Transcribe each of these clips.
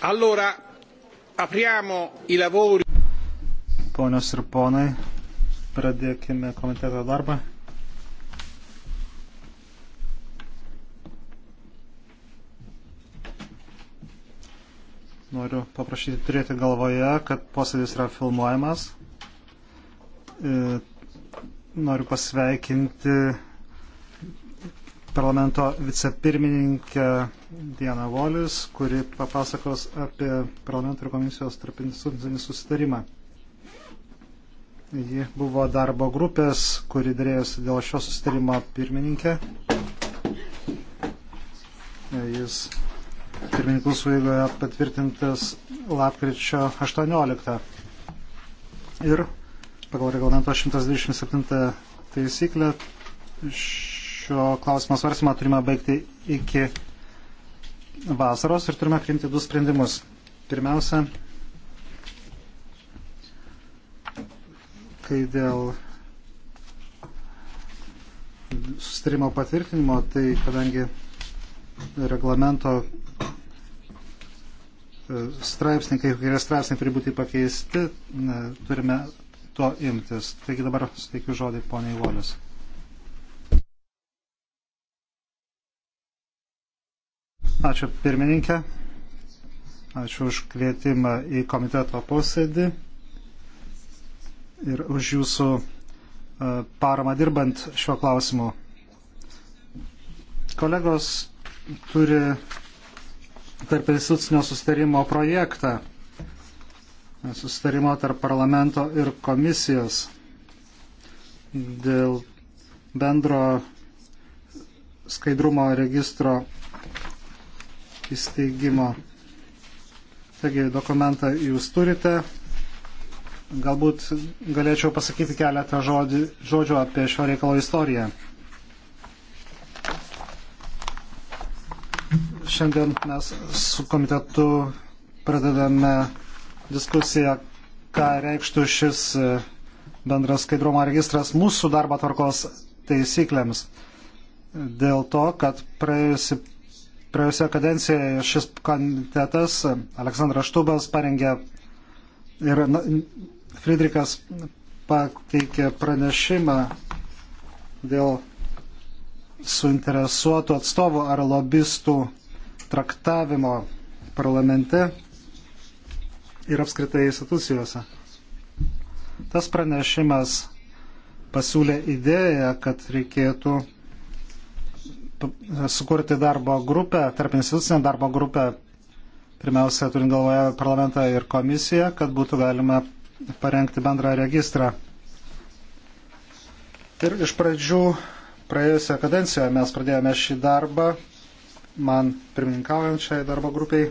Allora, apriamo i lavori. Ponios ir ponai, pradėkime komiteto darbą. Noriu paprašyti turėti galvoje, kad posėdis yra filmuojamas. E, noriu pasveikinti parlamento vicepirmininkę Dianą Volis, kuri papasakos apie parlamento ir komisijos tarpinstitucinį susitarimą. Ji buvo darbo grupės, kuri dėrėjosi dėl šio susitarimo pirmininkė. Jis pirmininkų suigoje patvirtintas lapkričio 18. Ir pagal reglamento 127 taisyklę iš šio klausimo svarstymą turime baigti iki vasaros ir turime priimti du sprendimus. Pirmiausia, kai dėl sustarimo patvirtinimo, tai kadangi reglamento e, straipsniai, kai kurie straipsniai turi būti pakeisti, turime to imtis. Taigi dabar suteikiu žodį poniai Volius. Ačiū pirmininkė. Ačiū už kvietimą į komiteto posėdį ir už jūsų e, paramą dirbant šiuo klausimu. Kolegos turi tarp institucinio sustarimo projektą, sustarimo tarp parlamento ir komisijos dėl bendro skaidrumo registro įsteigimo. Taigi dokumentą jūs turite. Galbūt galėčiau pasakyti keletą žodį, žodžių apie šio reikalo istoriją. Šiandien mes su komitetu pradedame diskusiją, ką reikštų šis e, bendras skaidrumo registras mūsų darbo tvarkos taisyklėms. Dėl to, kad praėjusi Praėjusią kadenciją šis komitetas Aleksandras Štubas parengė ir Friedrikas pateikė pranešimą dėl suinteresuotų atstovų ar lobistų traktavimo parlamente ir apskritai institucijose. Tas pranešimas pasiūlė idėją, kad reikėtų sukurti darbo grupę, tarp institucinę darbo grupę, pirmiausia, turint galvoje parlamentą ir komisiją, kad būtų galima parengti bendrą registrą. Ir iš pradžių praėjusią kadenciją mes pradėjome šį darbą, man pirmininkaujančiai darbo grupiai.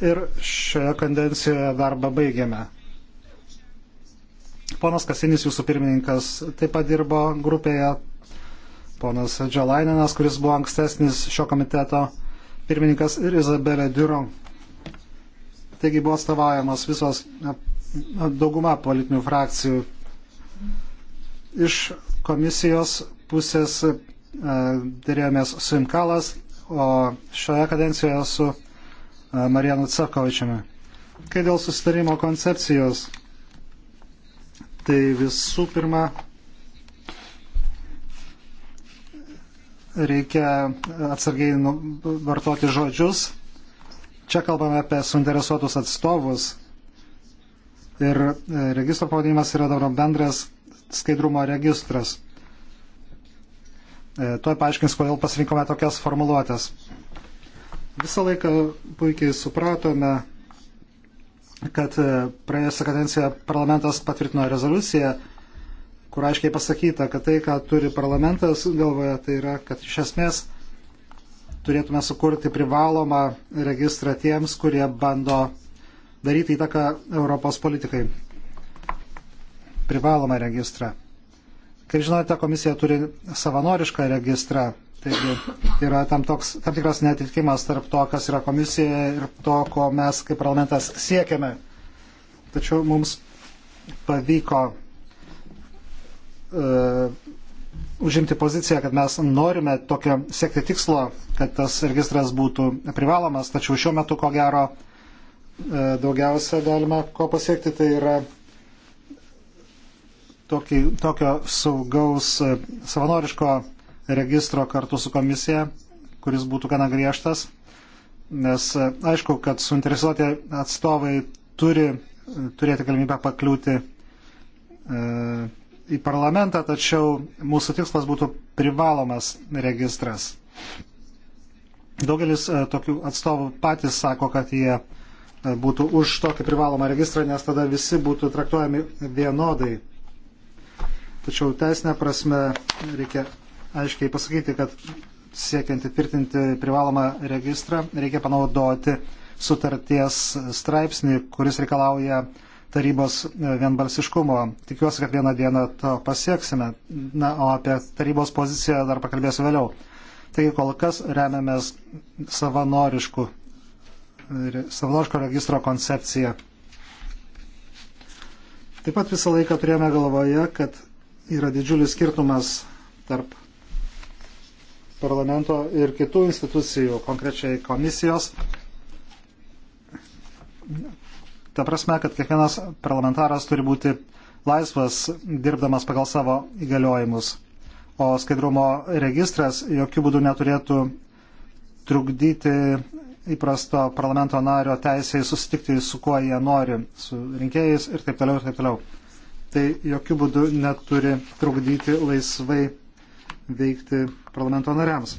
Ir šioje kadencijoje darbą baigėme. Ponas Kasinis, jūsų pirmininkas, taip pat dirbo grupėje, ponas Džalaininas, kuris buvo ankstesnis šio komiteto pirmininkas, ir Izabelė Duro. Taigi buvo atstovaujamos visos dauguma politinių frakcijų. Iš komisijos pusės e, dėrėjomės su Imkalas, o šioje kadencijoje su e, Marijanu Cakovičiumi. Kai dėl susitarimo koncepcijos, tai visų pirma reikia atsargiai nu, vartoti žodžius. Čia kalbame apie suinteresuotus atstovus. Ir e, registro pavadinimas yra dabar bendras skaidrumo registras. E, Tuo paaiškins, kodėl pasirinkome tokias formuluotės. Visą laiką puikiai supratome, kad e, praėjusią kadenciją parlamentas patvirtino rezoliuciją kur aiškiai pasakyta, kad tai, ką turi parlamentas galvoje, tai yra, kad iš esmės turėtume sukurti privalomą registrą tiems, kurie bando daryti įtaką Europos politikai. Privalomą registrą. Kaip žinote, komisija turi savanorišką registrą. Taigi yra tam, toks, tam tikras netitikimas tarp to, kas yra komisija ir to, ko mes kaip parlamentas siekiame. Tačiau mums pavyko uh, užimti poziciją, kad mes norime tokio siekti tikslo, kad tas registras būtų privalomas, tačiau šiuo metu ko gero e, daugiausia galima ko pasiekti, tai yra tokį, tokio saugaus e, savanoriško registro kartu su komisija, kuris būtų gana griežtas, nes aišku, kad suinteresuoti atstovai turi turėti galimybę pakliūti e, į parlamentą, tačiau mūsų tikslas būtų privalomas registras. Daugelis e, tokių atstovų patys sako, kad jie e, būtų už tokį privalomą registrą, nes tada visi būtų traktuojami vienodai. Tačiau teisinė prasme reikia aiškiai pasakyti, kad siekiant įtvirtinti privalomą registrą reikia panaudoti sutarties straipsnį, kuris reikalauja uh, tarybos e, vienbalsiškumo. Tikiuosi, kad vieną dieną to pasieksime. Na, o apie tarybos poziciją dar pakalbėsiu vėliau. Taigi kol kas remiamės savanoriškų, e, savanoriško registro koncepciją. Taip pat visą laiką turėjome galvoje, kad yra didžiulis skirtumas tarp parlamento ir kitų institucijų, konkrečiai komisijos Ta prasme, kad kiekvienas parlamentaras turi būti laisvas dirbdamas pagal savo įgaliojimus, o skaidrumo registras jokių būdų neturėtų trukdyti įprasto parlamento nario teisėjai susitikti su kuo jie nori, su rinkėjais ir taip toliau ir taip toliau. Tai jokių būdų neturi trukdyti laisvai veikti parlamento nariams.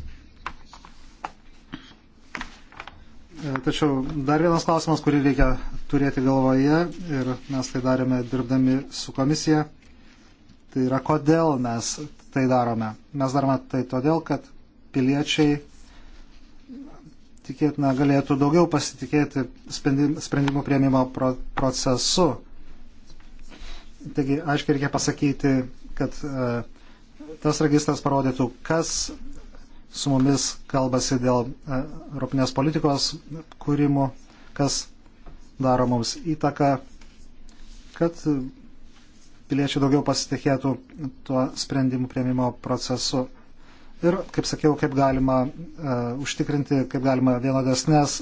E, tačiau dar vienas klausimas, kurį reikia turėti galvoje ir mes tai darėme dirbdami su komisija, tai yra kodėl mes tai darome. Mes darome tai todėl, kad piliečiai tikėtina galėtų daugiau pasitikėti sprendimų prieimimo procesu. Taigi, aiškiai reikia pasakyti, kad e, tas registras parodytų, kas su mumis kalbasi dėl e, europinės politikos kūrimų, kas daro mums įtaką, kad piliečiai daugiau pasitikėtų tuo sprendimų prieimimo procesu. Ir, kaip sakiau, kaip galima uh, užtikrinti, kaip galima vienodesnės uh,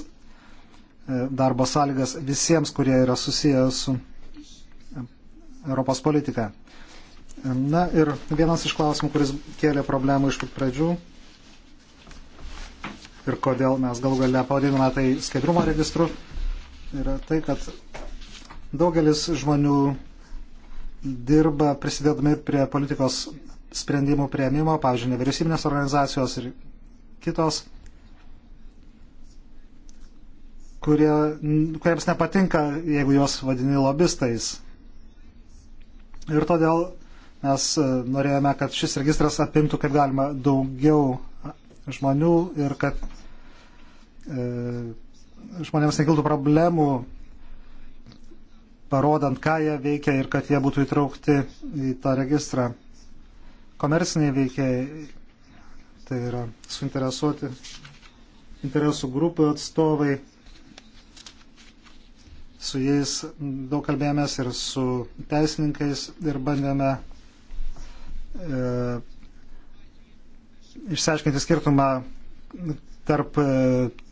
e, darbo sąlygas visiems, kurie yra susiję su Europos politika. Na ir vienas iš klausimų, kuris kėlė problemų iš pat pradžių, uh, ir kodėl mes galų gale pavadinome tai skaidrumo registru, yra tai, kad daugelis žmonių dirba prisidėdami prie politikos sprendimų prieimimo, pavyzdžiui, nevyriausybinės organizacijos ir kitos, kurie, kuriems nepatinka, jeigu juos vadini lobistais. Ir todėl mes e, norėjome, kad šis registras apimtų kaip galima daugiau žmonių ir kad E, žmonėms nekiltų problemų, parodant, ką jie veikia ir kad jie būtų įtraukti į tą registrą. Komerciniai veikėjai, tai yra suinteresuoti interesų grupių atstovai, su jais daug kalbėjomės ir su teisininkais ir bandėme e, išsiaiškinti skirtumą tarp e,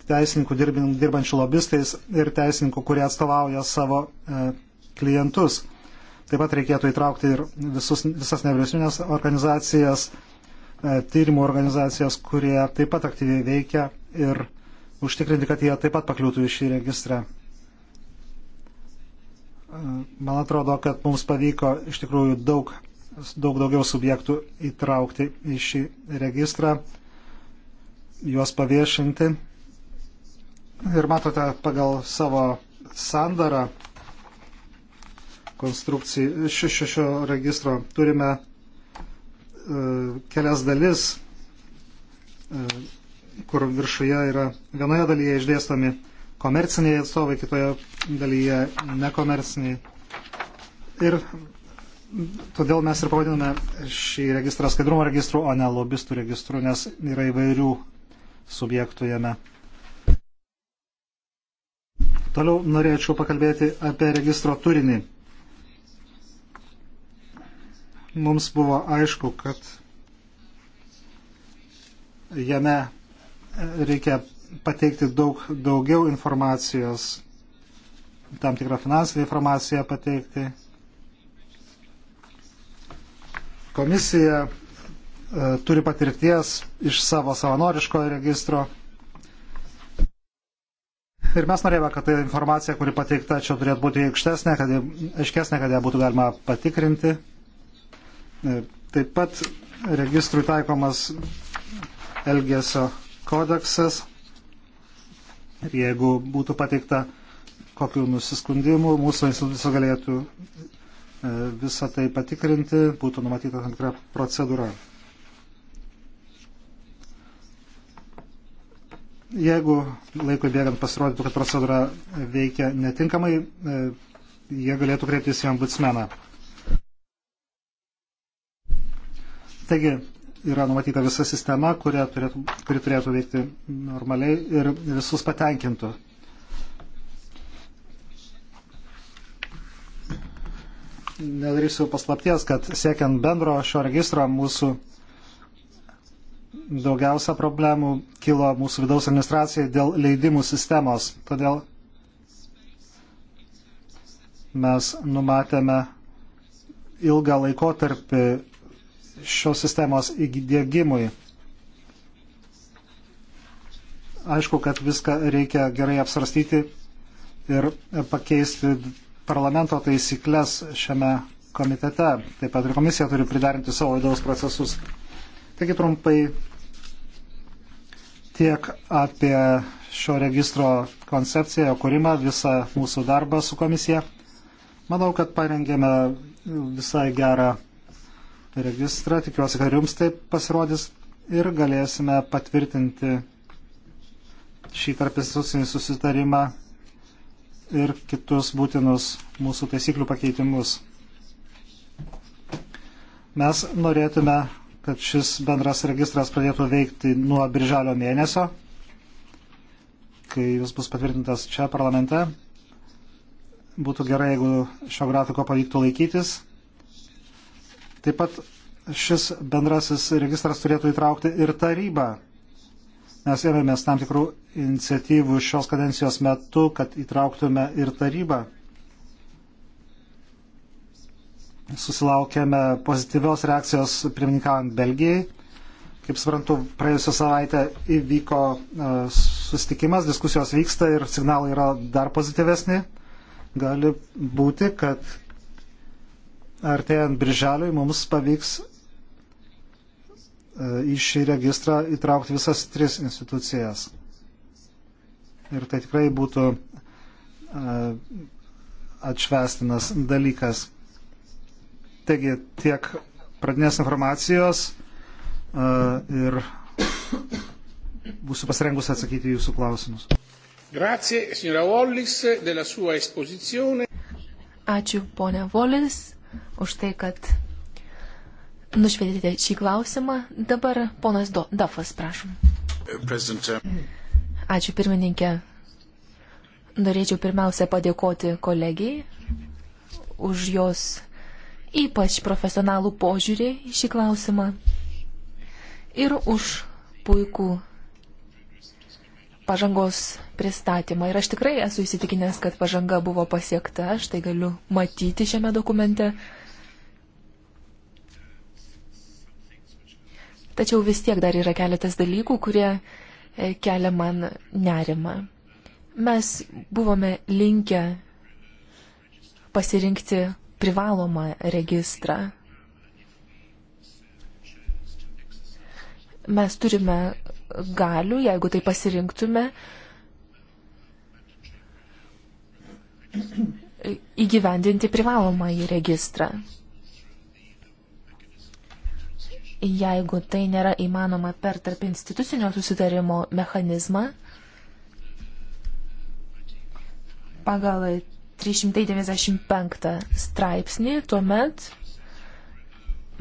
teisininkų dirbančių lobistais ir teisininkų, kurie atstovauja savo e, klientus. Taip pat reikėtų įtraukti ir visus, visas nevyriausybinės organizacijas, e, tyrimų organizacijas, kurie taip pat aktyviai veikia ir užtikrinti, kad jie taip pat pakliūtų į šį registrą. E, man atrodo, kad mums pavyko iš tikrųjų daug, daug daugiau subjektų įtraukti į šį registrą, juos paviešinti Ir matote, pagal savo sandarą konstrukcijų šio, šio, šio registro turime e, kelias dalis, e, kur viršuje yra vienoje dalyje išdėstomi komerciniai atstovai, kitoje dalyje nekomerciniai. Ir todėl mes ir pavadiname šį registrą skaidrumo registru, o ne lobistų registru, nes yra įvairių subjektų jame. Toliau norėčiau pakalbėti apie registro turinį. Mums buvo aišku, kad jame reikia pateikti daug daugiau informacijos, tam tikrą finansinę informaciją pateikti. Komisija e, turi patirties iš savo savanoriško registro Ir mes norėjome, kad ta informacija, kuri pateikta, čia turėtų būti aikštesnė, kad aiškesnė, kad ją būtų galima patikrinti. E, taip pat registrui taikomas Elgesio kodeksas. Ir jeigu būtų pateikta kokių nusiskundimų, mūsų institucija galėtų e, visą tai patikrinti, būtų numatyta tam tikra procedūra. Jeigu laiko bėgant pasirodytų, kad procedūra veikia netinkamai, e, jie galėtų kreiptis į ombudsmeną. Taigi yra numatyta visa sistema, kuri turėtų, kuri turėtų veikti normaliai ir visus patenkintų. Nedarysiu paslapties, kad siekiant bendro šio registro mūsų daugiausia problemų kilo mūsų vidaus administracijai dėl leidimų sistemos. Todėl mes numatėme ilgą laikotarpį šios sistemos įdėgymui. Aišku, kad viską reikia gerai apsarstyti ir pakeisti parlamento taisyklės šiame komitete. Taip pat ir komisija turi pridarinti savo vidaus procesus. Taigi trumpai tiek apie šio registro koncepciją, jo kūrimą, visą mūsų darbą su komisija. Manau, kad parengėme visai gerą registrą, tikiuosi, kad jums tai pasirodys ir galėsime patvirtinti šį tarpinstitucinį susitarimą ir kitus būtinus mūsų taisyklių pakeitimus. Mes norėtume kad šis bendras registras pradėtų veikti nuo birželio mėnesio, kai jis bus patvirtintas čia parlamente. Būtų gerai, jeigu šio grafiko pavyktų laikytis. Taip pat šis bendrasis registras turėtų įtraukti ir tarybą. Mes ėmėmės tam tikrų iniciatyvų šios kadencijos metu, kad įtrauktume ir tarybą susilaukėme pozityvios reakcijos pirmininkavant Belgijai. Kaip suprantu, praėjusią savaitę įvyko e, susitikimas, diskusijos vyksta ir signalai yra dar pozityvesni. Gali būti, kad artėjant birželiui mums pavyks e, į šį registrą įtraukti visas tris institucijas. Ir tai tikrai būtų e, atšvestinas dalykas. Taigi tiek pradinės informacijos e, ir būsiu pasirengus atsakyti jūsų klausimus. Grazie, signora Wallis, della sua esposizione. Ačiū, ponia Wallis, už tai, kad nušvietėte šį klausimą. Dabar ponas Do Dafas, prašom. Presidente. Uh, Ačiū, pirmininkė. Norėčiau pirmiausia padėkoti kolegijai už jos ypač profesionalų požiūrį į šį klausimą ir už puikų pažangos pristatymą. Ir aš tikrai esu įsitikinęs, kad pažanga buvo pasiekta, aš tai galiu matyti šiame dokumente. Tačiau vis tiek dar yra keletas dalykų, kurie e, kelia man nerimą. Mes buvome linkę pasirinkti privalomą registrą. Mes turime galių, jeigu tai pasirinktume, įgyvendinti privalomą į registrą. Jeigu tai nėra įmanoma per tarp institucinio susitarimo mechanizmą, pagal 395 straipsnį, tuomet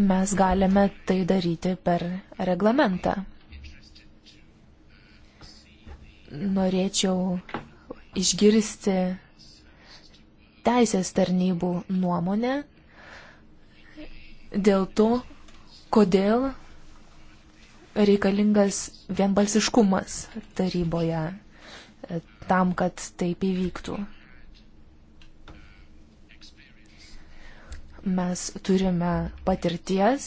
mes galime tai daryti per reglamentą. Norėčiau išgirsti teisės tarnybų nuomonę dėl to, kodėl reikalingas vienbalsiškumas taryboje tam, kad taip įvyktų. mes turime patirties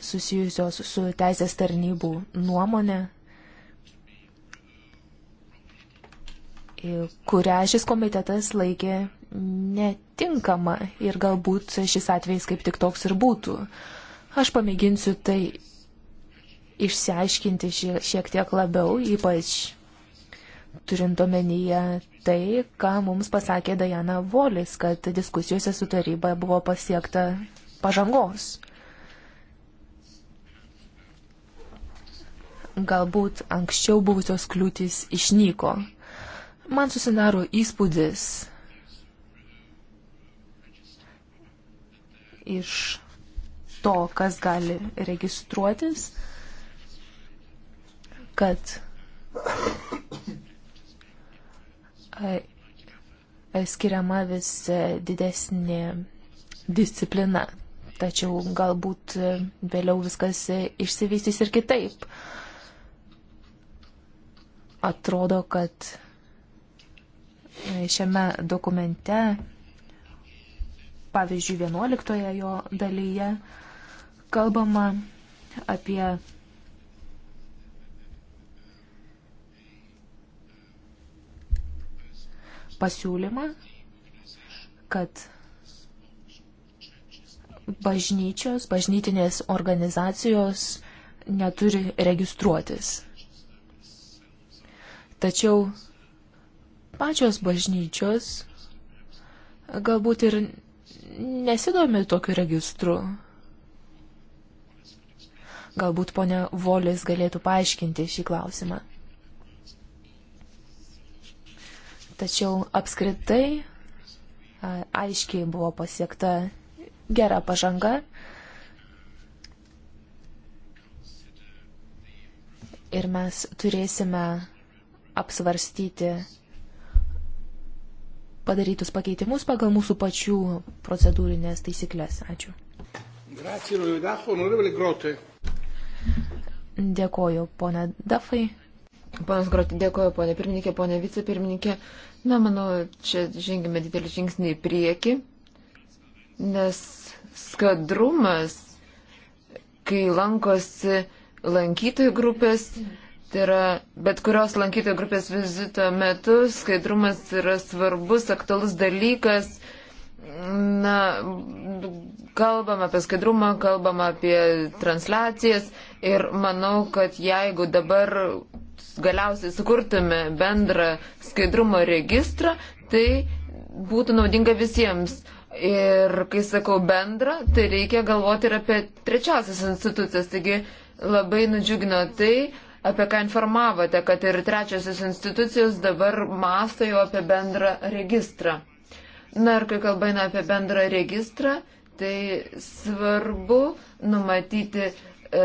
susijusios su teisės tarnybų nuomonė, kurią šis komitetas laikė netinkama ir galbūt šis atvejs kaip tik toks ir būtų. Aš pamėginsiu tai išsiaiškinti šiek tiek labiau, ypač turint omenyje tai, ką mums pasakė Dajana Volis, kad diskusijose su taryba buvo pasiekta pažangos. Galbūt anksčiau buvusios kliūtis išnyko. Man susidaro įspūdis iš to, kas gali registruotis, kad E, skiriama vis e, didesnė disciplina. Tačiau galbūt e, vėliau viskas išsivystys ir kitaip. Atrodo, kad šiame dokumente, pavyzdžiui, 11 jo dalyje, kalbama apie pasiūlymą, kad bažnyčios, bažnytinės organizacijos neturi registruotis. Tačiau pačios bažnyčios galbūt ir nesidomi tokiu registru. Galbūt ponia Volis galėtų paaiškinti šį klausimą. Tačiau apskritai aiškiai buvo pasiekta gera pažanga. Ir mes turėsime apsvarstyti padarytus pakeitimus pagal mūsų pačių procedūrinės taisyklės. Ačiū. Dėkoju, ponė Dafai. Ponas Groti, dėkoju, ponė pirmininkė, ponė vicepirmininkė. Na, manau, čia žengime didelį žingsnį į priekį, nes skadrumas, kai lankosi lankytojų grupės, tai yra bet kurios lankytojų grupės vizito metu, skaidrumas yra svarbus, aktualus dalykas. Na, kalbam apie skaidrumą, kalbam apie transliacijas ir manau, kad jeigu dabar galiausiai sukurtume bendrą skaidrumo registrą, tai būtų naudinga visiems. Ir kai sakau bendrą, tai reikia galvoti ir apie trečiasias institucijas. Taigi labai nudžiugino tai, apie ką informavote, kad ir trečiasios institucijos dabar mąsto jau apie bendrą registrą. Na ir kai kalbame apie bendrą registrą, tai svarbu numatyti e,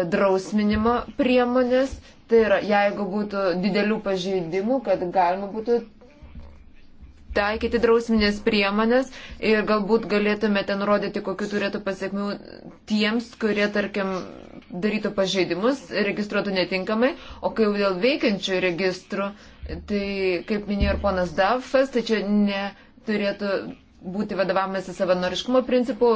drausminimo priemonės, Tai yra, jeigu būtų didelių pažeidimų, kad galima būtų taikyti drausminės priemonės ir galbūt galėtumėte nurodyti, kokiu turėtų pasiekmių tiems, kurie, tarkim, darytų pažeidimus, registruotų netinkamai, o kai jau dėl veikiančių registrų, tai, kaip minėjo ir ponas Davfas, tai čia neturėtų būti vadovamasi savanoriškumo principu,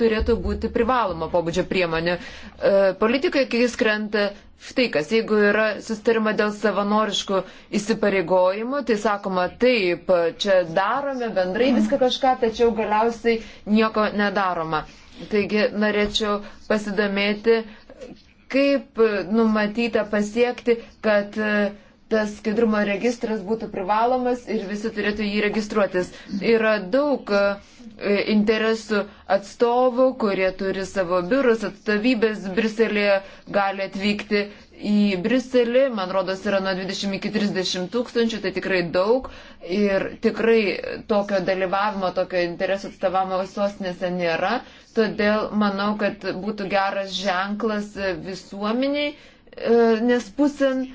turėtų būti privaloma pobūdžio priemonė. E, politikai, kai jis krenta, štai kas, jeigu yra sustarima dėl savanoriškų įsipareigojimų, tai sakoma, taip, čia darome bendrai viską kažką, tačiau galiausiai nieko nedaroma. Taigi norėčiau pasidomėti, kaip numatyta pasiekti, kad uh, tas skaidrumo registras būtų privalomas ir visi turėtų jį registruotis. Yra daug e, interesų atstovų, kurie turi savo biurus, atstovybės Briselėje, gali atvykti į Briselį, man rodos, yra nuo 20 iki 30 tūkstančių, tai tikrai daug ir tikrai tokio dalyvavimo, tokio interesų atstovavimo sostinėse nėra, todėl manau, kad būtų geras ženklas visuomeniai, e, nes pusėn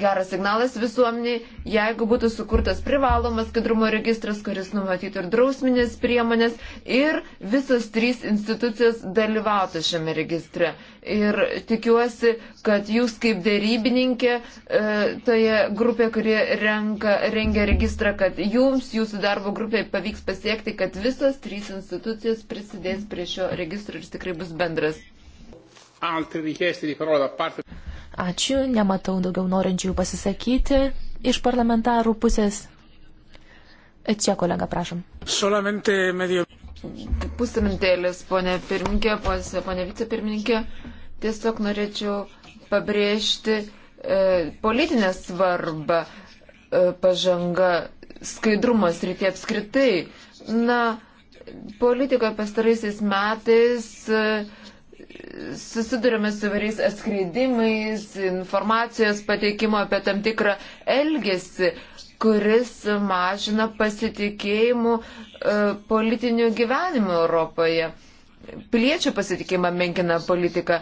geras signalas visuomeniai, jeigu būtų sukurtas privalomas skaidrumo registras, kuris numatytų ir drausminės priemonės ir visos trys institucijos dalyvautų šiame registre. Ir tikiuosi, kad jūs kaip dėrybininkė e, toje grupėje, kurie renka, rengia registrą, kad jums, jūsų darbo grupėje pavyks pasiekti, kad visos trys institucijos prisidės prie šio registro ir jis tikrai bus bendras. Altri richieste di parola da parte. Ačiū, nematau daugiau norinčių pasisakyti iš parlamentarų pusės. Čia kolega, prašom. Solamente medio. Pusę minutėlės, ponė pirmininkė, ponė vicepirmininkė. Tiesiog norėčiau pabrėžti e, politinę svarbą e, pažanga skaidrumo srityje apskritai. Na, politika pastaraisiais metais. E, susidurime su vairiais atskleidimais, informacijos pateikimo apie tam tikrą elgesį, kuris mažina pasitikėjimų e, politinių gyvenimų Europoje. Piliečių pasitikėjimą menkina politika.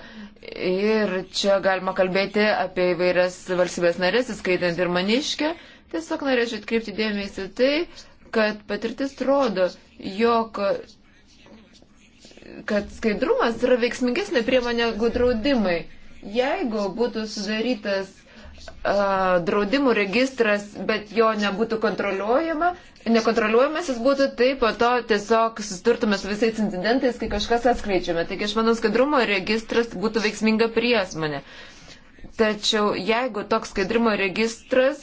Ir čia galima kalbėti apie įvairias valstybės narės, įskaitant ir maniškę. Tiesiog norėčiau atkreipti dėmesį tai, kad patirtis rodo, jog kad skaidrumas yra veiksmingesnė priemonė negu draudimai. Jeigu būtų sudarytas uh, draudimų registras, bet jo nebūtų kontroliuojama, nekontroliuojamas jis būtų, tai po to tiesiog susturtume su visais incidentais, kai kažkas atskleidžiame. Taigi aš manau, skaidrumo registras būtų veiksminga priesmonė. Tačiau jeigu toks skaidrumo registras,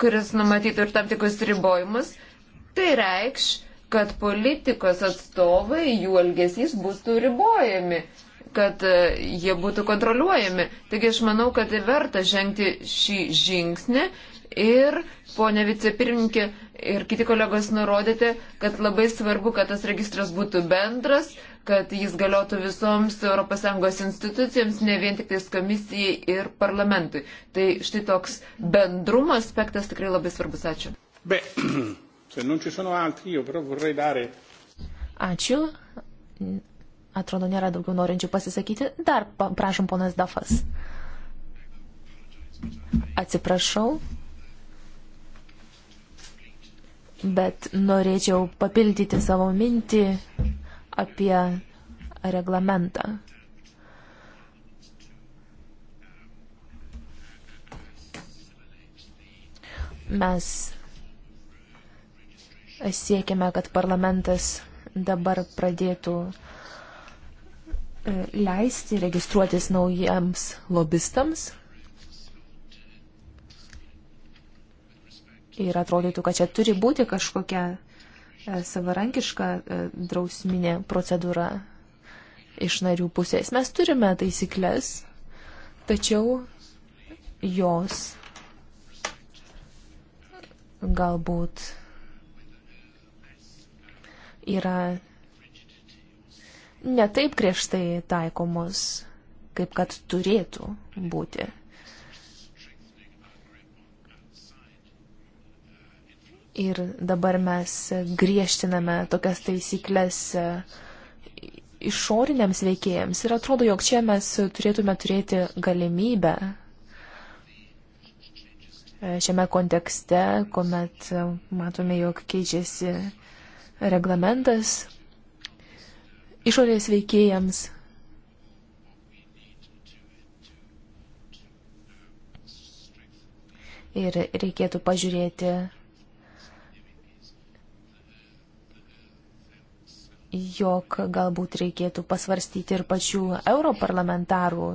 kuris numatytų ir tam tikrus ribojimus, tai reikš, kad politikos atstovai, jų elgesys bus ribojami, kad e, jie būtų kontroliuojami. Taigi aš manau, kad verta žengti šį žingsnį ir, ponė vicepirmininkė, ir kiti kolegos nurodėte, kad labai svarbu, kad tas registras būtų bendras, kad jis galiotų visoms ES institucijoms, ne vien tik tais komisijai ir parlamentui. Tai štai toks bendrumo aspektas tikrai labai svarbus. Ačiū. Be. Se non ci sono altri, io però vorrei dare. Ačiū. Atrodo, nėra daugiau norinčių pasisakyti. Dar prašom, ponas Dafas. Atsiprašau, bet norėčiau papildyti savo mintį apie reglamentą. Mes Siekiame, kad parlamentas dabar pradėtų e, leisti registruotis naujiems lobistams. Ir atrodytų, kad čia turi būti kažkokia e, savarankiška e, drausminė procedūra iš narių pusės. Mes turime taisyklės, tačiau jos galbūt yra netaip griežtai taikomos, kaip kad turėtų būti. Ir dabar mes griežtiname tokias taisyklės išoriniams veikėjams. Ir atrodo, jog čia mes turėtume turėti galimybę šiame kontekste, kuomet matome, jog keičiasi reglamentas išorės veikėjams. Ir reikėtų pažiūrėti, jog galbūt reikėtų pasvarstyti ir pačių europarlamentarų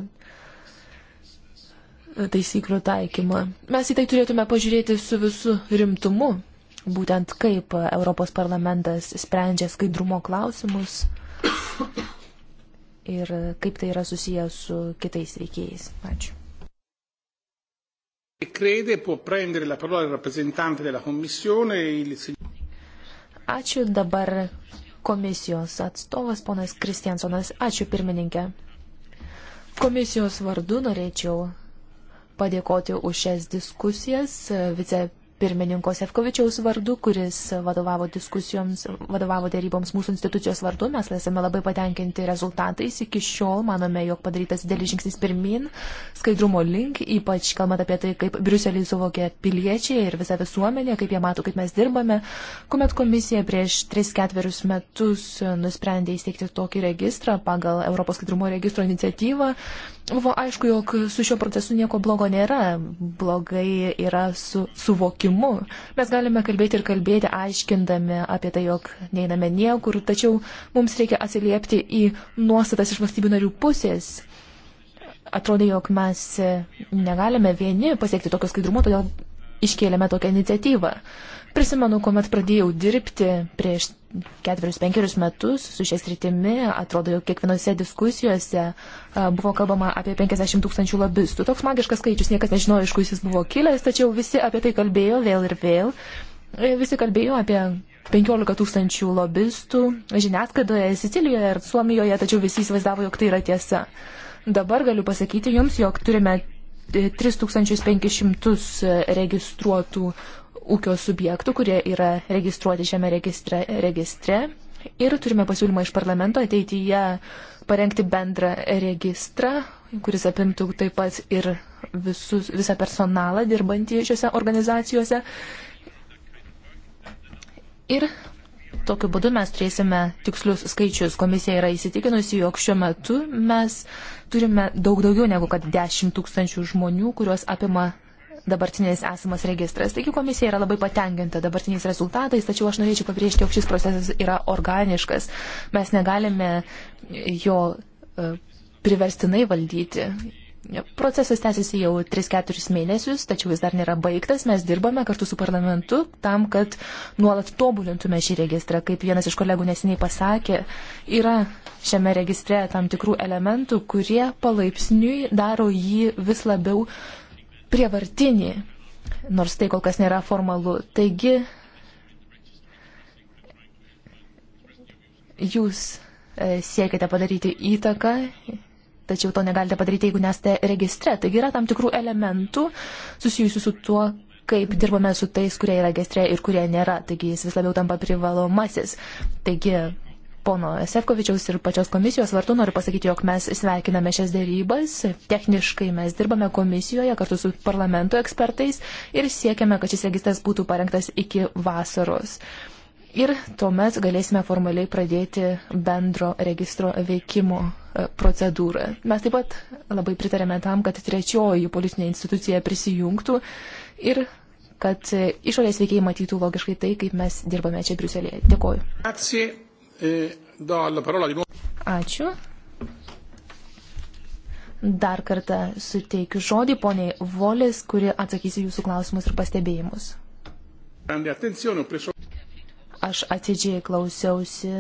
taisyklių taikymą. Mes į tai turėtume pažiūrėti su visu rimtumu būtent kaip Europos parlamentas sprendžia skaidrumo klausimus ir kaip tai yra susijęs su kitais veikėjais. Ačiū. Ačiū dabar komisijos atstovas ponas Kristiansonas. Ačiū pirmininkė. Komisijos vardu norėčiau padėkoti už šias diskusijas vice pirmininko Sefkovičiaus vardu, kuris vadovavo diskusijoms, vadovavo dėryboms mūsų institucijos vardu. Mes esame labai patenkinti rezultatais. Iki šiol manome, jog padarytas didelis žingsnis pirmin, skaidrumo link, ypač kalbant apie tai, kaip Briuselį suvokė piliečiai ir visa visuomenė, kaip jie mato, kaip mes dirbame. Kuomet komisija prieš 3-4 metus nusprendė įsteigti tokį registrą pagal Europos skaidrumo registro iniciatyvą, Buvo aišku, jog su šiuo procesu nieko blogo nėra, blogai yra su suvokimu. Mes galime kalbėti ir kalbėti, aiškindami apie tai, jog neiname niekur, tačiau mums reikia atsiliepti į nuostatas iš valstybių narių pusės. Atrodo, jog mes negalime vieni pasiekti tokio skaidrumo, todėl iškėlėme tokią iniciatyvą. Uh, Prisimenu, kuomet pradėjau dirbti prieš ketverius, penkerius metus su šiais rytimi, atrodo, jau kiekvienose diskusijose buvo kalbama apie 50 tūkstančių lobistų. Toks magiškas skaičius, niekas nežinojo, iš kur jis buvo kilęs, tačiau visi apie tai kalbėjo vėl ir vėl. E, visi kalbėjo apie 15 tūkstančių lobistų žiniasklaidoje, Sicilijoje ir Suomijoje, tačiau visi įsivaizdavo, jog tai yra tiesa. Dabar galiu pasakyti jums, jog turime 3500 e, registruotų ūkio subjektų, kurie yra registruoti šiame registre, registre. Ir turime pasiūlymą iš parlamento ateityje parengti bendrą registrą, kuris apimtų taip pat ir visus, visą personalą dirbantį šiuose organizacijose. Ir tokiu būdu mes turėsime tikslius skaičius. Komisija yra įsitikinusi, jog šiuo metu mes turime daug daugiau negu kad 10 tūkstančių žmonių, kuriuos apima dabartinės esamas registras. Taigi komisija yra labai patenkinta dabartiniais rezultatais, tačiau aš norėčiau pabrėžti, jog šis procesas yra organiškas. Mes negalime jo e, priverstinai valdyti. Procesas tęsiasi jau 3-4 mėnesius, tačiau jis dar nėra baigtas. Mes dirbame kartu su parlamentu tam, kad nuolat tobulintume šį registrą. Kaip vienas iš kolegų nesiniai pasakė, yra šiame registre tam tikrų elementų, kurie palaipsniui daro jį vis labiau uh, prievartinį, nors tai kol kas nėra formalu. Taigi, jūs e, siekite padaryti įtaką, tačiau to negalite padaryti, jeigu nesate registre. Taigi yra tam tikrų elementų susijusių su tuo, kaip dirbame su tais, kurie yra registre ir kurie nėra. Taigi jis vis labiau tampa privalomasis. Taigi pono Sefkovičiaus ir pačios komisijos vartų noriu pasakyti, jog mes sveikiname šias dėrybas, techniškai mes dirbame komisijoje kartu su parlamento ekspertais ir siekiame, kad šis registras būtų parengtas iki vasaros. Ir tuomet galėsime formaliai pradėti bendro registro veikimo e, procedūrą. Mes taip pat labai pritarėme tam, kad trečioji politinė institucija prisijungtų ir kad e, išorės veikiai matytų logiškai tai, kaip mes dirbame čia Briuselėje. Dėkoju. Ačiū. E, Ačiū. Dar kartą suteikiu žodį poniai Volės, kuri atsakys į jūsų klausimus ir pastebėjimus. Aš atidžiai klausiausi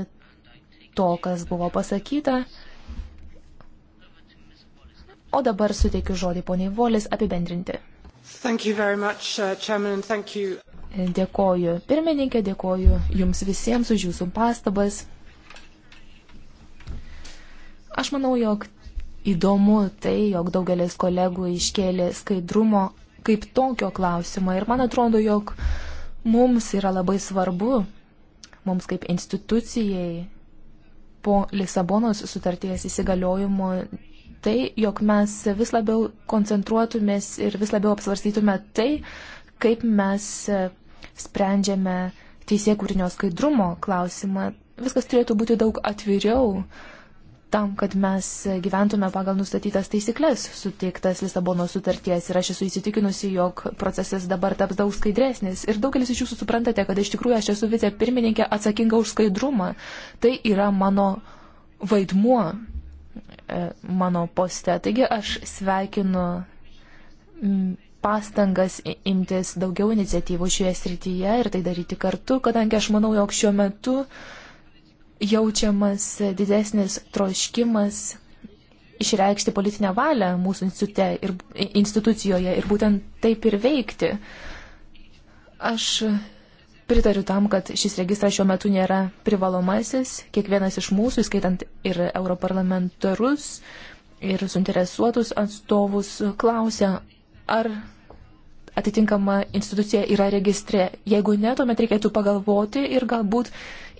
to, kas buvo pasakyta. O dabar suteikiu žodį poniai Volės apibendrinti. Much, uh, Chairman, Dėkoju pirmininkė, dėkoju jums visiems už jūsų pastabas. Aš manau, jog įdomu tai, jog daugelis kolegų iškėlė skaidrumo kaip tokio klausimą ir man atrodo, jog mums yra labai svarbu, mums kaip institucijai po Lisabonos sutarties įsigaliojimo, tai, jog mes vis labiau koncentruotumės ir vis labiau apsvarstytume tai, kaip mes sprendžiame teisėkūrinio skaidrumo klausimą, viskas turėtų būti daug atviriau tam, kad mes gyventume pagal nustatytas taisyklės suteiktas Lisabono sutarties. Ir aš esu įsitikinusi, jog procesas dabar taps daug skaidresnis. Ir daugelis iš jūsų suprantate, kad iš tikrųjų aš esu vicepirmininkė atsakinga už skaidrumą. Tai yra mano vaidmuo e, mano poste. Taigi aš sveikinu pastangas imtis daugiau iniciatyvų šioje srityje ir tai daryti kartu, kadangi aš manau, jog šiuo metu jaučiamas didesnis troškimas išreikšti politinę valią mūsų institute ir institucijoje ir būtent taip ir veikti. Aš pritariu tam, kad šis registras šiuo metu nėra privalomasis. Kiekvienas iš mūsų, skaitant ir europarlamentarus, ir suinteresuotus atstovus, klausia, ar atitinkama institucija yra registre. Jeigu ne, tuomet reikėtų pagalvoti ir galbūt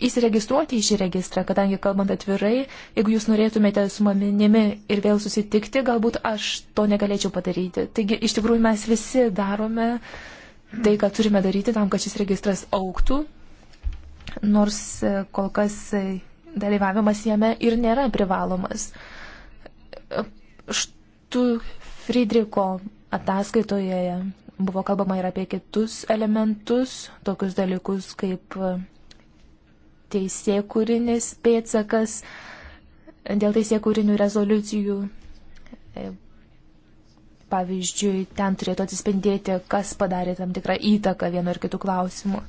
įsiregistruoti į šį registrą, kadangi kalbant atvirai, jeigu jūs norėtumėte su manimi ir vėl susitikti, galbūt aš to negalėčiau padaryti. Taigi iš tikrųjų mes visi darome tai, ką turime daryti tam, kad šis registras auktų, nors e, kol kas e, dalyvavimas jame ir nėra privalomas. E, Štų Friedriko Ataskaitoje buvo kalbama ir apie kitus elementus, tokius dalykus kaip e, teisėkūrinis pėtsakas dėl teisėkūrinių rezoliucijų. E, pavyzdžiui, ten turėtų atsispindėti, kas padarė tam tikrą įtaką vienu ar kitu klausimu.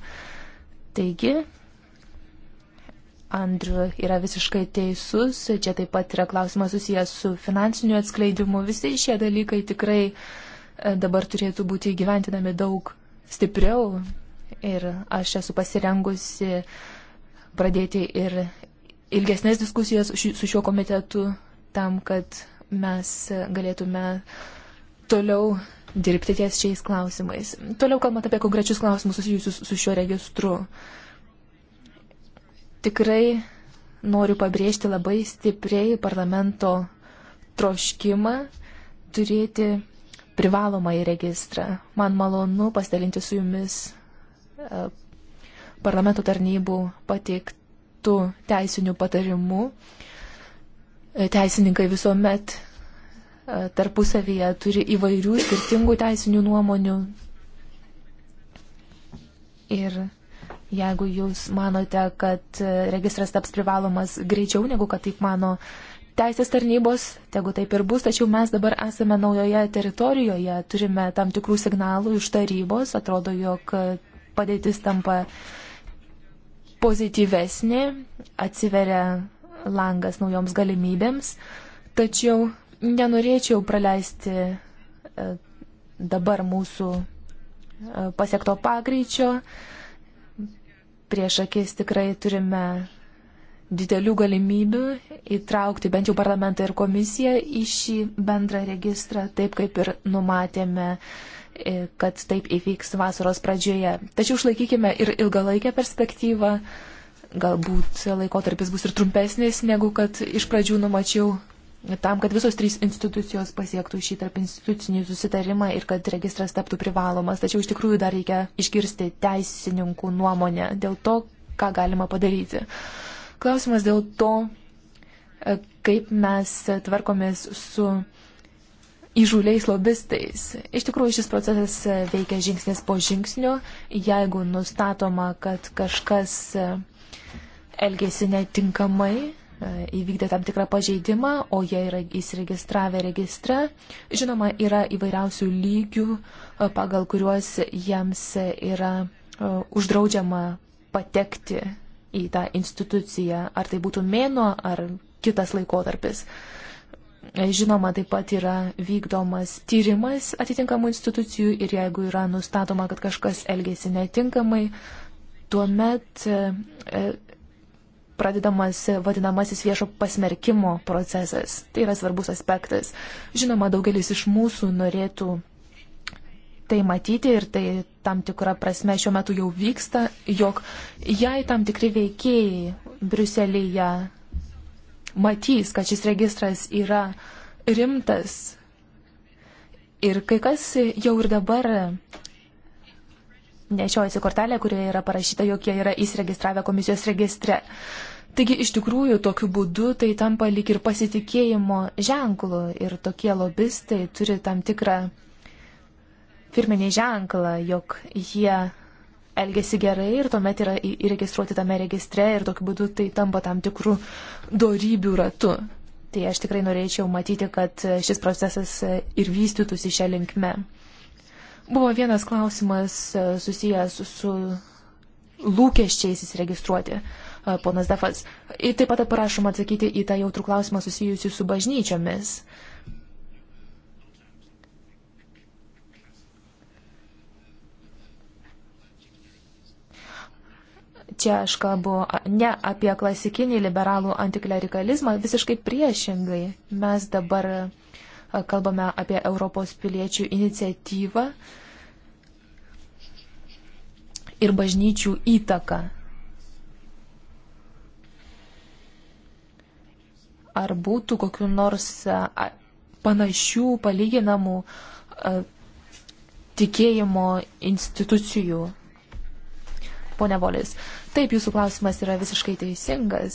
Taigi, Andriu yra visiškai teisus, čia taip pat yra klausimas susijęs su finansiniu atskleidimu. Visi šie dalykai tikrai uh, dabar turėtų būti gyventinami daug stipriau ir aš esu pasirengusi pradėti ir ilgesnės diskusijas su šiuo komitetu tam, kad mes galėtume toliau dirbti ties šiais klausimais. Toliau kalbant apie konkrečius klausimus susijusius su šiuo registru. Tikrai noriu pabrėžti labai stipriai parlamento troškimą turėti privalomą į registrą. Man malonu pasidalinti su jumis e, parlamento tarnybų pateiktų teisinių patarimų. E, teisininkai visuomet e, tarpusavyje turi įvairių skirtingų teisinių nuomonių. Ir jeigu jūs manote, kad registras taps privalomas greičiau negu kad taip mano teisės tarnybos, tegu taip ir bus, tačiau mes dabar esame naujoje teritorijoje, turime tam tikrų signalų iš tarybos, atrodo, jog padėtis tampa pozityvesnė, atsiveria langas naujoms galimybėms, tačiau nenorėčiau praleisti e, dabar mūsų e, pasiekto pagreičio. Prieš akis tikrai turime didelių galimybių įtraukti bent jau parlamentą ir komisiją į šį bendrą registrą, taip kaip ir numatėme, e, kad taip įvyks vasaros pradžioje. Tačiau išlaikykime ir ilgalaikę perspektyvą. Galbūt laikotarpis bus ir trumpesnis, negu kad iš pradžių numačiau, tam, kad visos trys institucijos pasiektų šį tarp institucinį susitarimą ir kad registras taptų privalomas. Tačiau iš tikrųjų dar reikia išgirsti teisininkų nuomonę dėl to, ką galima padaryti. Klausimas dėl to, e, kaip mes tvarkomės su įžūliais lobistais. Iš tikrųjų, šis procesas e, veikia žingsnis po žingsnio. Jeigu nustatoma, kad kažkas e, elgėsi netinkamai, įvykdė tam tikrą pažeidimą, o jie yra įsiregistravę registre, žinoma, yra įvairiausių lygių, pagal kuriuos jiems yra uždraudžiama patekti į tą instituciją, ar tai būtų mėno, ar kitas laikotarpis. Žinoma, taip pat yra vykdomas tyrimas atitinkamų institucijų ir jeigu yra nustatoma, kad kažkas elgėsi netinkamai, tuomet e, e, pradedamas vadinamasis viešo pasmerkimo procesas. Tai yra svarbus aspektas. Žinoma, daugelis iš mūsų norėtų tai matyti ir tai tam tikrą prasme šiuo metu jau vyksta, jog jei tam tikri veikėjai Briuselėje matys, kad šis registras yra rimtas ir kai kas jau ir dabar nešiojasi kortelę, kurioje yra parašyta, jog jie yra įsiregistravę komisijos registre. Taigi iš tikrųjų tokiu būdu tai tampa lik ir pasitikėjimo ženklu ir tokie lobistai turi tam tikrą firminį ženklą, jog jie elgesi gerai ir tuomet yra įregistruoti tame registre ir tokiu būdu tai tampa tam tikrų dorybių ratu. Tai aš tikrai norėčiau matyti, kad šis procesas ir vystytųsi šią linkmę. Buvo vienas klausimas e, susijęs su lūkesčiais įsiregistruoti, e, ponas Defas. Ir taip pat prašom atsakyti į tą jautrų klausimą susijusiu su bažnyčiomis. Uh, Čia aš kalbu ne apie klasikinį liberalų antiklerikalizmą, visiškai priešingai. Mes dabar kalbame apie Europos piliečių iniciatyvą ir bažnyčių įtaką. Ar būtų kokiu nors panašių, palyginamų tikėjimo institucijų? Pone Volis, Taip, jūsų klausimas yra visiškai teisingas.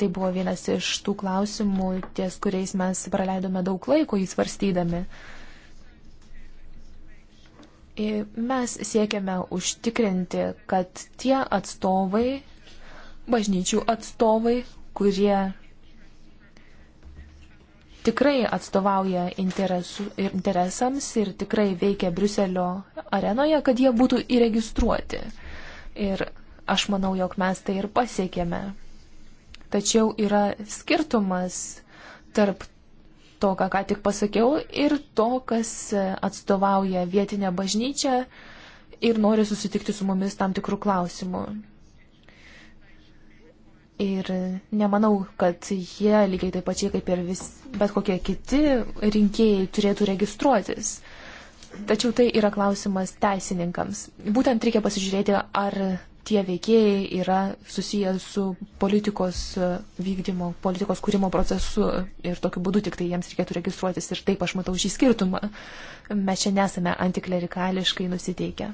Tai buvo vienas iš tų klausimų, ties kuriais mes praleidome daug laiko įsvarstydami. Mes siekiame užtikrinti, kad tie atstovai, bažnyčių atstovai, kurie tikrai atstovauja interesų, interesams ir tikrai veikia Briuselio arenoje, kad jie būtų įregistruoti. Ir Aš manau, jog mes tai ir pasiekėme. Tačiau yra skirtumas tarp to, ką ką tik pasakiau, ir to, kas atstovauja vietinę bažnyčią ir nori susitikti su mumis tam tikrų klausimų. Ir nemanau, kad jie, lygiai taip pačiai kaip ir vis, bet kokie kiti rinkėjai, turėtų registruotis. Tačiau tai yra klausimas teisininkams. Būtent reikia pasižiūrėti, ar tie veikėjai yra susiję su politikos e, vykdymo, politikos kūrimo procesu ir tokiu būdu tik tai jiems reikėtų registruotis ir taip aš matau šį skirtumą. Mes čia nesame antiklerikališkai nusiteikę.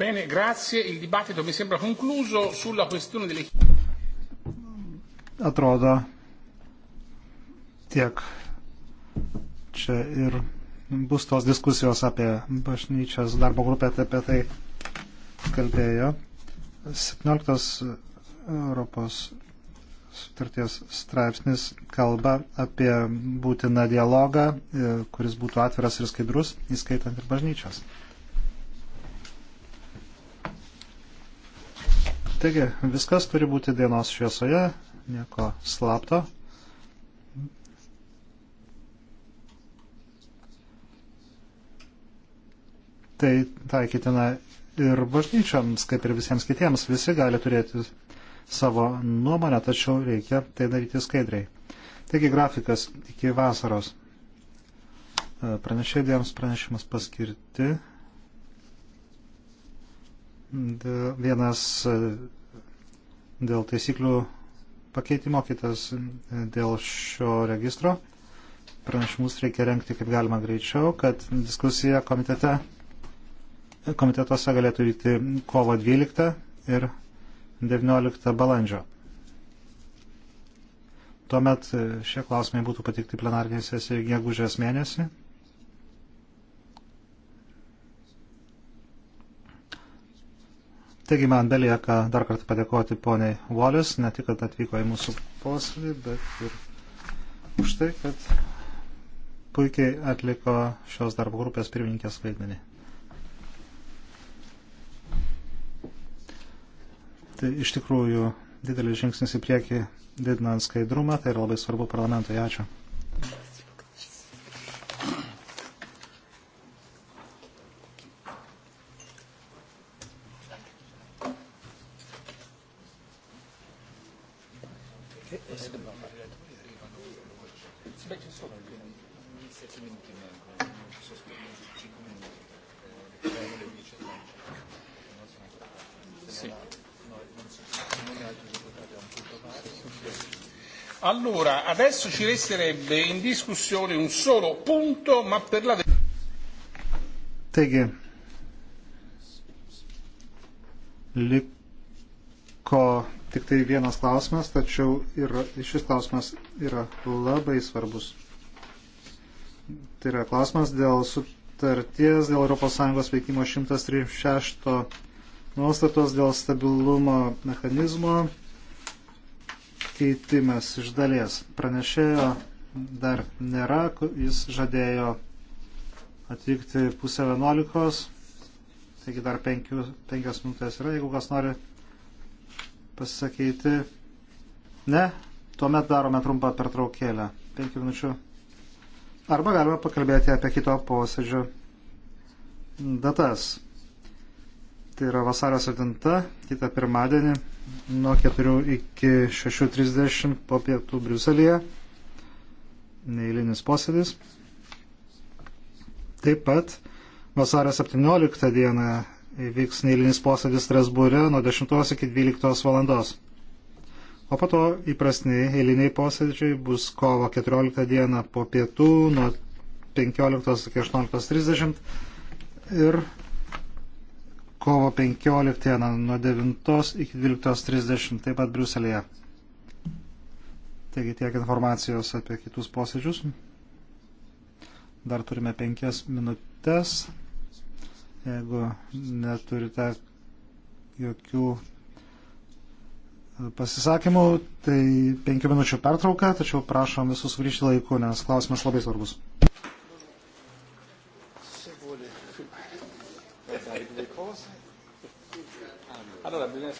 Bene, grazie. Il dibattito mi sembra concluso sulla questione delle... Atrodo tiek čia ir bus tos diskusijos apie bažnyčios darbo grupę, tai apie tai kalbėjo. 17 Europos sutarties straipsnis kalba apie būtiną dialogą, e, kuris būtų atviras ir skaidrus, įskaitant ir bažnyčios. Taigi, viskas turi būti dienos šviesoje, nieko slapto. tai taikytina ir bažnyčiams, kaip ir visiems kitiems. Visi gali turėti savo nuomonę, tačiau reikia tai daryti skaidriai. Taigi grafikas iki vasaros. E, Pranešėjams pranešimas paskirti. Vienas e, dėl taisyklių pakeitimo, kitas e, dėl šio registro. Pranešimus reikia renkti kaip galima greičiau, kad diskusija komitete komitetuose galėtų vykti kovo 12 ir 19 balandžio. Tuomet šie klausimai būtų patikti plenarnėje sesijoje gegužės mėnesį. Taigi man belieka dar kartą padėkoti poniai Volius, ne tik, kad atvyko į mūsų posėdį, bet ir už tai, kad puikiai atliko šios darbo grupės pirmininkės vaidmenį. tai iš tikrųjų didelis žingsnis į priekį didinant skaidrumą, tai yra labai svarbu parlamentui. Ačiū. adesso ci resterebbe in discussione un solo punto, ma per la... Taigi, liko tik tai vienas klausimas, tačiau yra, šis klausimas yra labai svarbus. Tai yra klausimas dėl sutarties, dėl ES veikimo 136 nuostatos, dėl stabilumo mechanizmo pakeitimas iš dalies. Pranešėjo dar nėra, jis žadėjo atvykti pusę vienuolikos, taigi dar penkių, penkios minutės yra, jeigu kas nori pasisakyti. Ne, tuomet darome trumpą pertraukėlę, penkių minučių. Arba galime pakalbėti apie kito posėdžio datas tai yra vasario 7, kitą pirmadienį nuo 4 iki 6.30 po pietų Briuselėje. Neįlinis posėdis. Taip pat vasario 17 dieną vyks neįlinis posėdis Strasbūre nuo 10 iki 12 valandos. O po to įprastiniai eiliniai posėdžiai bus kovo 14 dieną po pietų nuo 15 iki 18.30 ir kovo 15 dieną nuo 9 iki 12.30 taip pat Briuselėje. Taigi tiek informacijos apie kitus posėdžius. Dar turime penkias minutės. Jeigu neturite jokių pasisakymų, tai penkių minučių pertrauka, tačiau prašom visus grįžti laiku, nes klausimas labai svarbus. Allora, bisogna...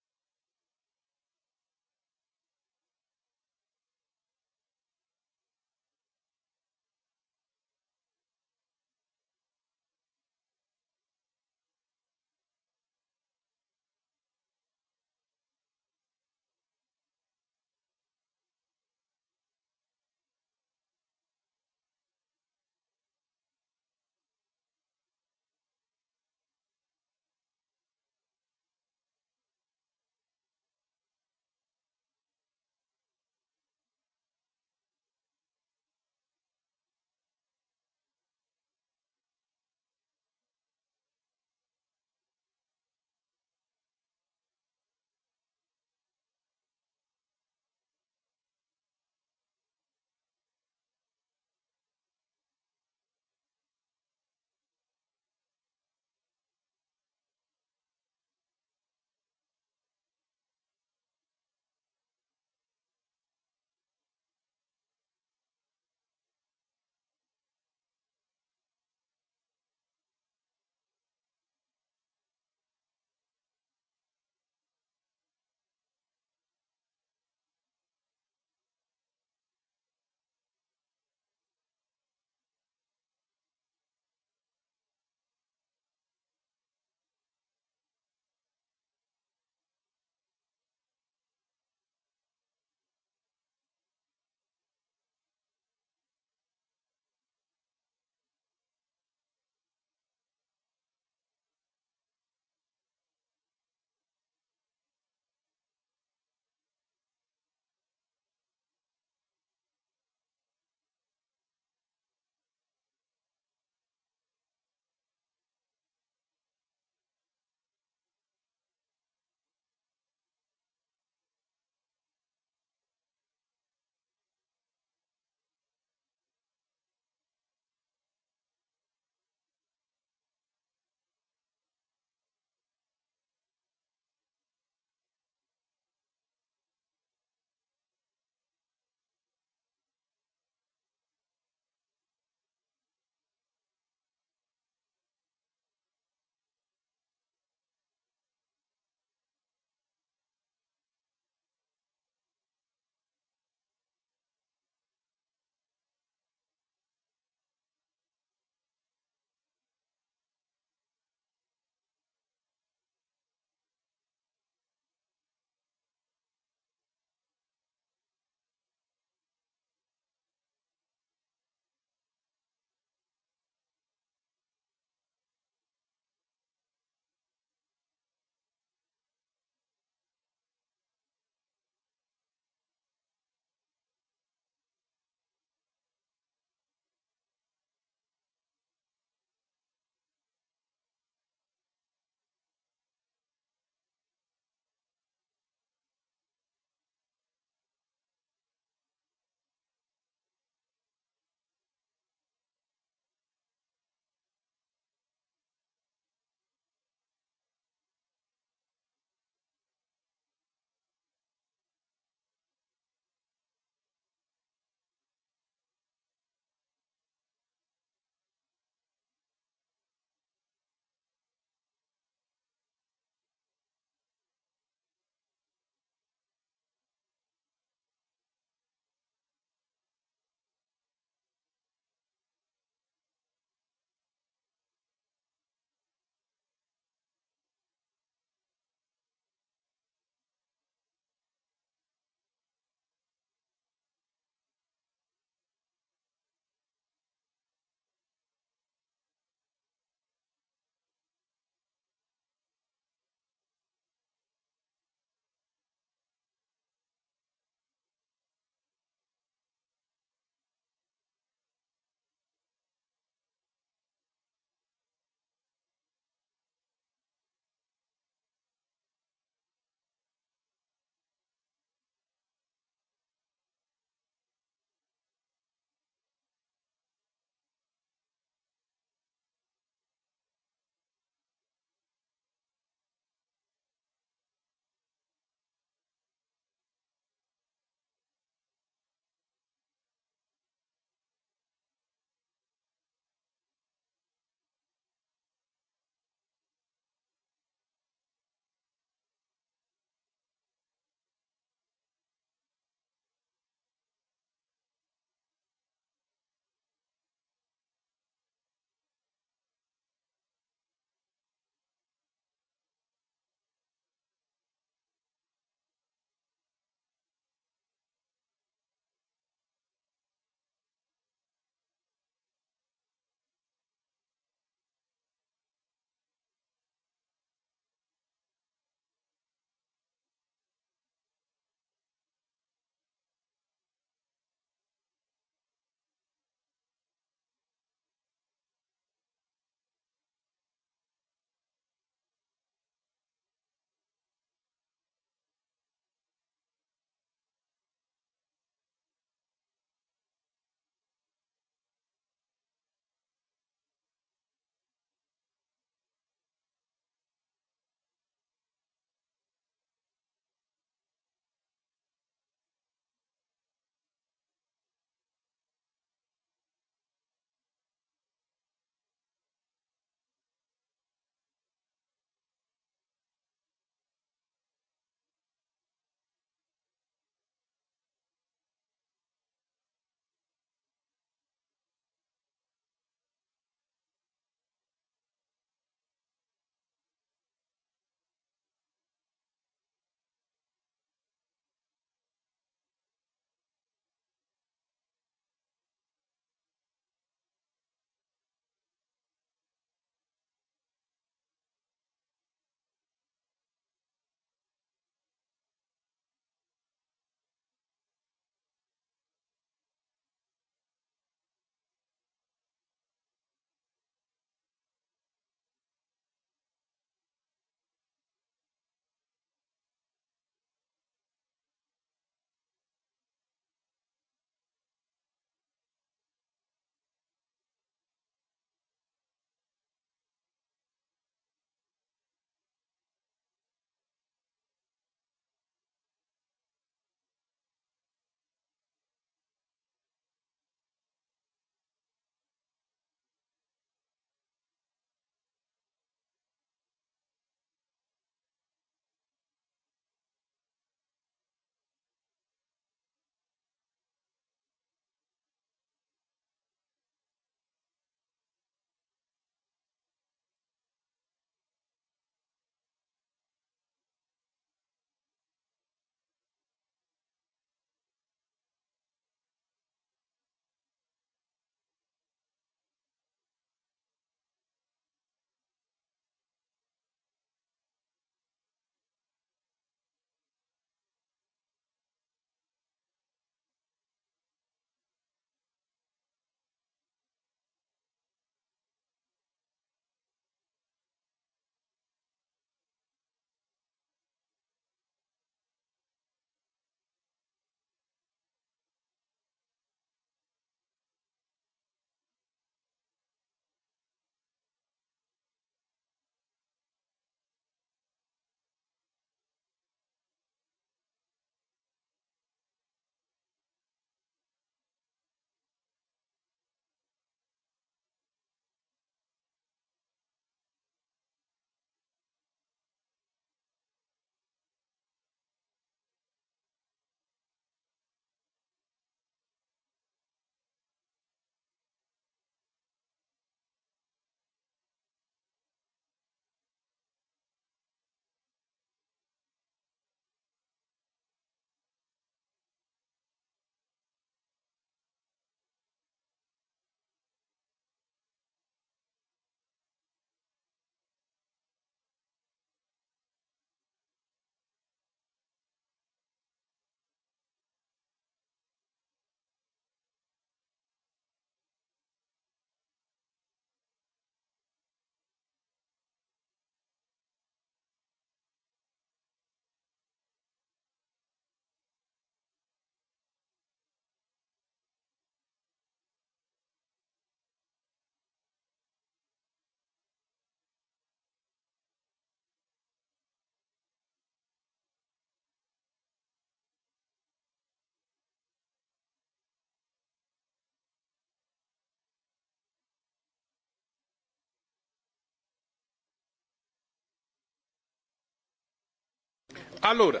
Allora,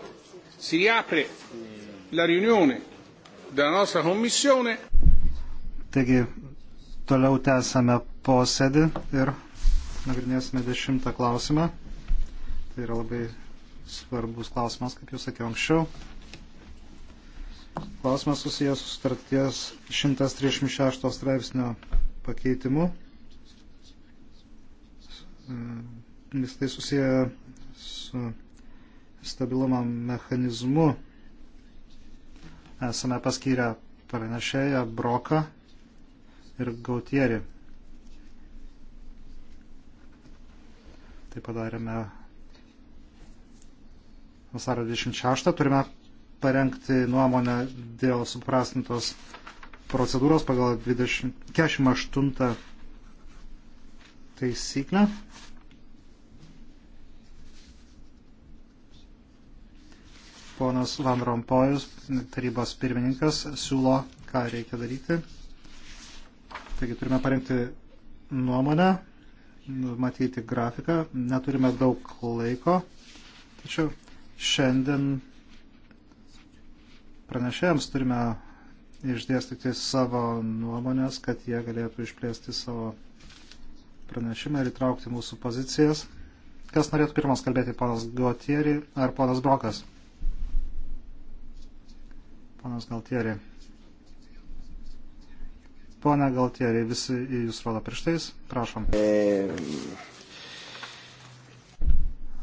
si riapre la riunione della nostra commissione. Taigi, toliau tęsame posėdį ir nagrinėsime dešimtą klausimą. Tai yra labai svarbus klausimas, kaip jau sakiau anksčiau. Klausimas susijęs su starties 136 straipsnio pakeitimu. Vis tai susiję su stabilumo mechanizmu esame paskyrę pranešėją Broką ir Gautierį. Tai padarėme vasaro 26. Turime parengti nuomonę dėl suprastintos procedūros pagal 20, 48 taisyklę. ponas Van Rompojus, tarybos pirmininkas, siūlo, ką reikia daryti. Taigi turime parengti nuomonę, matyti grafiką, neturime daug laiko, tačiau šiandien pranešėjams turime išdėstyti savo nuomonės, kad jie galėtų išplėsti savo pranešimą ir įtraukti mūsų pozicijas. Kas norėtų pirmas kalbėti, ponas Gautieri ar ponas Brokas? Ponas Galtieri. Pone Galtieri, visi į jūs rodo pirštais. Prašom.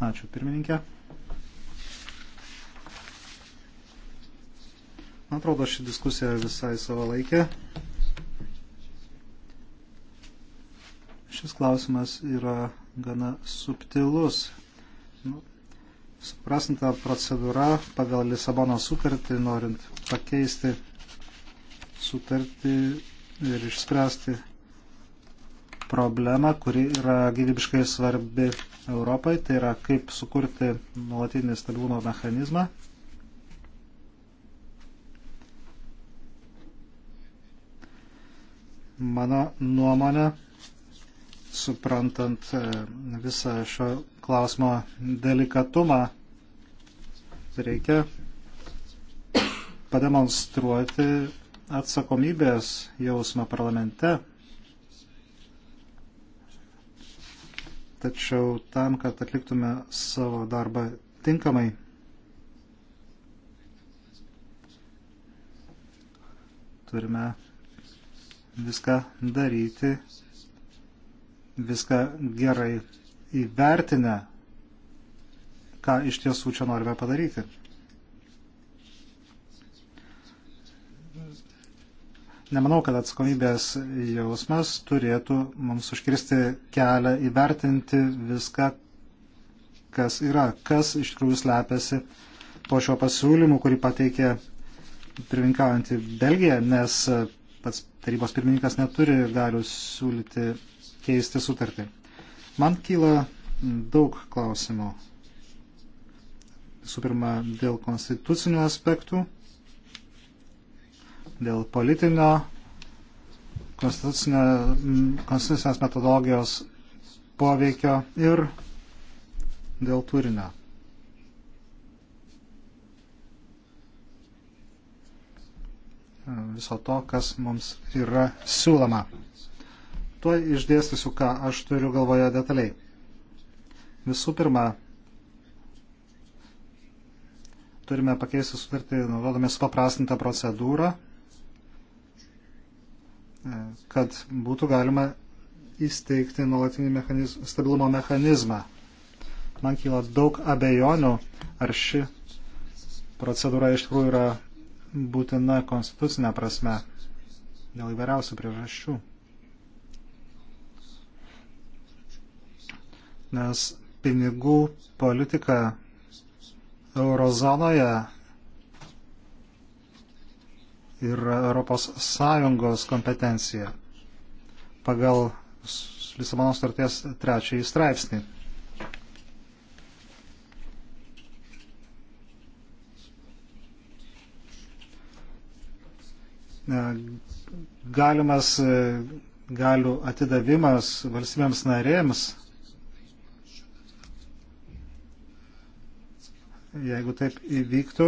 Ačiū, pirmininkė. Man atrodo, ši diskusija visai savo laikė. Šis klausimas yra gana subtilus. Nu, suprastinta procedūra pagal Lisabono sutartį, norint pakeisti sutartį ir išspręsti problemą, kuri yra gyvybiškai svarbi Europai, tai yra kaip sukurti nuolatinį stabilumo mechanizmą. Mano nuomonė suprantant e, visą šio klausimo delikatumą, reikia pademonstruoti atsakomybės jausmą parlamente. Tačiau tam, kad atliktume savo darbą tinkamai, turime viską daryti viską gerai įvertinę, ką iš tiesų čia norime padaryti. Nemanau, kad atsakomybės jausmas turėtų mums užkirsti kelią įvertinti viską, kas yra, kas iš tikrųjų slepiasi po šio pasiūlymu, kurį pateikė pirmininkaujantį Belgiją, nes pats tarybos pirmininkas neturi galių siūlyti keisti sutartį. Man kyla daug klausimų. Visų pirma, dėl konstitucinių aspektų, dėl politinio, konstitucinės metodologijos poveikio ir dėl turinio. viso to, kas mums yra siūloma. Tuo išdėstysiu, ką aš turiu galvoje detaliai. Visų pirma, turime pakeisti sutartį, naudodami supaprastintą procedūrą, e, kad būtų galima įsteigti nuolatinį mechaniz stabilumo mechanizmą. Man kyla daug abejonių, ar ši procedūra iš tikrųjų yra būtina konstitucinė prasme dėl įvairiausių priežasčių. nes pinigų politika eurozonoje yra Europos Sąjungos kompetencija pagal Lisabono starties trečiąjį straipsnį. Galimas galių atidavimas valstybėms narėms jeigu taip įvyktų,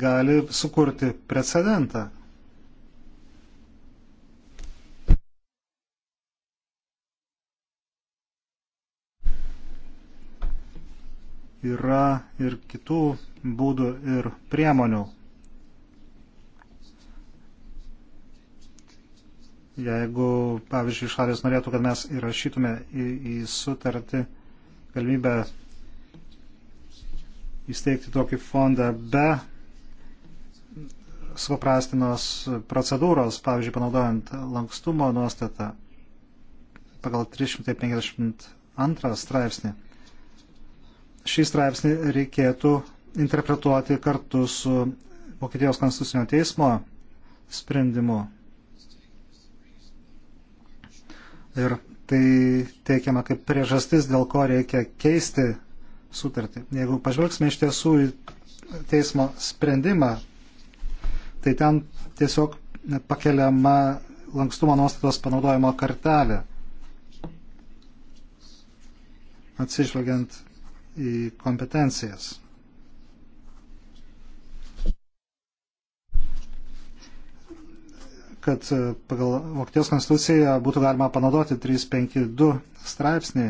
gali sukurti precedentą. Yra ir kitų būdų ir priemonių. Jeigu, pavyzdžiui, šalis norėtų, kad mes įrašytume į, į sutartį galimybę įsteigti tokį fondą be supaprastinos procedūros, pavyzdžiui, panaudojant lankstumo nuostatą pagal 352 straipsnį. Šį straipsnį reikėtų interpretuoti kartu su Vokietijos konstitucinio teismo sprendimu. Ir tai teikiama kaip priežastis, dėl ko reikia keisti sutartį. Jeigu pažvelgsime iš tiesų į teismo sprendimą, tai ten tiesiog pakeliama lankstumo nuostatos panaudojimo kartelė. Atsižvelgiant į kompetencijas. kad e, pagal Vokietijos konstituciją būtų galima panaudoti 352 straipsnį.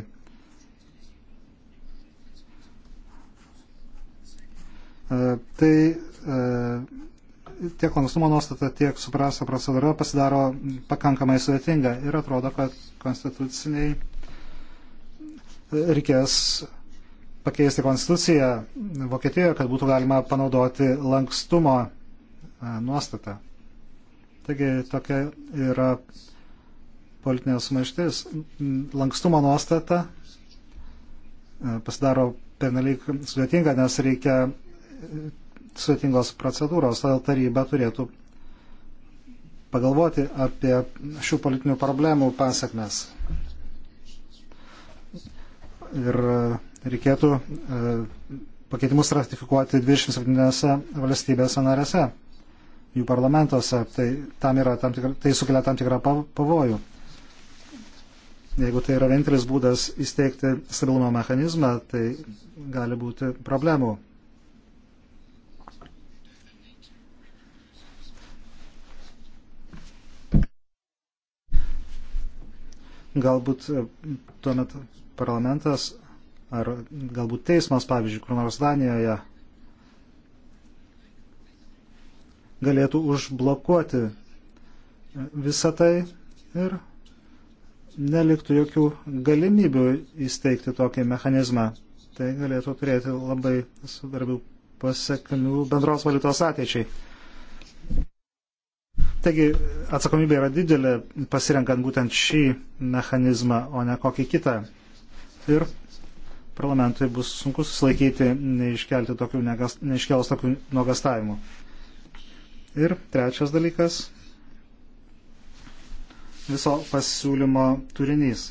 E, tai e, tiek lankstumo nuostata, tiek suprasta procedūra pasidaro pakankamai sudėtinga ir atrodo, kad konstituciniai reikės pakeisti konstituciją Vokietijoje, kad būtų galima panaudoti lankstumo nuostatą. Taigi tokia yra politinė sumaištis. Lankstumo nuostata e, pasidaro pernelyg sudėtinga, nes reikia e, sudėtingos procedūros, todėl taryba turėtų pagalvoti apie šių politinių problemų pasiekmes. Ir e, reikėtų pakeitimus ratifikuoti 27 valstybėse narėse jų parlamentuose, tai, tam yra tam tikra, tai sukelia tam tikrą pavojų. Jeigu tai yra vienintelis būdas įsteigti stabilumo mechanizmą, tai gali būti problemų. Galbūt e, tuomet parlamentas ar galbūt teismas, pavyzdžiui, kur nors Danijoje galėtų užblokuoti visą tai ir neliktų jokių galimybių įsteigti tokį mechanizmą. Tai galėtų turėti labai svarbių pasiekmių bendros valiutos ateičiai. Taigi atsakomybė yra didelė pasirenkant būtent šį mechanizmą, o ne kokį kitą. Ir parlamentui bus sunku susilaikyti, neiškelti tokių negas, neiškelus tokių nuogastavimų. Ir trečias dalykas - viso pasiūlymo turinys.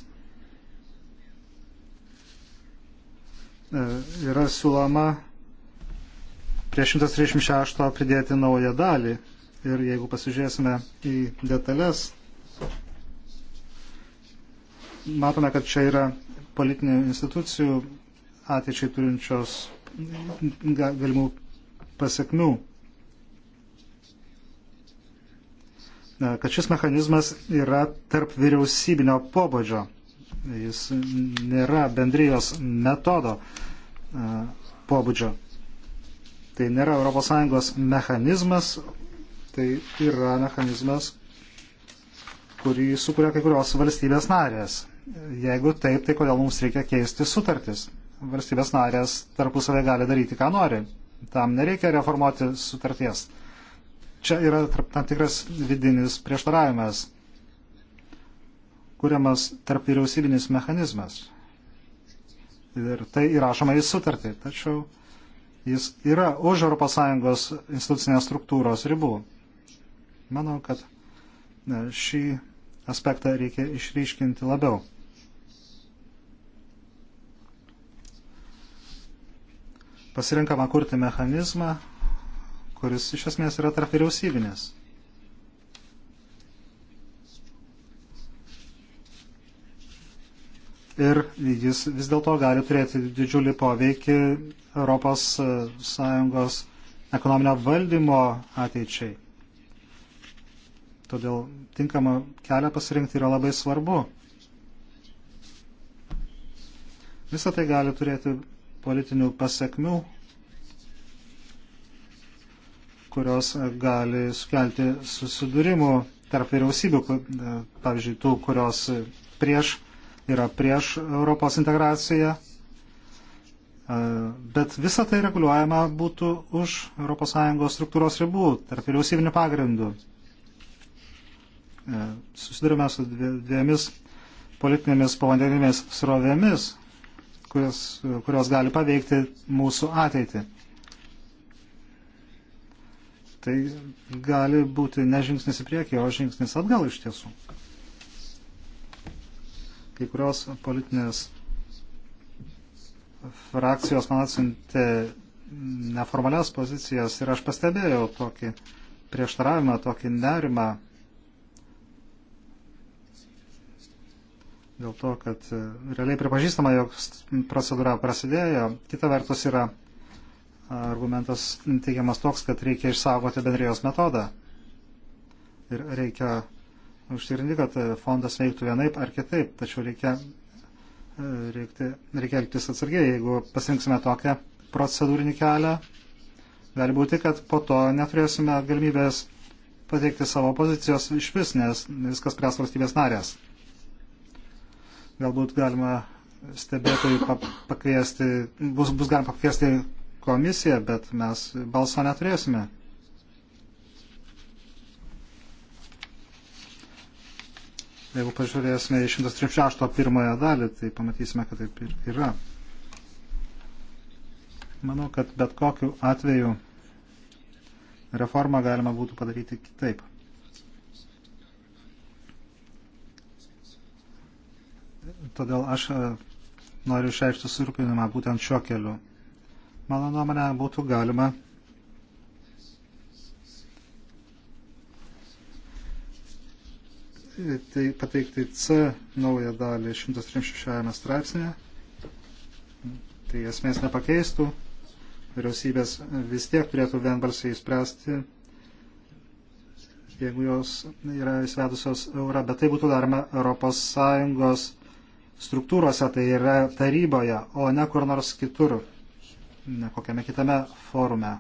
E, yra siūloma prie 136 pridėti naują dalį. Ir jeigu pasižiūrėsime į detalės, matome, kad čia yra politinių institucijų ateičiai turinčios galimų pasiekmių. E, kad šis mechanizmas yra tarp vyriausybinio pobūdžio. Jis nėra bendrijos metodo e, pobūdžio. Tai nėra ES mechanizmas, tai yra mechanizmas, kurį sukuria kai kurios valstybės narės. Jeigu taip, tai kodėl mums reikia keisti sutartis? Valstybės narės tarpusavė gali daryti, ką nori. Tam nereikia reformuoti sutarties čia yra tam tikras vidinis prieštaravimas, kuriamas tarp vyriausybinis mechanizmas. Ir tai įrašoma į sutartį, tačiau jis yra už ES institucinės struktūros ribų. Manau, kad e, šį aspektą reikia išryškinti labiau. Pasirinkama kurti mechanizmą, kuris iš esmės yra tarp vyriausybinės. ir jis vis dėlto gali turėti didžiulį poveikį ES e, ekonominio valdymo ateičiai. Todėl tinkamą kelią pasirinkti yra labai svarbu. Visą tai gali turėti politinių pasiekmių kurios e, gali sukelti susidūrimų tarp vyriausybių, e, pavyzdžiui, tų, kurios e, prieš, yra prieš Europos integraciją. Bet visa tai reguliuojama būtų už ES struktūros ribų, tarp vyriausybinių pagrindų. Susidurime su dviemis politinėmis povandeninėmis srovėmis, kurios, kurios gali paveikti mūsų ateitį. Tai gali būti ne žingsnis į priekį, o žingsnis atgal iš tiesų. Kai kurios politinės frakcijos man atsiuntė neformalias pozicijas ir aš pastebėjau tokį prieštaravimą, tokį nerimą dėl to, kad realiai pripažįstama, jog procedūra prasidėjo. Kita vertus yra argumentas teigiamas toks, kad reikia išsaugoti bendrijos metodą. Ir reikia užtikrinti, kad fondas veiktų vienaip ar kitaip, tačiau reikia, e, reikti, reikia elgtis atsargiai. Jeigu pasirinksime tokią procedūrinį kelią, gali būti, kad po to neturėsime galimybės pateikti savo pozicijos iš vis, nes viskas spręs valstybės narės. Galbūt galima stebėtojų pakviesti, bus, bus galima pakviesti komisija, bet mes balso neturėsime. Jeigu pažiūrėsime į 136 pirmąją dalį, tai pamatysime, kad taip ir yra. Manau, kad bet kokiu atveju reformą galima būtų padaryti kitaip. Todėl aš e, noriu išreikšti surūpinimą būtent šiuo keliu. Mano nuomonė būtų galima tai pateikti C naują dalį 136 straipsnėje. Tai esmės nepakeistų. Vyriausybės vis tiek turėtų vienbalsiai spręsti, jeigu jos yra įsvedusios eurą, bet tai būtų daroma ES struktūrose, tai yra taryboje, o ne kur nors kitur ne kokiame kitame forume,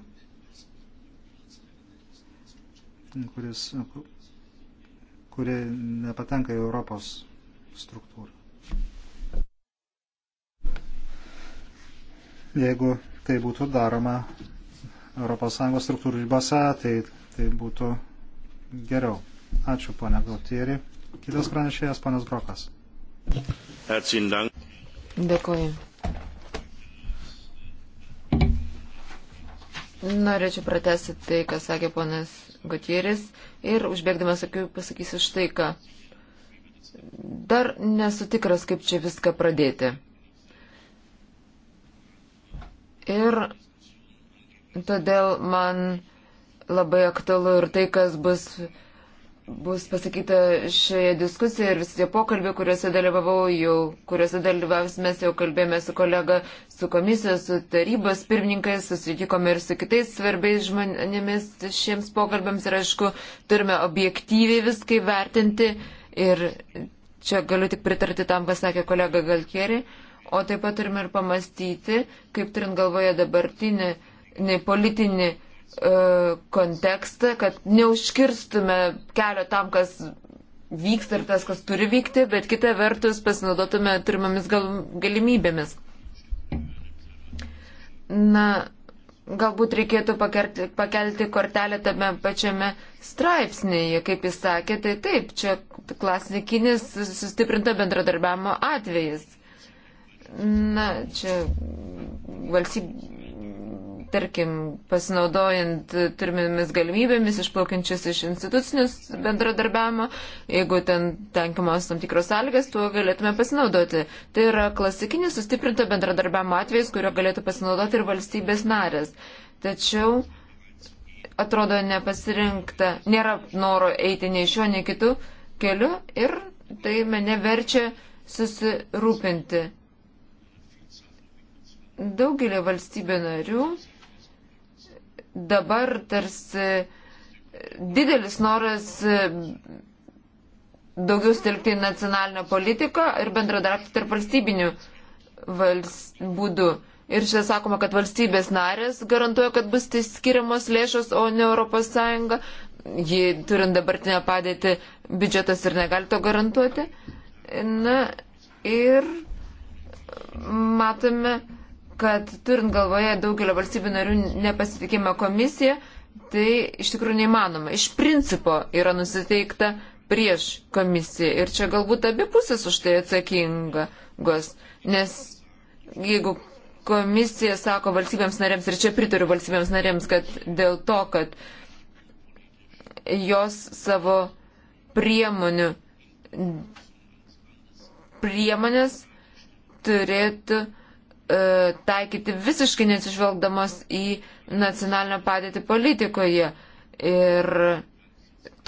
kuris, kuri nepatenka į Europos struktūrą. Jeigu tai būtų daroma ES struktūrų ribose, tai, tai būtų geriau. Ačiū, ponia Gautieri. Kitas pranešėjas, ponas Brokas. Dėkuoju. Norėčiau pratesti tai, ką sakė ponas Gutieris ir užbėgdamas akių pasakysiu štai ką. Dar nesu tikras, kaip čia viską pradėti. Ir todėl man labai aktualu ir tai, kas bus bus pasakyta šioje diskusijoje ir visi tie pokalbiai, kuriuose dalyvavau jau, kuriuose dalyvavus mes jau kalbėjome su kolega, su komisijos, su tarybos pirmininkais, susitikome ir su kitais svarbiais žmonėmis šiems pokalbėms ir aišku, turime objektyviai viską vertinti ir čia galiu tik pritarti tam, kas sakė kolega Galkieri, o taip pat turime ir pamastyti, kaip turint galvoje dabartinį politinį E, kontekstą, kad neužkirstume kelio tam, kas vyksta ir tas, kas turi vykti, bet kita vertus pasinaudotume turimomis gal, galimybėmis. Na, galbūt reikėtų pakerti, pakelti kortelę tame pačiame straipsnėje, kaip jis sakė, tai taip, čia klasikinis sustiprinta bendradarbiavimo atvejis. Na, čia valstybė tarkim, pasinaudojant turimėmis galimybėmis išplaukiančius iš institucinius bendradarbiavimo, jeigu ten tenkiamos tam tikros sąlygas, tuo galėtume pasinaudoti. Tai yra klasikinis sustiprinto bendradarbiavimo atvejs, kurio galėtų pasinaudoti ir valstybės narės. Tačiau atrodo nepasirinkta, nėra noro eiti nei šiuo, nei kitų keliu ir tai mane verčia susirūpinti. Daugelį valstybių narių dabar tarsi didelis noras daugiau stilgti nacionalinę politiką ir bendradarbiauti tarp valstybinių vals būdų. Ir čia sakoma, kad valstybės narės garantuoja, kad bus tai skiriamos lėšos, o ne Europos Sąjunga. Ji, turint dabartinę padėtį, biudžetas ir negali to garantuoti. Na ir matome, kad turint galvoje daugelio valstybių narių nepasitikimą komisiją, tai iš tikrųjų neįmanoma. Iš principo yra nusiteikta prieš komisiją ir čia galbūt abi pusės už tai atsakingos, nes jeigu komisija sako valstybėms narėms, ir čia pritariu valstybėms narėms, kad dėl to, kad jos savo priemonių priemonės turėtų uh, E, taikyti visiškai neatsižvelgdamas į nacionalinę padėtį politikoje. Ir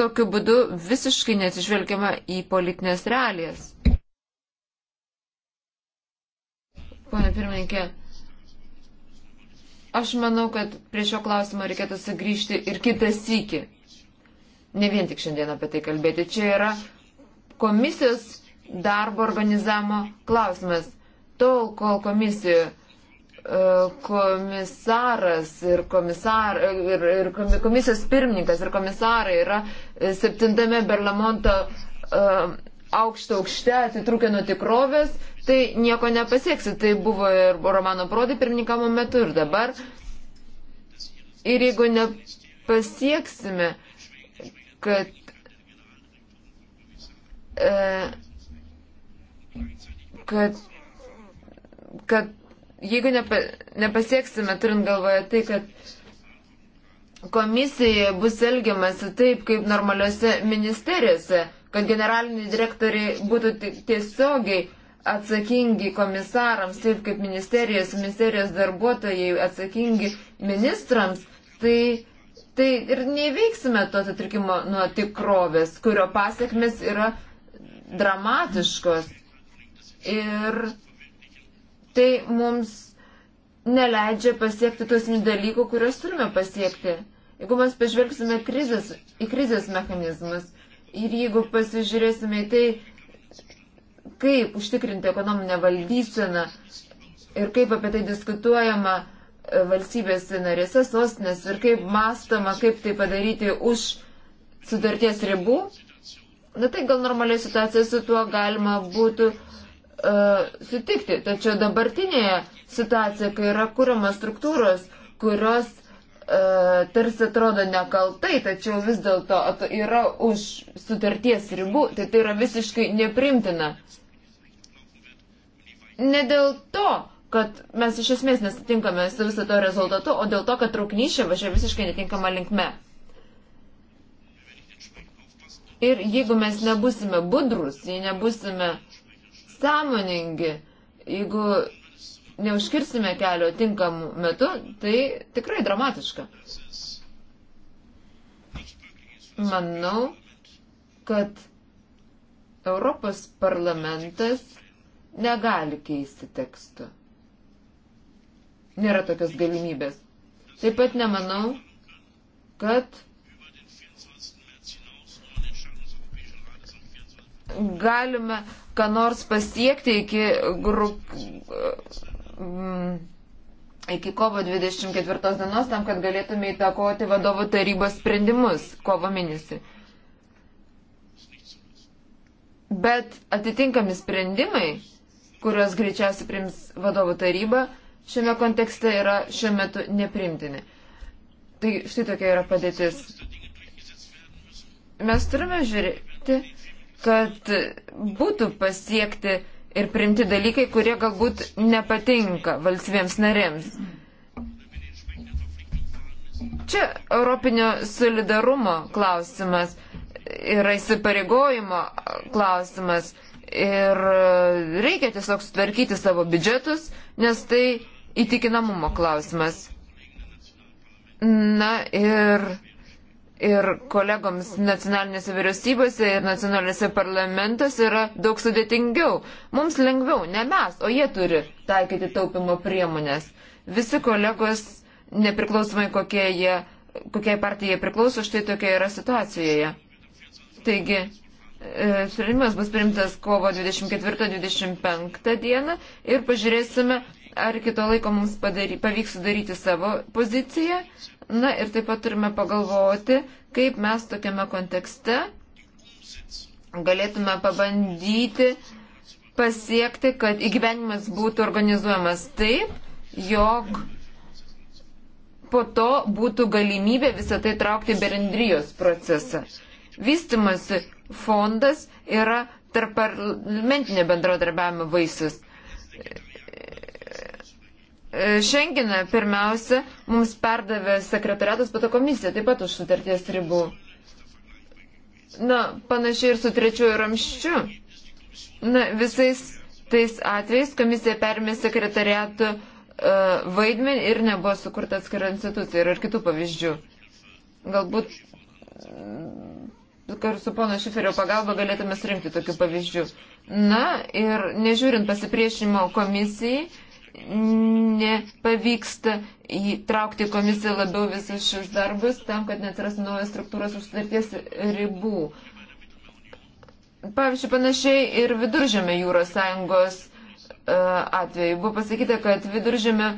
tokiu būdu visiškai neatsižvelgiama į politinės realijas. Pone pirmininkė, aš manau, kad prie šio klausimo reikėtų sugrįžti ir kitą sykį. Ne vien tik šiandien apie tai kalbėti. Čia yra komisijos darbo organizavimo klausimas tol, kol komisijų e, komisaras ir, komisar, ir, ir komisijos pirmininkas ir komisarai yra e, septintame Berlamonto e, aukšto aukšte atitrūkę nuo tikrovės, tai nieko nepasieksi. Tai buvo ir Romano Prodi pirmininkamo metu ir dabar. Ir jeigu nepasieksime, kad e, kad kad jeigu nepa, nepasieksime, turint galvoje tai, kad komisija bus elgiamasi taip, kaip normaliuose ministerijose, kad generaliniai direktoriai būtų tiesiogiai atsakingi komisarams, taip kaip ministerijos, ministerijos darbuotojai atsakingi ministrams, tai, tai ir neveiksime to atitrikimo nuo tikrovės, kurio pasiekmes yra dramatiškos. Ir tai mums neleidžia pasiekti tų esminių dalykų, kuriuos turime pasiekti. Jeigu mes pažvelgsime krizės, į krizės mechanizmus ir jeigu pasižiūrėsime į tai, kaip užtikrinti ekonominę valdyseną ir kaip apie tai diskutuojama e, valstybės narėse, sostinės ir kaip mastoma, kaip tai padaryti už sudarties ribų, na tai gal normaliai situacija su tuo galima būtų E, sutikti. Tačiau dabartinėje situacijoje, kai yra kūriamas struktūros, kurios e, tarsi atrodo nekaltai, tačiau vis dėlto yra už sutarties ribų, tai tai yra visiškai neprimtina. Ne dėl to, kad mes iš esmės nesutinkame su viso to rezultatu, o dėl to, kad trauknyšė važia visiškai netinkama linkme. Ir jeigu mes nebusime budrus, jei nebusime uh, sąmoningi. Jeigu neužkirsime kelio tinkamu metu, tai tikrai dramatiška. Manau, kad Europos parlamentas negali keisti tekstų. Nėra tokios galimybės. Taip pat nemanau, kad galime ką nors pasiekti iki, gru... Mm, iki kovo 24 dienos, tam, kad galėtume įtakoti vadovų tarybos sprendimus kovo mėnesį. Bet atitinkami sprendimai, kuriuos greičiausiai prims vadovų taryba, šiame kontekste yra šiuo metu neprimtini. Tai štai tokia yra padėtis. Mes turime žiūrėti kad būtų pasiekti ir primti dalykai, kurie galbūt nepatinka valstybėms narėms. Čia europinio solidarumo klausimas yra įsipareigojimo klausimas ir reikia tiesiog sutvarkyti savo biudžetus, nes tai įtikinamumo klausimas. Na ir ir kolegoms nacionalinėse vyriausybėse ir nacionalinėse parlamentuose yra daug sudėtingiau. Mums lengviau, ne mes, o jie turi taikyti taupimo priemonės. Visi kolegos, nepriklausomai kokie jie, kokiai partijai jie priklauso, štai tokia yra situacijoje. Taigi, e, sprendimas bus priimtas kovo 24-25 dieną ir pažiūrėsime, ar kito laiko mums padary, pavyks sudaryti savo poziciją Na ir taip pat turime pagalvoti, kaip mes tokiame kontekste galėtume pabandyti pasiekti, kad įgyvenimas būtų organizuojamas taip, jog po to būtų galimybė visą tai traukti berendrijos procesą. Vystimasi fondas yra tarp parlamentinio bendradarbiavimo vaisius. E, Šenginą pirmiausia mums perdavė sekretariatas, pato komisija taip pat už sutarties ribų. Na, panašiai ir su trečiuoju ramščiu. Na, visais tais atvejais komisija perėmė sekretariatų uh, e, vaidmenį ir nebuvo sukurta atskira institucija. Ir ar kitų pavyzdžių. Galbūt mm, su pono Šiferio pagalba galėtume surinkti tokių pavyzdžių. Na, ir nežiūrint pasipriešinimo komisijai, uh, nepavyksta įtraukti komisiją labiau visus šius darbus tam, kad neatsirastų naujos struktūros už sutarties ribų. Pavyzdžiui, panašiai ir viduržėme jūros sąjungos uh, atveju. Buvo pasakyta, kad viduržėme uh,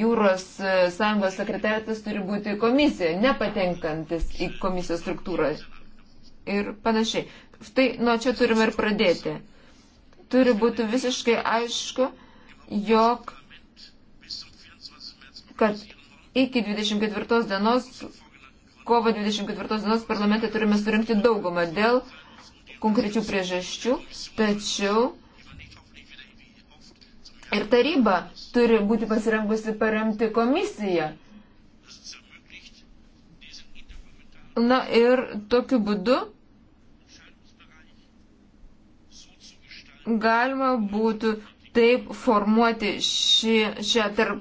jūros sąjungos sekretariatas turi būti komisija, nepatenkantis į komisijos struktūrą ir panašiai. Štai nuo čia turime ir pradėti. Turi būti visiškai aišku, jog kad iki 24 dienos, kovo 24 dienos parlamente turime surinkti daugumą dėl konkrečių priežasčių, tačiau ir taryba turi būti pasirengusi paremti komisiją. Na ir tokiu būdu galima būtų taip formuoti šį, šią tarp,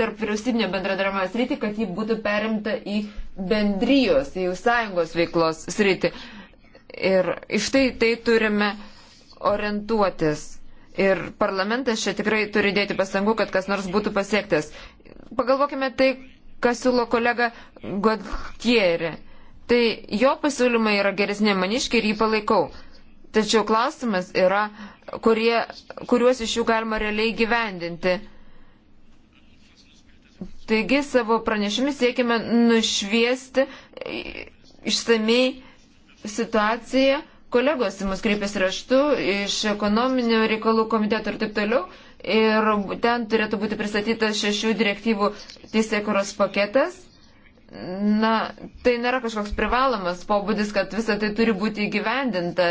tarp vyriausybinio bendradarbiavimo sritį, kad ji būtų perimta į bendrijos, į sąjungos veiklos sritį. Ir iš tai tai turime orientuotis. Ir parlamentas čia tikrai turi dėti pasangų, kad kas nors būtų pasiektas. Pagalvokime tai, ką siūlo kolega Godtieri. Tai jo pasiūlymai yra geresnė maniški ir jį palaikau. Tačiau klausimas yra, kurie, kuriuos iš jų galima realiai gyvendinti. Taigi savo pranešimis siekime nušviesti išsamei situaciją. Kolegos į mus kreipėsi raštu iš ekonominių reikalų komiteto ir taip toliau. Ir ten turėtų būti pristatytas šešių direktyvų teisėkuros paketas. Na, tai nėra kažkoks privalomas pobūdis, kad visa tai turi būti įgyvendinta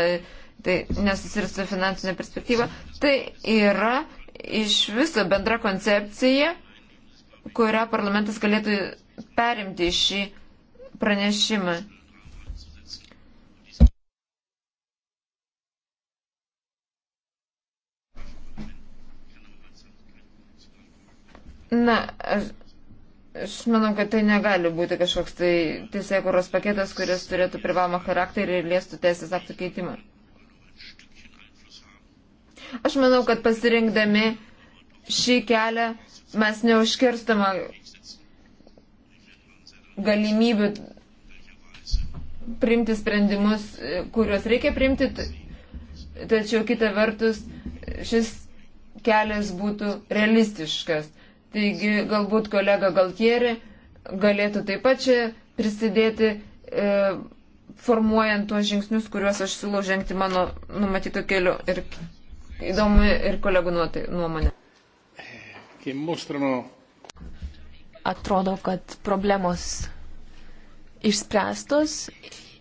tai nesusirus su finansinė perspektyva, tai yra iš viso bendra koncepcija, kurią parlamentas galėtų perimti iš šį pranešimą. Na, aš, aš manau, kad tai negali būti kažkoks tai teisėkuros paketas, kuris turėtų privalomą charakterį ir liestų teisės aktų keitimą. Aš manau, kad pasirinkdami šį kelią mes neužkirstama galimybių priimti sprendimus, kuriuos reikia priimti, tačiau kita vertus šis kelias būtų realistiškas. Taigi galbūt kolega Galtieri galėtų taip pat čia prisidėti, e, formuojant tuos žingsnius, kuriuos aš siūlau žengti mano numatytų keliu ir Įdomu ir kolegų nuomonė. Atrodo, kad problemos išspręstos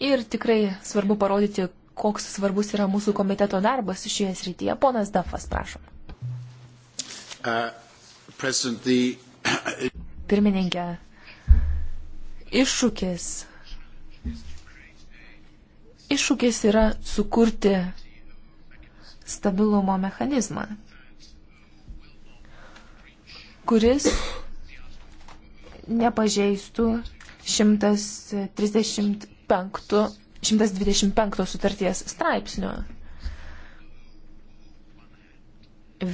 ir tikrai svarbu parodyti, koks svarbus yra mūsų komiteto darbas šioje srityje. Ponas Dafas, prašom. Uh, Pirmininkė, iššūkis. Iššūkis yra sukurti stabilumo mechanizmą, kuris nepažeistų 135, 125 sutarties straipsnio.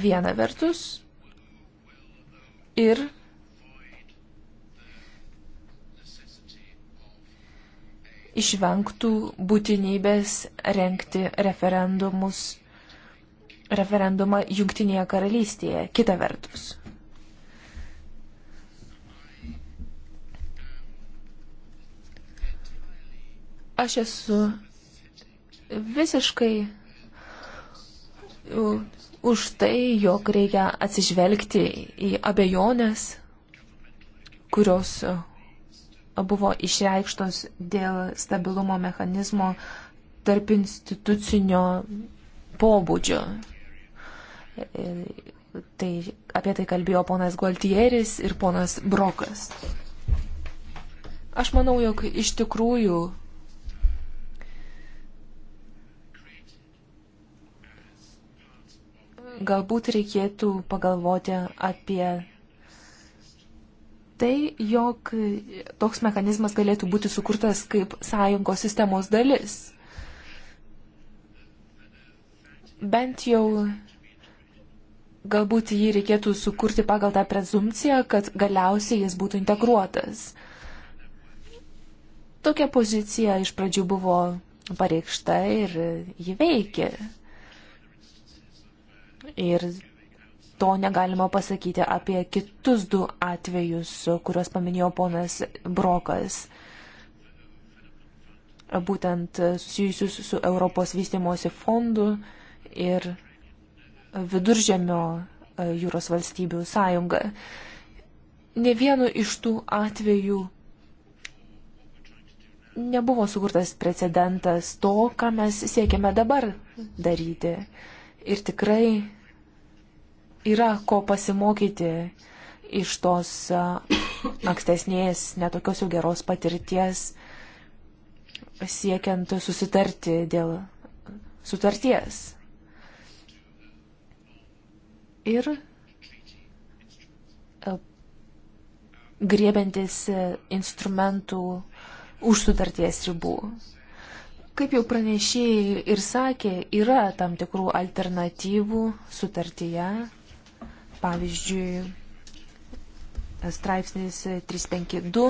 Viena vertus ir išvengtų būtinybės renkti referendumus referendumą Junktinėje karalystėje, kita vertus. Aš esu visiškai už tai, jog reikia atsižvelgti į abejonės, kurios buvo išreikštos dėl stabilumo mechanizmo tarp institucinio pobūdžio. Tai apie tai kalbėjo ponas Gualtieris ir ponas Brokas. Aš manau, jog iš tikrųjų galbūt reikėtų pagalvoti apie tai, jog toks mechanizmas galėtų būti sukurtas kaip sąjungos sistemos dalis. Bent jau galbūt jį reikėtų sukurti pagal tą prezumciją, kad galiausiai jis būtų integruotas. Tokia pozicija iš pradžių buvo pareikšta ir jį veikė. Ir to negalima pasakyti apie kitus du atvejus, kuriuos paminėjo ponas Brokas būtent susijusius su Europos vystimosi fondu ir viduržėmio e, jūros valstybių sąjungą. Ne vienu iš tų atvejų nebuvo sukurtas precedentas to, ką mes siekiame dabar daryti. Ir tikrai yra ko pasimokyti iš tos e, ankstesnės, netokios jau geros patirties, siekiant susitarti dėl sutarties ir e, griebiantis e, instrumentų už sutarties ribų. Kaip jau pranešėjai ir sakė, yra tam tikrų alternatyvų sutartyje, pavyzdžiui, straipsnis 352,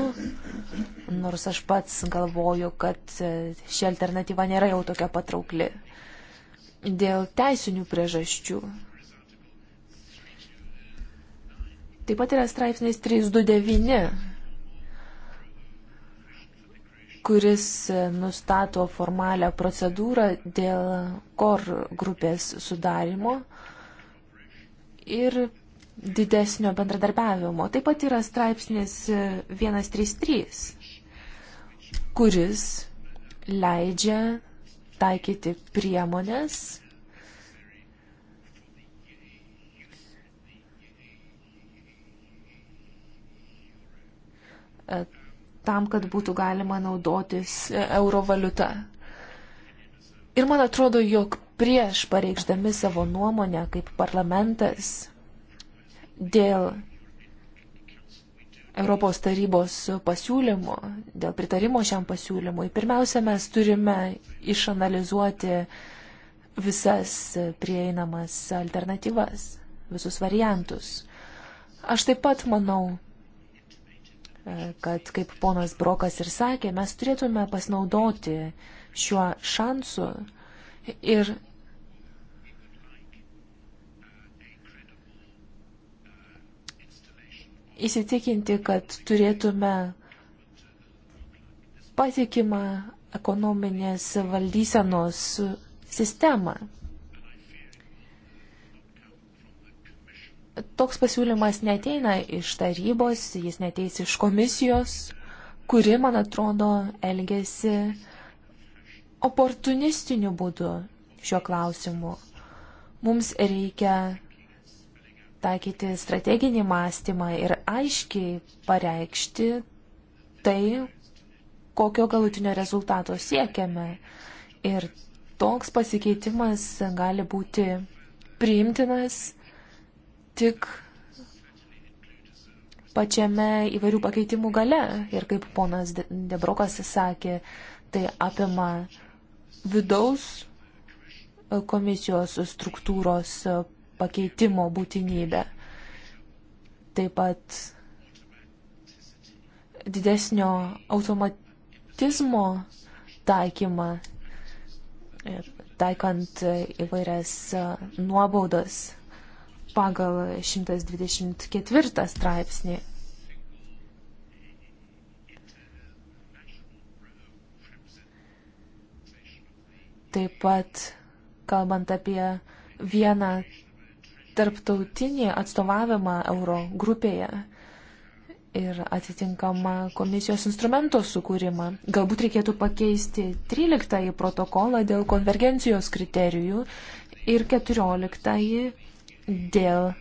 nors aš pats galvoju, kad e, ši alternatyva nėra jau tokia patraukli. Dėl teisinių priežasčių Taip pat yra straipsnis 329, kuris e, nustato formalią procedūrą dėl kor grupės sudarimo ir didesnio bendradarbiavimo. Taip pat yra straipsnis 133, e, kuris leidžia taikyti priemonės E, tam, kad būtų galima naudotis e, euro valiuta. Ir man atrodo, jog prieš pareikšdami savo nuomonę kaip parlamentas dėl Europos tarybos pasiūlymo, dėl pritarimo šiam pasiūlymui, pirmiausia, mes turime išanalizuoti visas prieinamas alternatyvas, visus variantus. Aš taip pat manau, kad, kaip ponas Brokas ir sakė, mes turėtume pasinaudoti šiuo šansu ir įsitikinti, kad turėtume patikimą ekonominės valdysenos sistemą. toks pasiūlymas neteina iš tarybos, jis neteis iš komisijos, kuri, man atrodo, elgesi oportunistiniu būdu šiuo klausimu. Mums reikia taikyti strateginį mąstymą ir aiškiai pareikšti tai, kokio galutinio rezultato siekiame. Ir toks pasikeitimas gali būti priimtinas tik pačiame įvairių pakeitimų gale. Ir kaip ponas Debrokas sakė, tai apima vidaus e, komisijos struktūros e, pakeitimo būtinybę. Taip pat didesnio automatizmo taikymą ir taikant įvairias e, nuobaudas pagal 124 straipsnį. Taip pat, kalbant apie vieną tarptautinį atstovavimą euro grupėje ir atitinkamą komisijos instrumento sukūrimą. Galbūt reikėtų pakeisti 13 protokolą dėl konvergencijos kriterijų ir 14 dėl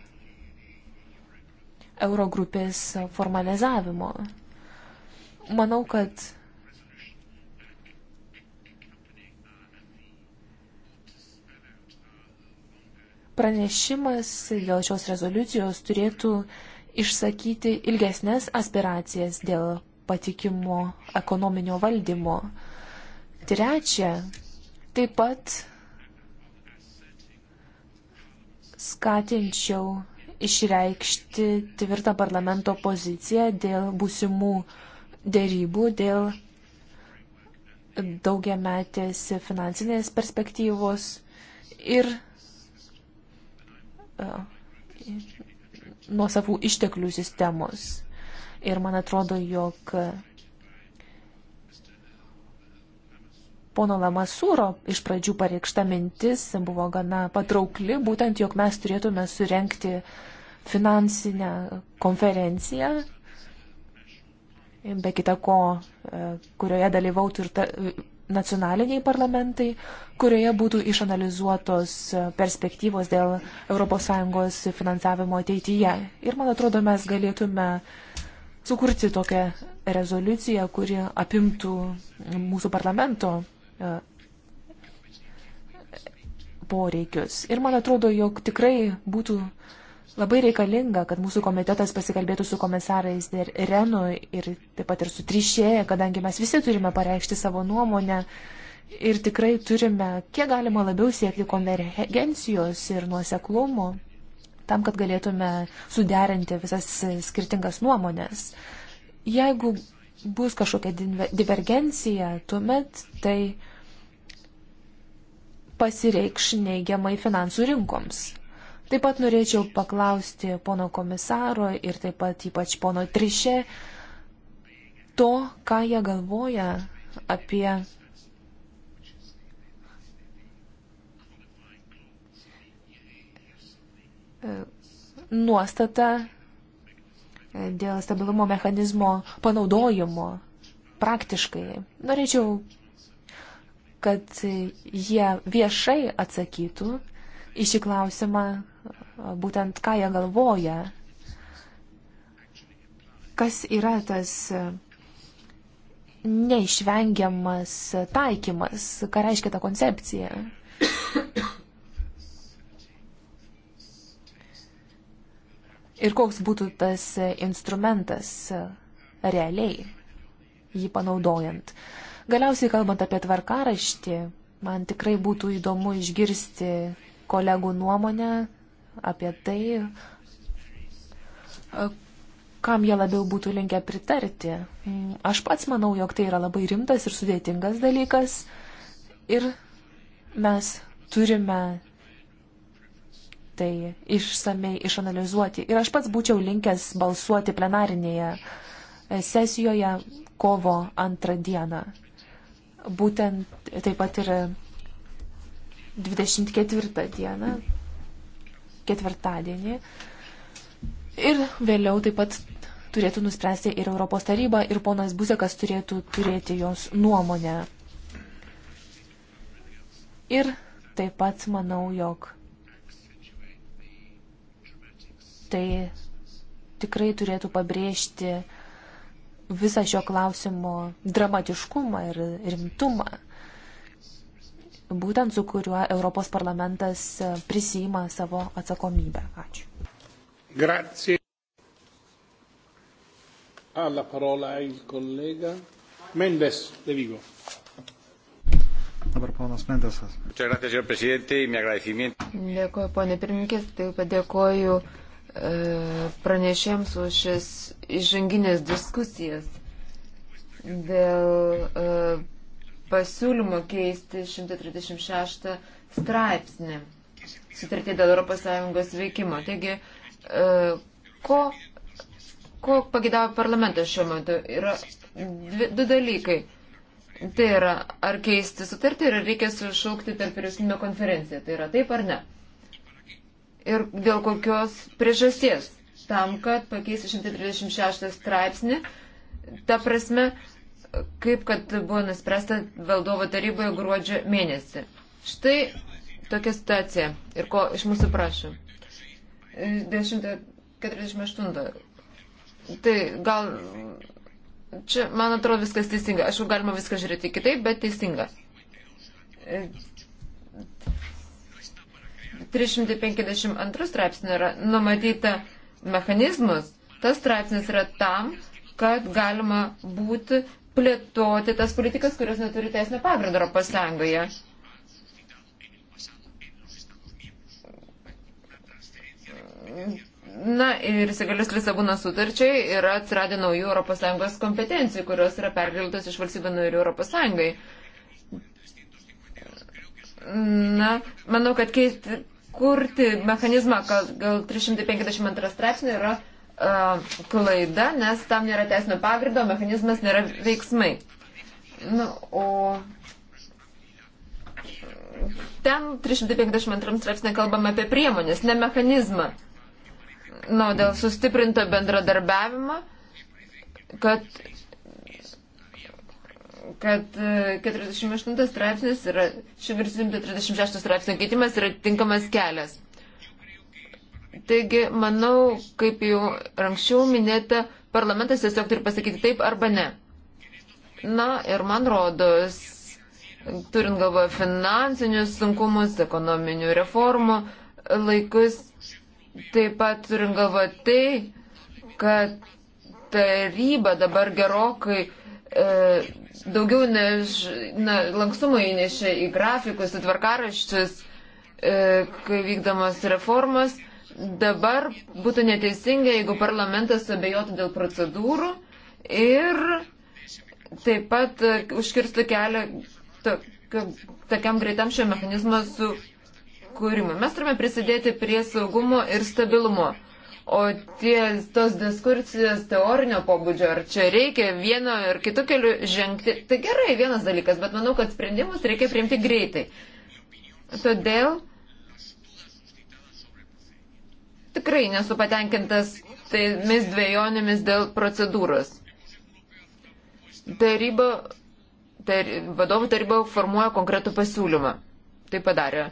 Eurogrupės formalizavimo. Manau, kad pranešimas dėl šios rezoliucijos turėtų išsakyti ilgesnės aspiracijas dėl patikimo ekonominio valdymo. Trečia, taip pat skatinčiau išreikšti tvirtą parlamento poziciją dėl būsimų dėrybų, dėl daugiametės finansinės perspektyvos ir e, nuosavų išteklių sistemos. Ir man atrodo, jog pono Lamasūro iš pradžių pareikšta mintis buvo gana patraukli, būtent jog mes turėtume surenkti finansinę konferenciją, be kita ko, e, kurioje dalyvautų ir ta, e, nacionaliniai parlamentai, kurioje būtų išanalizuotos e, perspektyvos dėl ES finansavimo ateityje. Ir man atrodo, mes galėtume sukurti tokią rezoliuciją, kuri apimtų mūsų parlamento E, poreikius. Ir man atrodo, jog tikrai būtų labai reikalinga, kad mūsų komitetas pasikalbėtų su komisarais Renu ir taip pat ir su Trišėje, kadangi mes visi turime pareikšti savo nuomonę ir tikrai turime kiek galima labiau siekti konvergencijos ir nuoseklumo tam, kad galėtume suderinti visas skirtingas nuomonės. Jeigu bus kažkokia divergencija, tuomet tai pasireikš neigiamai finansų rinkoms. Taip pat norėčiau paklausti pono komisaro ir taip pat ypač pono Trišė to, ką jie galvoja apie e, nuostatą dėl stabilumo mechanizmo panaudojimo praktiškai. Norėčiau, kad jie viešai atsakytų į šį klausimą, būtent ką jie galvoja, kas yra tas neišvengiamas taikymas, ką reiškia ta koncepcija. ir koks būtų tas instrumentas e, realiai jį panaudojant. Galiausiai kalbant apie tvarkaraštį, man tikrai būtų įdomu išgirsti kolegų nuomonę apie tai, e, kam jie labiau būtų linkę pritarti. Mm, aš pats manau, jog tai yra labai rimtas ir sudėtingas dalykas ir mes turime tai išsamei išanalizuoti. Ir aš pats būčiau linkęs balsuoti plenarinėje e, sesijoje kovo antrą dieną. Būtent taip pat ir 24 dieną, ketvirtadienį. Ir vėliau taip pat turėtų nuspręsti ir Europos taryba, ir ponas Buzekas turėtų turėti jos nuomonę. Ir taip pat manau, jog tai tikrai turėtų pabrėžti visą šio klausimo dramatiškumą ir rimtumą, būtent su kuriuo Europos parlamentas prisima savo atsakomybę. Ačiū. Grazie. Ha la parola il collega Mendes de Vigo. Dabar ponas Mendesas. Dėkuoju, ponė pirmininkė, taip pat dėkuoju E, pranešėms už šias įžanginės diskusijas dėl e, pasiūlymo keisti 136 straipsnį sutartį dėl ES veikimo. Taigi, e, ko, ko pagidavo parlamentas šiuo metu? Yra dvi, du dalykai. Tai yra, ar keisti sutartį ir ar reikia sušaukti tarp vyriausybinio konferenciją. Tai yra taip ar ne? ir dėl kokios priežasties. Tam, kad pakeis 136 straipsnį, ta prasme, kaip kad buvo nuspręsta valdovo taryboje gruodžio mėnesį. Štai tokia situacija ir ko iš mūsų prašo. 1048. Tai gal čia, man atrodo, viskas teisinga. Aišku, galima viską žiūrėti kitaip, bet teisinga. 352 straipsnį yra numatyta mechanizmus. Tas straipsnis yra tam, kad galima būti plėtoti tas politikas, kurios neturi teisinio pagrindo Europos Sąjungoje. Na ir įsigalius Lisabono sutarčiai yra atsiradę naujų ES kompetencijų, kurios yra perkeltos iš valstybių narių ES. Na, manau, kad keisti, kurti mechanizmą, kad gal 352 straipsnių yra uh, klaida, nes tam nėra teisinio pagrindo, mechanizmas nėra veiksmai. Nu, o ten 352 straipsnė kalbame apie priemonės, ne mechanizmą. Nu, dėl sustiprinto bendradarbiavimo, kad kad 48 e, straipsnis yra, 136 straipsnio keitimas yra tinkamas kelias. Taigi, manau, kaip jau anksčiau minėta, parlamentas tiesiog turi pasakyti taip arba ne. Na ir man rodos, turint galvoje finansinius sunkumus, ekonominių reformų laikus, taip pat turint galvoje tai, kad taryba dabar gerokai uh, E, daugiau než, na, lankstumo įnešė į grafikus, į tvarkaraščius, e, kai vykdomas reformas. Dabar būtų neteisinga, jeigu parlamentas abejotų dėl procedūrų ir taip pat e, užkirstų kelią tokiam greitam šio mechanizmo sukūrimui. Mes turime prisidėti prie saugumo ir stabilumo. O tie, tos diskursijos teorinio pobūdžio, ar čia reikia vieno ir kitų kelių žengti, tai gerai, vienas dalykas, bet manau, kad sprendimus reikia priimti greitai. Todėl tikrai nesu patenkintas tais dviejonėmis dėl procedūros. Taryba, tar, vadovų taryba formuoja konkretų pasiūlymą. Tai padarė.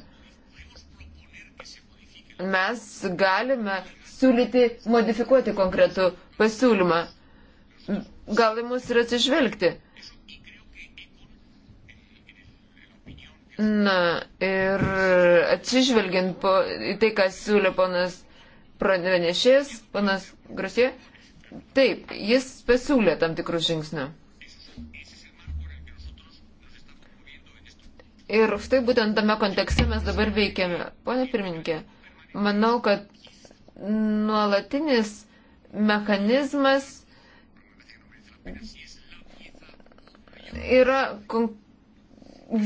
Mes galime siūlyti modifikuoti konkretų pasiūlymą. Gal į mus ir atsižvelgti. Na ir atsižvelgiant po, į tai, ką siūlė ponas pranešės, ponas Grasė, taip, jis pasiūlė tam tikrų žingsnių. Ir štai būtent tame kontekste mes dabar veikiame. Pone pirmininkė, manau, kad nuolatinis mechanizmas yra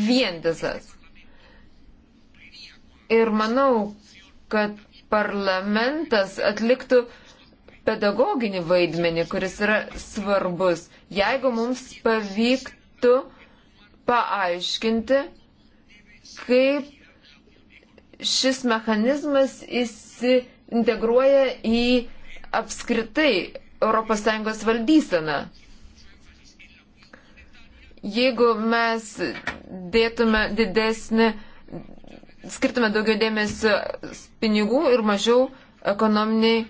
vientisas. Ir manau, kad parlamentas atliktų pedagoginį vaidmenį, kuris yra svarbus, jeigu mums pavyktų paaiškinti, kaip šis mechanizmas įsivaizduoja integruoja į apskritai ES valdyseną. Jeigu mes dėtume didesnį, skirtume daugiau dėmesio pinigų ir mažiau ekonominiai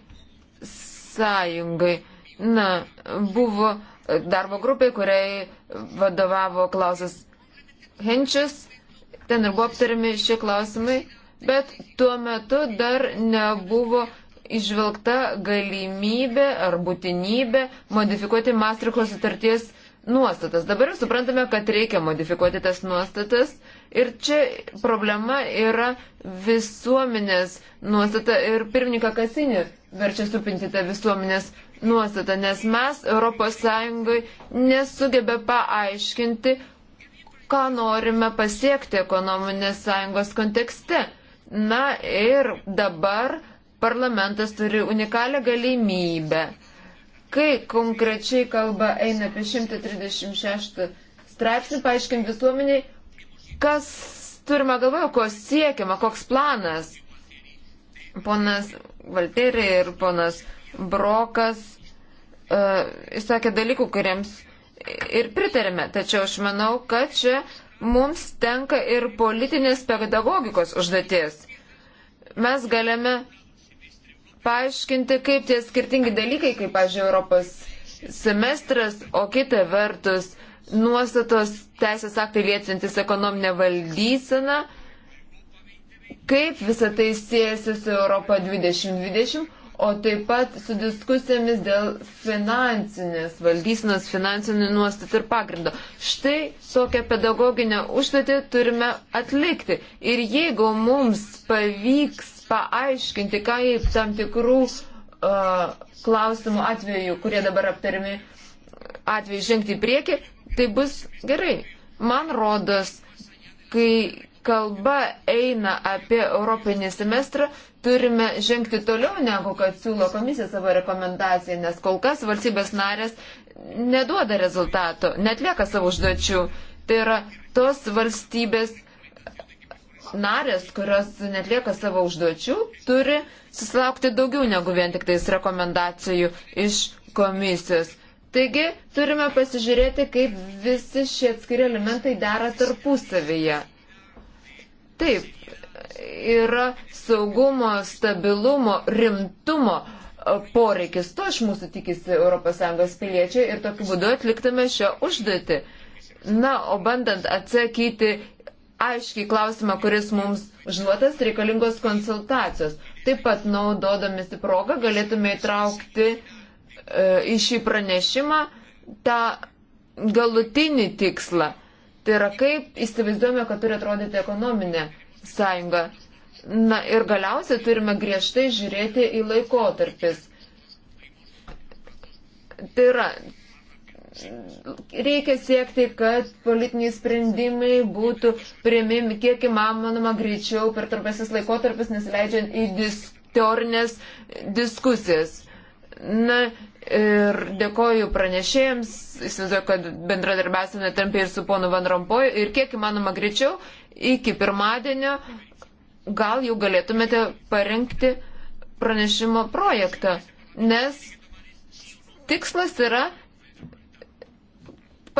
sąjungai. Na, buvo darbo grupė, kuriai vadovavo Klausas Henčius. Ten ir buvo aptariami šie klausimai bet tuo metu dar nebuvo išvelgta galimybė ar būtinybė modifikuoti Mastriko sutarties nuostatas. Dabar suprantame, kad reikia modifikuoti tas nuostatas ir čia problema yra visuomenės nuostata ir pirmininką Kasinį verčia supinti tą visuomenės nuostatą, nes mes ES nesugebė paaiškinti, ką norime pasiekti ekonominės sąjungos kontekste. Na ir dabar parlamentas turi unikalią galimybę. Kai konkrečiai kalba eina apie 136 straipsnį, paaiškinti visuomeniai, kas turime galvoje, ko siekiama, koks planas. Ponas Valterė ir ponas Brokas uh, išsakė dalykų, kuriems ir pritarėme. Tačiau aš manau, kad čia mums tenka ir politinės pedagogikos užduotis. Mes galime paaiškinti, kaip tie skirtingi dalykai, kaip, pažiūrėjau, Europos semestras, o kita vertus nuostatos teisės aktai liečiantis ekonominę valdyseną, kaip visą tai siejasi su Europa 2020, o taip pat su diskusijomis dėl finansinės valdysinos, finansinių nuostatų ir pagrindo. Štai tokią pedagoginę užduotį turime atlikti. Ir jeigu mums pavyks paaiškinti, kaip tam tikrų uh, klausimų atveju, kurie dabar aptarimi, atveju žengti į priekį, tai bus gerai. Man rodos, kai kalba eina apie Europinį semestrą, turime žengti toliau negu kad siūlo komisija savo rekomendaciją, nes kol kas valstybės narės neduoda rezultato, netlieka savo užduočių. Tai yra tos valstybės narės, kurios netlieka savo užduočių, turi susilaukti daugiau negu vien tik tais rekomendacijų iš komisijos. Taigi turime pasižiūrėti, kaip visi šie atskiri elementai dera tarpusavyje. Taip, yra saugumo, stabilumo, rimtumo e, poreikis. To iš mūsų tikisi ES piliečiai ir tokiu būdu atliktame šią užduotį. Na, o bandant atsakyti aiškiai klausimą, kuris mums užduotas, reikalingos konsultacijos. Taip pat naudodamėsi progą galėtume įtraukti e, į šį pranešimą tą galutinį tikslą Tai yra, kaip įsivaizduojame, kad turi atrodyti ekonominė sąjunga. Na ir galiausiai turime griežtai žiūrėti į laikotarpis. Tai yra, reikia siekti, kad politiniai sprendimai būtų prieimimi kiek įmanoma greičiau per trumpasis laikotarpis, nesileidžiant į dis teorinės diskusijas. Na Ir dėkoju pranešėjams, įsivaizduoju, kad bendradarbiausime tampiai ir su ponu Van Rompoju. Ir kiek įmanoma greičiau, iki pirmadienio gal jau galėtumėte parengti pranešimo projektą. Nes tikslas yra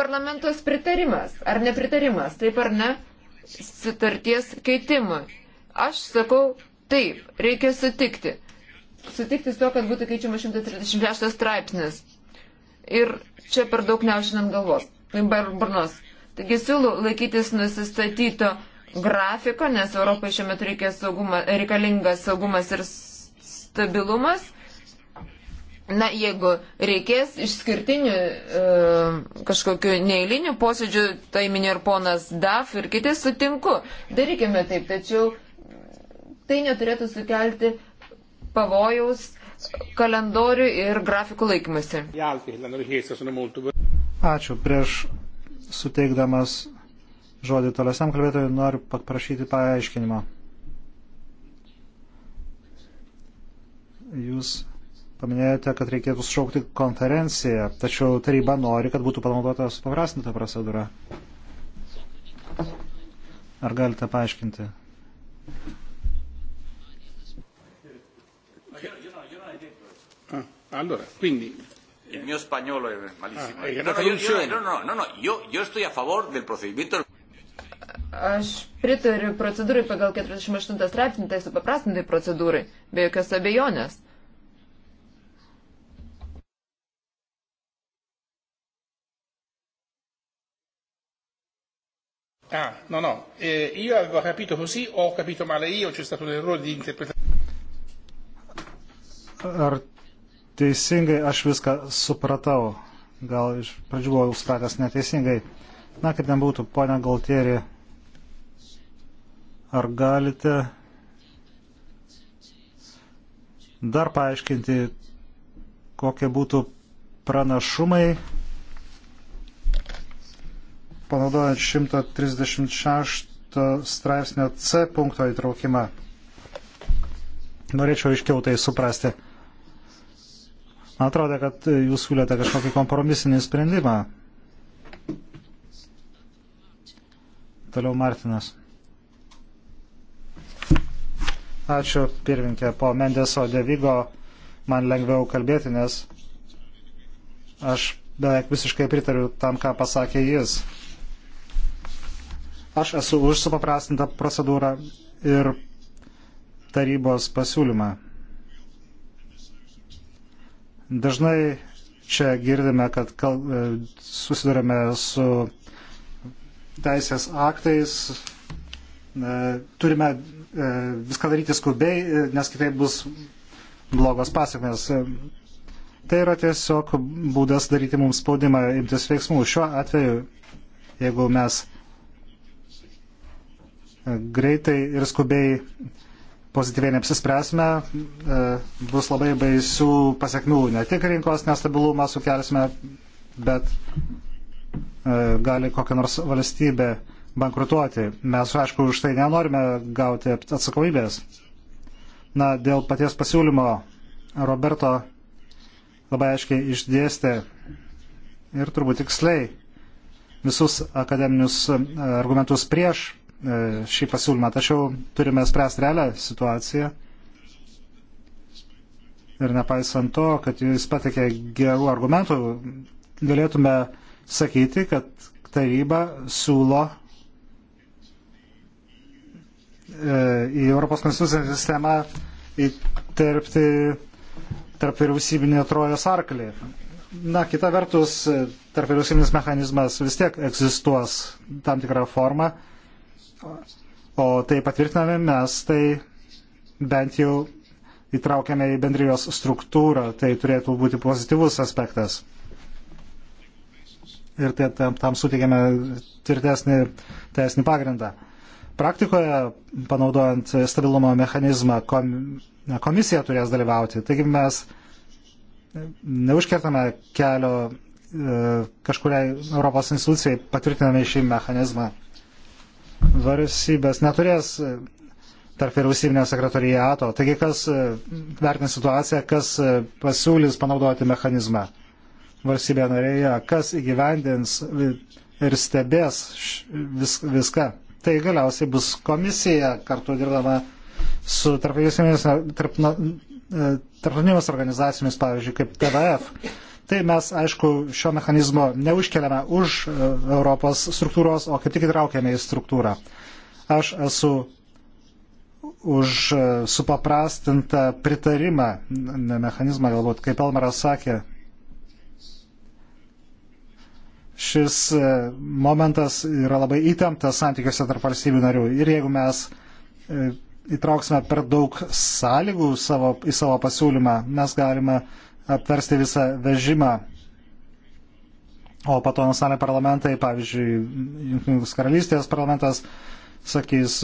parlamentos pritarimas ar nepritarimas, taip ar ne, sutarties keitimui. Aš sakau, taip, reikia sutikti sutikti su to, kad būtų keičiamas 136 straipsnis. Ir čia per daug neužinant galvos, tai barnos. Taigi siūlau laikytis nusistatyto grafiko, nes Europai šiuo metu sauguma, reikalingas saugumas ir stabilumas. Na, jeigu reikės išskirtinių e, kažkokiu neįliniu posėdžiu, tai minė ir ponas Daf ir kiti sutinku. Darykime taip, tačiau tai neturėtų sukelti pavojaus kalendorių ir grafikų laikymasi. Ačiū. Prieš suteikdamas žodį tolesniam kalbėtojui noriu paprašyti paaiškinimo. Jūs paminėjote, kad reikėtų sušaukti konferenciją, tačiau taryba nori, kad būtų panaudota supaprastinta procedūra. Ar galite paaiškinti? Allora, quindi... Il mio spagnolo è malissimo. Ah, è no, no, io, io, no, no, no, no, io, io estoy a favor del procedimiento. Aš pritariu procedūrai pagal 48 straipsnį, tai supaprastintai procedūrai, be jokios abejonės. Ah, no, no, eh, io avevo capito così o ho capito male io, c'è stato un errore di interpretazione. Ar teisingai aš viską supratau. Gal iš pradžių buvau supratęs neteisingai. Na, kaip ten būtų, ponia Galtieri, ar galite dar paaiškinti, kokie būtų pranašumai panaudojant 136 straipsnio C punkto įtraukimą. Norėčiau iškiau tai suprasti. Man atrodo, kad jūs siūlėte kažkokį kompromisinį sprendimą. Toliau Martinas. Ačiū, pirminkė. Po Mendeso Devigo man lengviau kalbėti, nes aš beveik visiškai pritariu tam, ką pasakė jis. Aš esu už supaprastintą procedūrą ir tarybos pasiūlymą. Dažnai čia girdime, kad kal, e, susidurime su teisės aktais, e, turime e, viską daryti skubiai, nes kitaip bus blogos pasiekmes. Tai yra tiesiog būdas daryti mums spaudimą imtis veiksmų. Šiuo atveju, jeigu mes greitai ir skubiai pozityviai neapsispręsime, e, bus labai baisių pasiekmių. Ne tik rinkos nestabilumą sukelsime, bet e, gali kokią nors valstybę bankrutuoti. Mes, aišku, už tai nenorime gauti atsakomybės. Na, dėl paties pasiūlymo Roberto labai aiškiai išdėstė ir turbūt tiksliai visus akademinius e, argumentus prieš E, šį pasiūlymą, tačiau turime spręsti realią situaciją. Ir nepaisant to, kad jis patikė gerų argumentų, galėtume sakyti, kad taryba siūlo e, į Europos konstitucinę sistemą įterpti tarp vyriausybinį trojos arklį. Na, kita vertus, tarp vyriausybinis mechanizmas vis tiek egzistuos tam tikrą formą o tai patvirtiname mes, tai bent jau įtraukiame į bendrijos struktūrą, tai turėtų būti pozityvus aspektas. Ir tai, tam, tam suteikiame tvirtesnį teisinį pagrindą. Praktikoje, panaudojant stabilumo mechanizmą, kom, komisija turės dalyvauti. Taigi mes neužkertame kelio e, kažkuriai Europos institucijai, patvirtiname šį mechanizmą varsybės neturės e, tarp vyriausybinio sekretorijato. Taigi kas e, vertins situaciją, kas e, pasiūlys panaudoti mechanizmą valstybė narėje, kas įgyvendins ir stebės vis, viską. Tai galiausiai bus komisija kartu dirbdama su tarptautinėmis tarp, tarp, organizacijomis, pavyzdžiui, kaip TVF. Tai mes, aišku, šio mechanizmo neužkeliame už e, Europos struktūros, o kaip tik įtraukiame į struktūrą. Aš esu už e, supaprastintą pritarimą mechanizmą, galbūt, kaip Elmaras sakė, šis e, momentas yra labai įtemptas santykiuose tarp valstybių narių. Ir jeigu mes įtrauksime per daug sąlygų savo, į savo pasiūlymą, mes galime aptarsti visą vežimą. O pato nacionaliniai parlamentai, pavyzdžiui, Junktinės karalystės parlamentas sakys,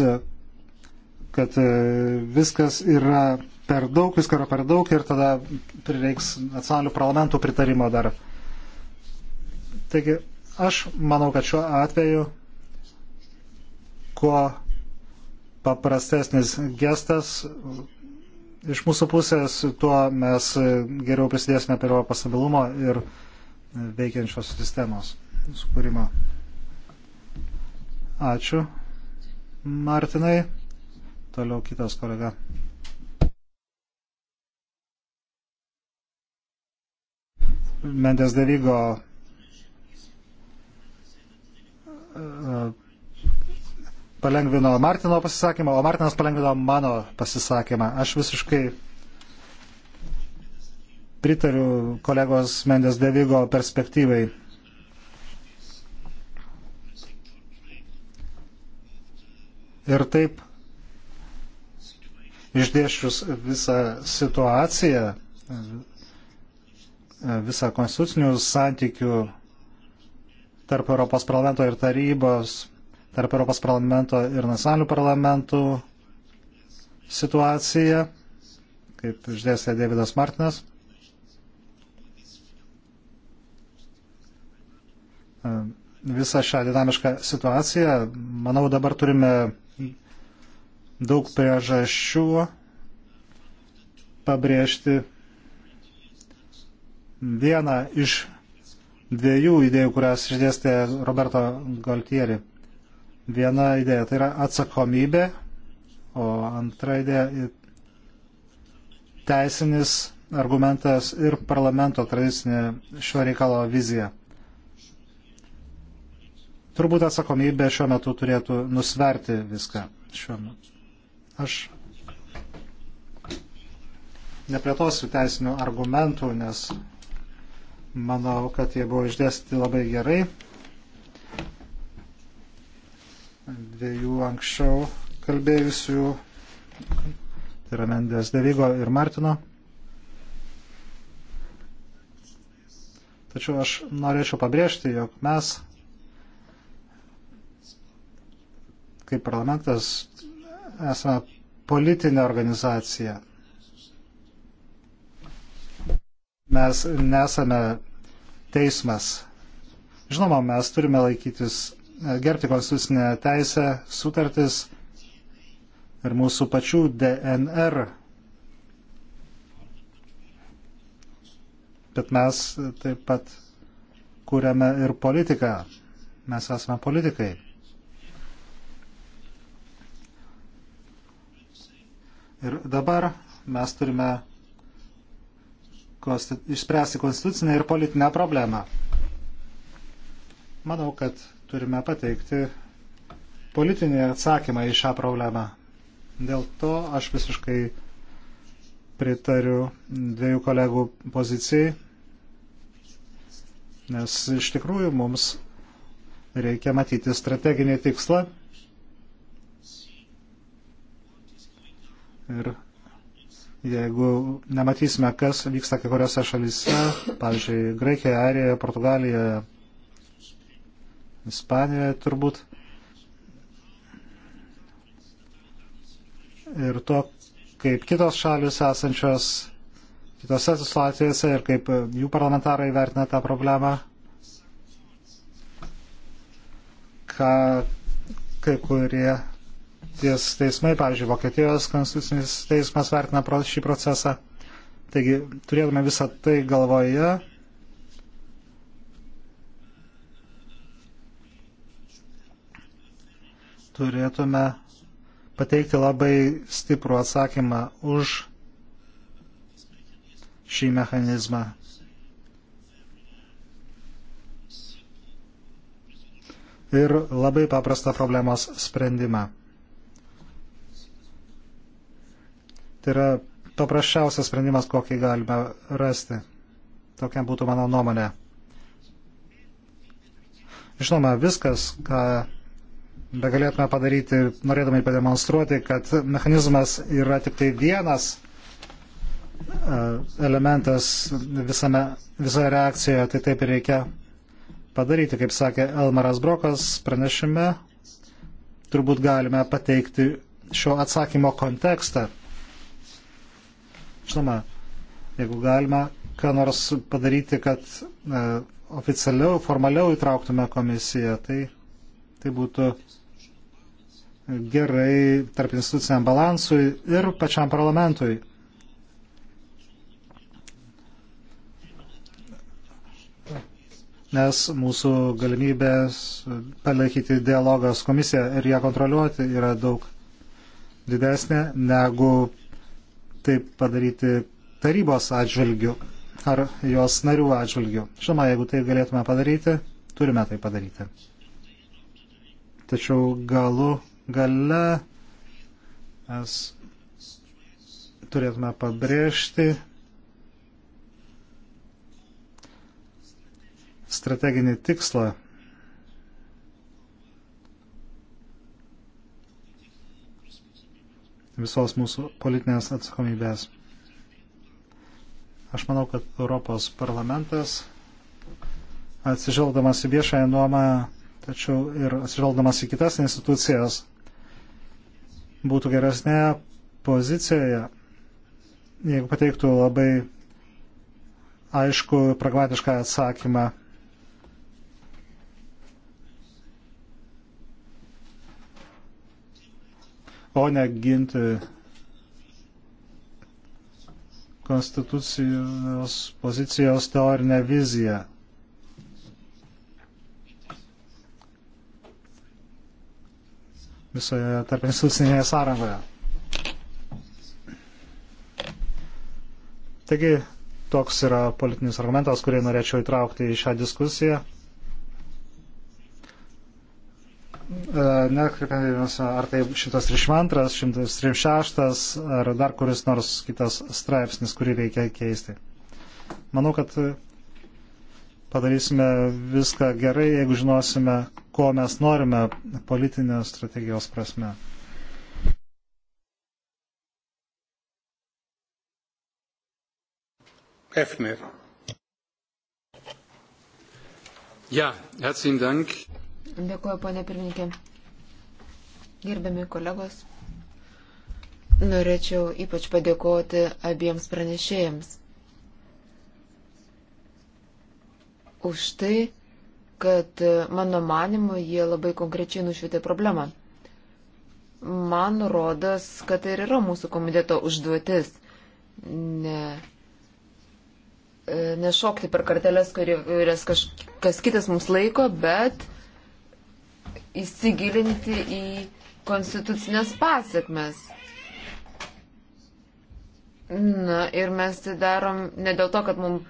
kad e, viskas yra per daug, viskas yra per daug ir tada prireiks nacionalinių parlamentų pritarimo dar. Taigi, aš manau, kad šiuo atveju kuo paprastesnis gestas, Iš mūsų pusės tuo mes geriau prisidėsime prie Europos stabilumo ir veikiančios sistemos sukūrimo. Ačiū. Martinai. Toliau kitas kolega. Mendes Devigo palengvino Martino pasisakymą, o Martinas palengvino mano pasisakymą. Aš visiškai pritariu kolegos Mendes Devigo perspektyvai. Ir taip išdėščius visą situaciją, visą konstitucinių santykių tarp Europos parlamento ir tarybos tarp Europos parlamento ir nacionalinių parlamentų situaciją, kaip išdėstė Davidas Martinas. Visą šią dinamišką situaciją, manau, dabar turime daug priežasčių pabrėžti vieną iš dviejų idėjų, kurias išdėstė Roberto Galtieri. Viena idėja tai yra atsakomybė, o antra idėja teisinis argumentas ir parlamento tradicinė šio reikalo vizija. Turbūt atsakomybė šiuo metu turėtų nusverti viską šiuo metu. Aš neplėtosiu teisinių argumentų, nes manau, kad jie buvo išdėstyti labai gerai dviejų anksčiau kalbėjusių, tai yra Mendės Devygo ir Martino. Tačiau aš norėčiau pabrėžti, jog mes kaip parlamentas esame politinė organizacija. Mes nesame teismas. Žinoma, mes turime laikytis gerbti konstitucinę teisę, sutartis ir mūsų pačių DNR. Bet mes taip pat kūrėme ir politiką. Mes esame politikai. Ir dabar mes turime išspręsti konstitucinę ir politinę problemą. Manau, kad turime pateikti politinį atsakymą į šią problemą. Dėl to aš visiškai pritariu dviejų kolegų pozicijai, nes iš tikrųjų mums reikia matyti strateginį tikslą ir jeigu nematysime, kas vyksta kai kuriuose šalyse, pavyzdžiui, Graikijoje, Airijoje, Portugalijoje, Ispanijoje turbūt. Ir to, kaip kitos šalis esančios kitose situacijose ir kaip jų parlamentarai vertina tą problemą, ką kai kurie ties teismai, pavyzdžiui, Vokietijos konstitucinis teismas vertina šį procesą. Taigi, turėtume visą tai galvoje turėtume pateikti labai stiprų atsakymą už šį mechanizmą. Ir labai paprastą problemos sprendimą. Tai yra paprasčiausias sprendimas, kokį galime rasti. Tokia būtų mano nuomonė. Žinoma, viskas, ką begalėtume padaryti, norėdami pademonstruoti, kad mechanizmas yra tik tai vienas e, elementas visame, visoje reakcijoje, tai taip ir reikia padaryti, kaip sakė Elmaras Brokas pranešime, turbūt galime pateikti šio atsakymo kontekstą. Žinoma, jeigu galima, ką nors padaryti, kad e, oficialiau, formaliau įtrauktume komisiją, tai, tai būtų gerai tarp instituciniam balansui ir pačiam parlamentui. Nes mūsų galimybės palaikyti dialogą su komisija ir ją kontroliuoti yra daug didesnė negu taip padaryti tarybos atžvilgių ar jos narių atžvilgių. Žinoma, jeigu tai galėtume padaryti, turime tai padaryti. Tačiau galu gale mes turėtume pabrėžti strateginį tikslą visos mūsų politinės atsakomybės. Aš manau, kad Europos parlamentas, atsižvelgdamas į viešąją nuomą, tačiau ir atsižvelgdamas į kitas institucijas, būtų geresnėje pozicijoje, jeigu pateiktų labai aišku pragmatišką atsakymą. O ne ginti konstitucijos pozicijos teorinę viziją. visoje tarp institucinėje sąrangoje. Taigi, toks yra politinis argumentas, kurį norėčiau įtraukti į šią diskusiją. E, Nekreipiamės, ar tai 132, 136 ar dar kuris nors kitas straipsnis, kurį reikia keisti. Manau, kad padarysime viską gerai, jeigu žinosime, ko mes norime politinės strategijos prasme. Hefner. Ja, herzlichen Dank. Dėkuoju, ponė pirmininkė. Gerbiami kolegos, norėčiau ypač padėkoti abiems pranešėjams už tai, kad e, mano manimu jie labai konkrečiai nušvietė problemą. Man rodas, kad tai ir yra mūsų komiteto užduotis. Ne, e, nešokti per kartelės, kurias kažkas kitas mums laiko, bet įsigilinti į konstitucinės pasiekmes. Na ir mes tai darom ne dėl to, kad mums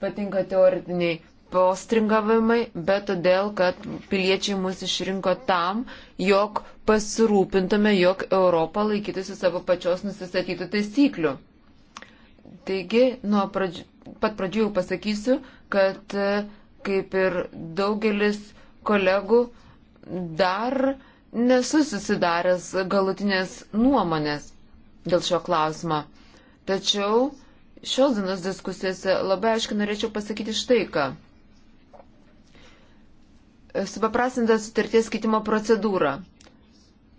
patinka teoretiniai postringavimai, bet todėl, kad piliečiai mus išrinko tam, jog pasirūpintume, jog Europa laikytųsi savo pačios nusistatytų taisyklių. Taigi, nuo pradžių, pat pradžių jau pasakysiu, kad e, kaip ir daugelis kolegų dar nesu susidaręs galutinės nuomonės dėl šio klausimo. Tačiau šios dienos diskusijose labai aiškiai norėčiau pasakyti štai ką supaprastinta sutarties keitimo procedūra,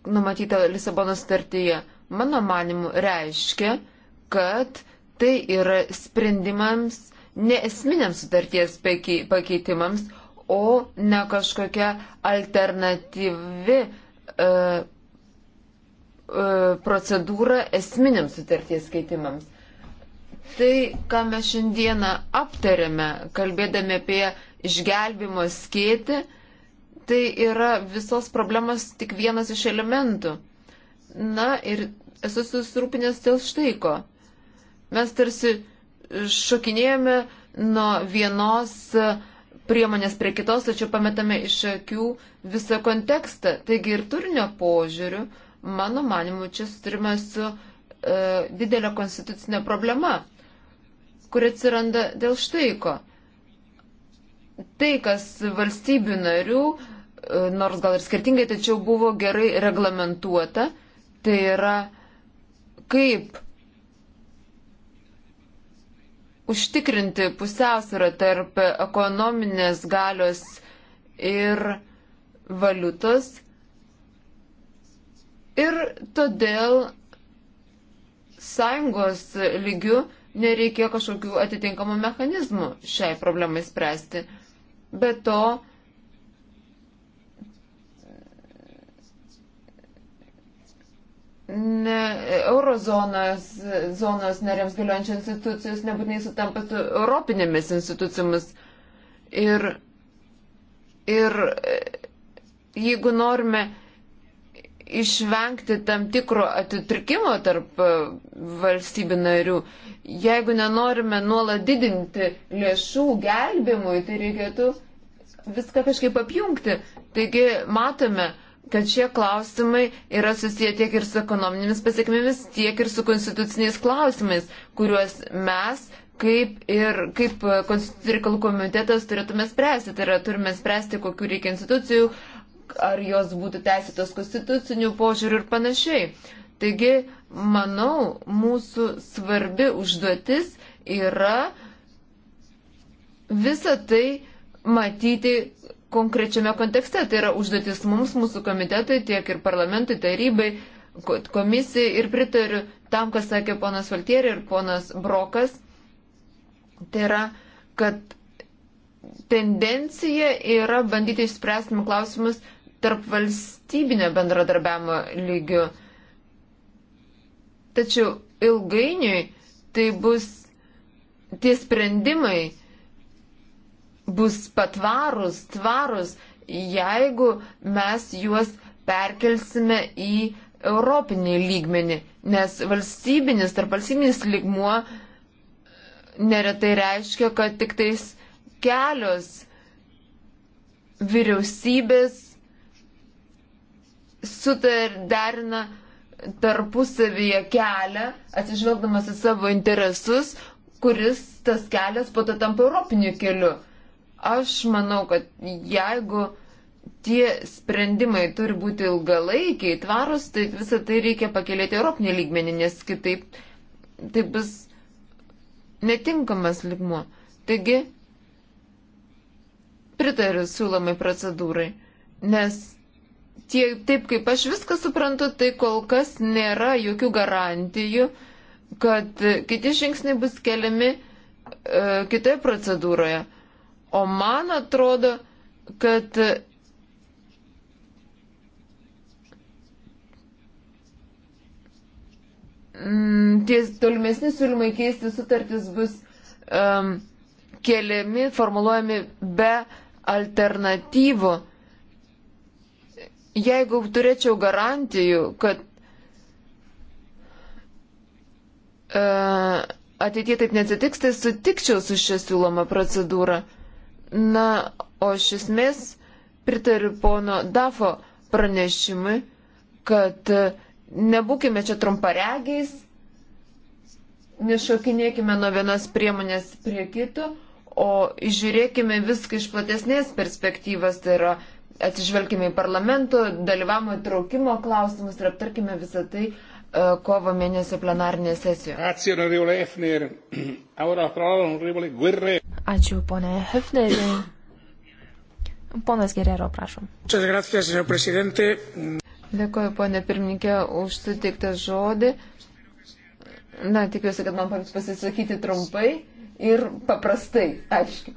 numatyta Lisabono sutartyje, mano manimu reiškia, kad tai yra sprendimams neesminiams sutarties pakeitimams, o ne kažkokia alternatyvi e, e, procedūra esminiams sutarties keitimams. Tai, ką mes šiandieną aptarėme, kalbėdami apie išgelbimo skėti, e, tai yra visos problemos tik vienas iš elementų. Na ir esu susirūpinęs dėl štai ko. Mes tarsi šokinėjame nuo vienos priemonės prie kitos, tačiau pametame iš akių visą kontekstą. Taigi ir turinio požiūrių, mano manimu, čia suturime su e, didelė konstitucinė problema, kuri atsiranda dėl štai ko. Tai, kas valstybių narių e, E, nors gal ir skirtingai, tačiau buvo gerai reglamentuota. Tai yra, kaip užtikrinti pusiausvyrą tarp ekonominės galios ir valiutos. Ir todėl sąjungos lygių nereikia kažkokių atitinkamų mechanizmų šiai problemai spręsti. Be to, ne, eurozonas zonos nariams galiojančios institucijos nebūtinai sutampa su europinėmis institucijomis. Ir, ir jeigu norime išvengti tam tikro atitrikimo tarp e, valstybių narių, jeigu nenorime nuolat didinti lėšų gelbimui, tai reikėtų viską kažkaip apjungti. Taigi matome, kad šie klausimai yra susiję tiek ir su ekonominėmis pasiekmėmis, tiek ir su konstituciniais klausimais, kuriuos mes kaip ir kaip konstitucijų reikalų komitetas turėtume spręsti. Tai yra, turime spręsti, kokiu reikia institucijų, ar jos būtų teisėtos konstitucinių požiūrių ir panašiai. Taigi, manau, mūsų svarbi užduotis yra visą tai matyti konkrečiame kontekste. Tai yra užduotis mums, mūsų komitetui, tiek ir parlamentui, tarybai, komisijai ir pritariu tam, kas sakė ponas Valtieri ir ponas Brokas. Tai yra, kad tendencija yra bandyti išspręsti klausimus tarp valstybinio bendradarbiavimo lygių. Tačiau ilgainiui tai bus tie sprendimai, bus patvarus, tvarus, jeigu mes juos perkelsime į europinį lygmenį, nes valstybinis, tarp valstybinis lygmuo neretai reiškia, kad tik tais kelios vyriausybės sutar derina tarpusavyje kelią, atsižvelgdamas į savo interesus, kuris tas kelias po to tampa europiniu keliu. Aš manau, kad jeigu tie sprendimai turi būti ilgalaikiai, tvarus, tai visą tai reikia pakelėti Europinį lygmenį, nes kitaip tai bus netinkamas lygmo. Taigi, pritariu siūlomai procedūrai, nes tie, taip kaip aš viską suprantu, tai kol kas nėra jokių garantijų, kad kiti žingsniai bus keliami e, kitoje procedūroje. O man atrodo, kad mm, ties tolimesni siūlymai keisti sutartis bus um, keliami, formuluojami be alternatyvų. Jeigu turėčiau garantijų, kad uh, ateitie taip nesitiks, tai sutikčiau su šią siūloma procedūra. Uh, Na, o iš esmės pritariu pono Dafo pranešimui, kad e, nebūkime čia trumparegiais, nešokinėkime nuo vienos priemonės prie kito, o žiūrėkime viską iš platesnės perspektyvas, tai yra atsižvelgime į parlamento dalyvavimo įtraukimo klausimus ir aptarkime visą tai E, kovo mėnesio plenarinė sesijoje. Ačiū, ponė Hefneri. Ponas Gerero, prašom. Dėkuoju, ponė pirmininkė, už sutiktą žodį. Na, tikiuosi, kad man pavyks pasisakyti trumpai ir paprastai, aišku.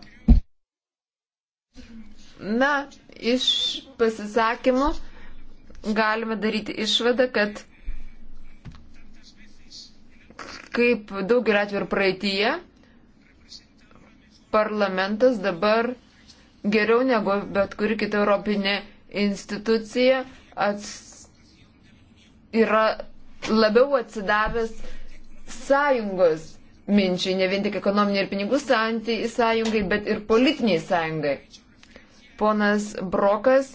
Na, iš pasisakymų galime daryti išvadą, kad kaip daugelį atvejų ir praeitie, parlamentas dabar geriau negu bet kuri kita europinė institucija ats... yra labiau atsidavęs sąjungos minčiai, ne vien tik ekonominė ir pinigų sąjungai, bet ir politiniai sąjungai. Ponas Brokas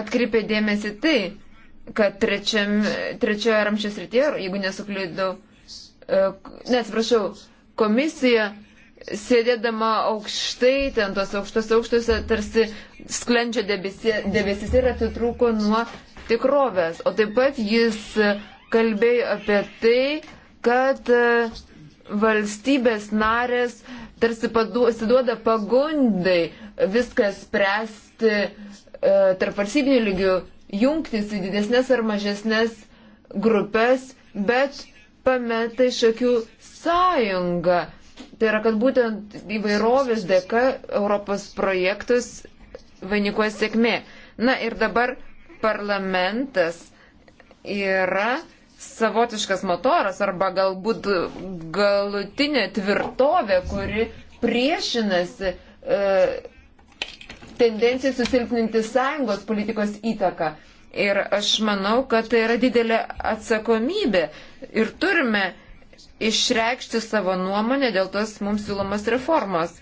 atkreipė dėmesį tai, kad trečiam, trečioje ramščios rytėje, jeigu nesuklydau, neatsiprašau, komisija sėdėdama aukštai, ten tos aukštos aukštuose tarsi sklendžia debesis ir atitrūko nuo tikrovės. O taip pat jis kalbėjo apie tai, kad e, valstybės narės tarsi pasiduoda pagundai viską spręsti e, tarp valstybinių lygių, jungtis į didesnės ar mažesnės grupės, bet pameta iš akių sąjungą. Tai yra, kad būtent įvairovės dėka Europos projektus vainikuoja sėkmė. Na ir dabar parlamentas yra savotiškas motoras arba galbūt galutinė tvirtovė, kuri priešinasi e, tendencijai susilpninti sąjungos politikos įtaką. Ir aš manau, kad tai yra didelė atsakomybė ir turime išreikšti savo nuomonę dėl tos mums siūlomos reformos.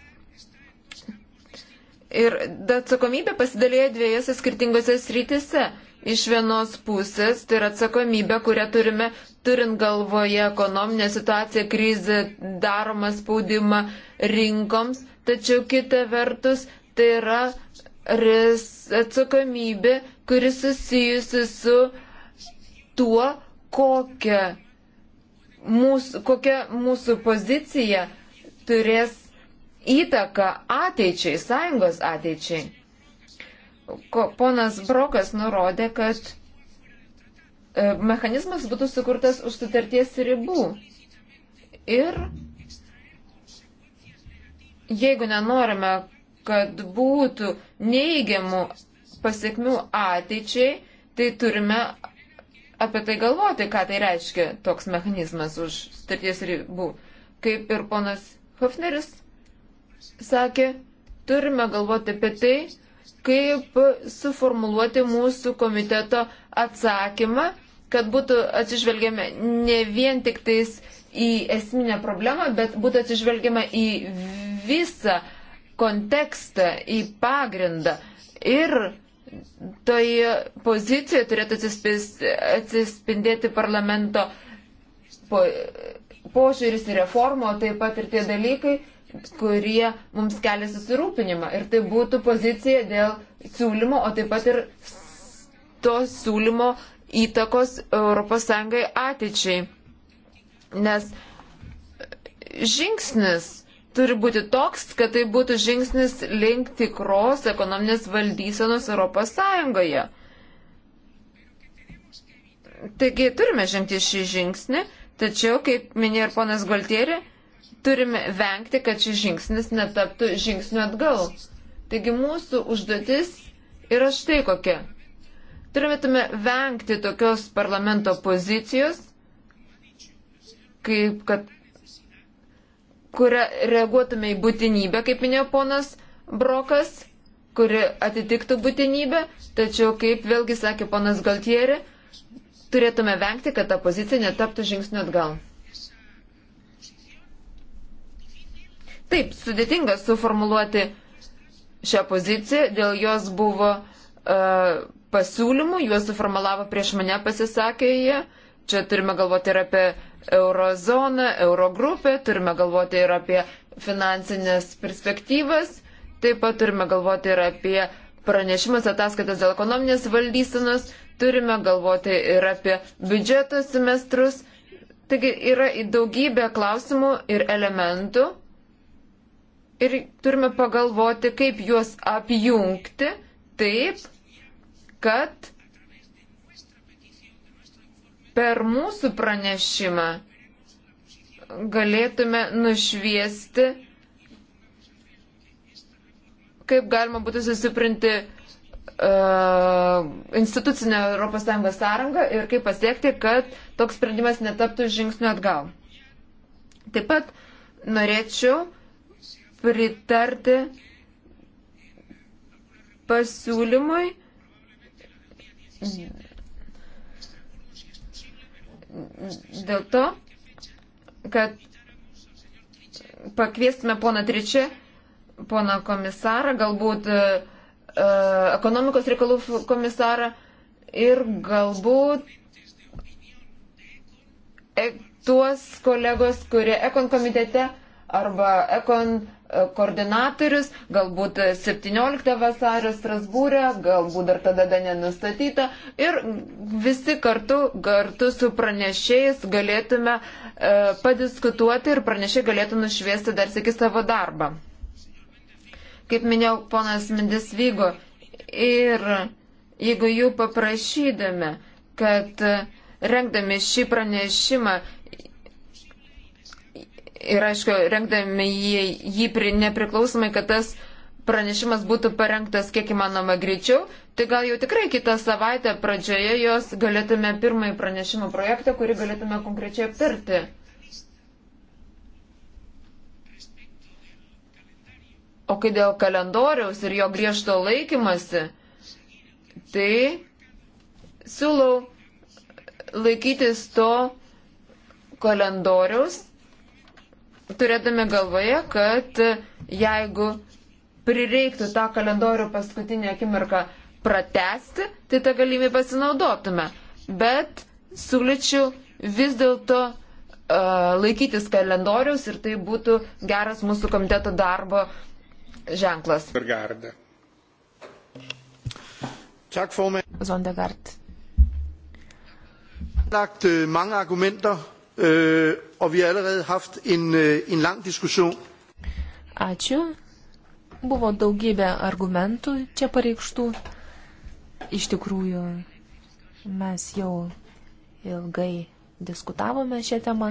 Ir atsakomybė pasidalėjo dviejose skirtingose srityse. Iš vienos pusės tai yra atsakomybė, kurią turime, turint galvoje ekonominę situaciją, krizę, daromą spaudimą rinkoms, tačiau kita vertus tai yra atsakomybė kuri susijusi su tuo, kokia mūsų, kokia mūsų pozicija turės įtaką ateičiai, sąjungos ateičiai. Ko, ponas Brokas nurodė, kad e, mechanizmas būtų sukurtas už sutarties ribų. Ir jeigu nenorime, kad būtų neigiamų pasiekmių ateičiai, tai turime apie tai galvoti, ką tai reiškia toks mechanizmas už starties ribų. Kaip ir ponas Hofneris sakė, turime galvoti apie tai, kaip suformuluoti mūsų komiteto atsakymą, kad būtų atsižvelgiama ne vien tik tais į esminę problemą, bet būtų atsižvelgiama į visą kontekstą, į pagrindą. Ir toje tai pozicijoje turėtų atsispindėti parlamento po, požiūris į reformą, o taip pat ir tie dalykai, kurie mums kelia susirūpinimą. Ir tai būtų pozicija dėl siūlymo, o taip pat ir to siūlymo įtakos ES ateičiai. Nes žingsnis turi būti toks, kad tai būtų žingsnis link tikros ekonominės valdysenos Europos Sąjungoje. Taigi turime žengti šį žingsnį, tačiau, kaip minėjo ir ponas Galtieri, turime vengti, kad šis žingsnis netaptų žingsniu atgal. Taigi mūsų užduotis yra štai kokia. Turėtume vengti tokios parlamento pozicijos, kaip kad kurią reaguotume į būtinybę, kaip minėjo ponas Brokas, kuri atitiktų būtinybę, tačiau, kaip vėlgi sakė ponas Galtieri, turėtume vengti, kad ta pozicija netaptų žingsniu atgal. Taip, sudėtinga suformuluoti šią poziciją, dėl jos buvo uh, pasiūlymų, juos suformulavo prieš mane pasisakė jie. Čia turime galvoti ir apie uh, eurozoną, eurogrupę, turime galvoti ir apie finansinės perspektyvas, taip pat turime galvoti ir apie pranešimas ataskaitas dėl ekonominės valdysenos, turime galvoti ir apie biudžeto semestrus. Taigi yra daugybė klausimų ir elementų ir turime pagalvoti, kaip juos apjungti taip, kad per mūsų pranešimą galėtume nušviesti, kaip galima būtų susiprinti uh, e, institucinę ES sąrangą ir kaip pasiekti, kad toks sprendimas netaptų žingsniu atgal. Taip pat norėčiau pritarti pasiūlymui dėl to, kad pakviestume poną Tričią, poną komisarą, galbūt e, e ekonomikos reikalų komisarą ir galbūt e, tuos kolegos, kurie ekon komitete arba ekon E, koordinatorius, galbūt 17 vasario Strasbūrė, galbūt dar tada dar nenustatyta ir visi kartu, kartu su pranešėjais galėtume e, padiskutuoti ir pranešėjai galėtų nušviesti dar sėki savo darbą. Kaip minėjau, ponas Mindis Vygo ir jeigu jų paprašydami, kad rengdami šį pranešimą ir, aišku, rengdami jį, jį pri, nepriklausomai, kad tas pranešimas būtų parengtas kiek įmanoma greičiau, tai gal jau tikrai kitą savaitę pradžioje jos galėtume pirmąjį pranešimo projektą, kurį galėtume konkrečiai aptarti. O kai dėl kalendoriaus ir jo griežto laikymasi, tai siūlau laikytis to kalendoriaus turėdami galvoje, kad jeigu prireiktų tą kalendorių paskutinę akimirką pratesti, tai tą galimybę pasinaudotume. Bet siūlyčiau vis dėlto uh, laikytis kalendoriaus ir tai būtų geras mūsų komiteto darbo ženklas. Zondegard. Lagt øh, mange argumenter øh, og vi har allerede haft en, øh, en lang diskussion. Ačiū. Buvo daugybė argumentų čia pareikštų. Iš tikrųjų, mes jau ilgai diskutavome šią temą.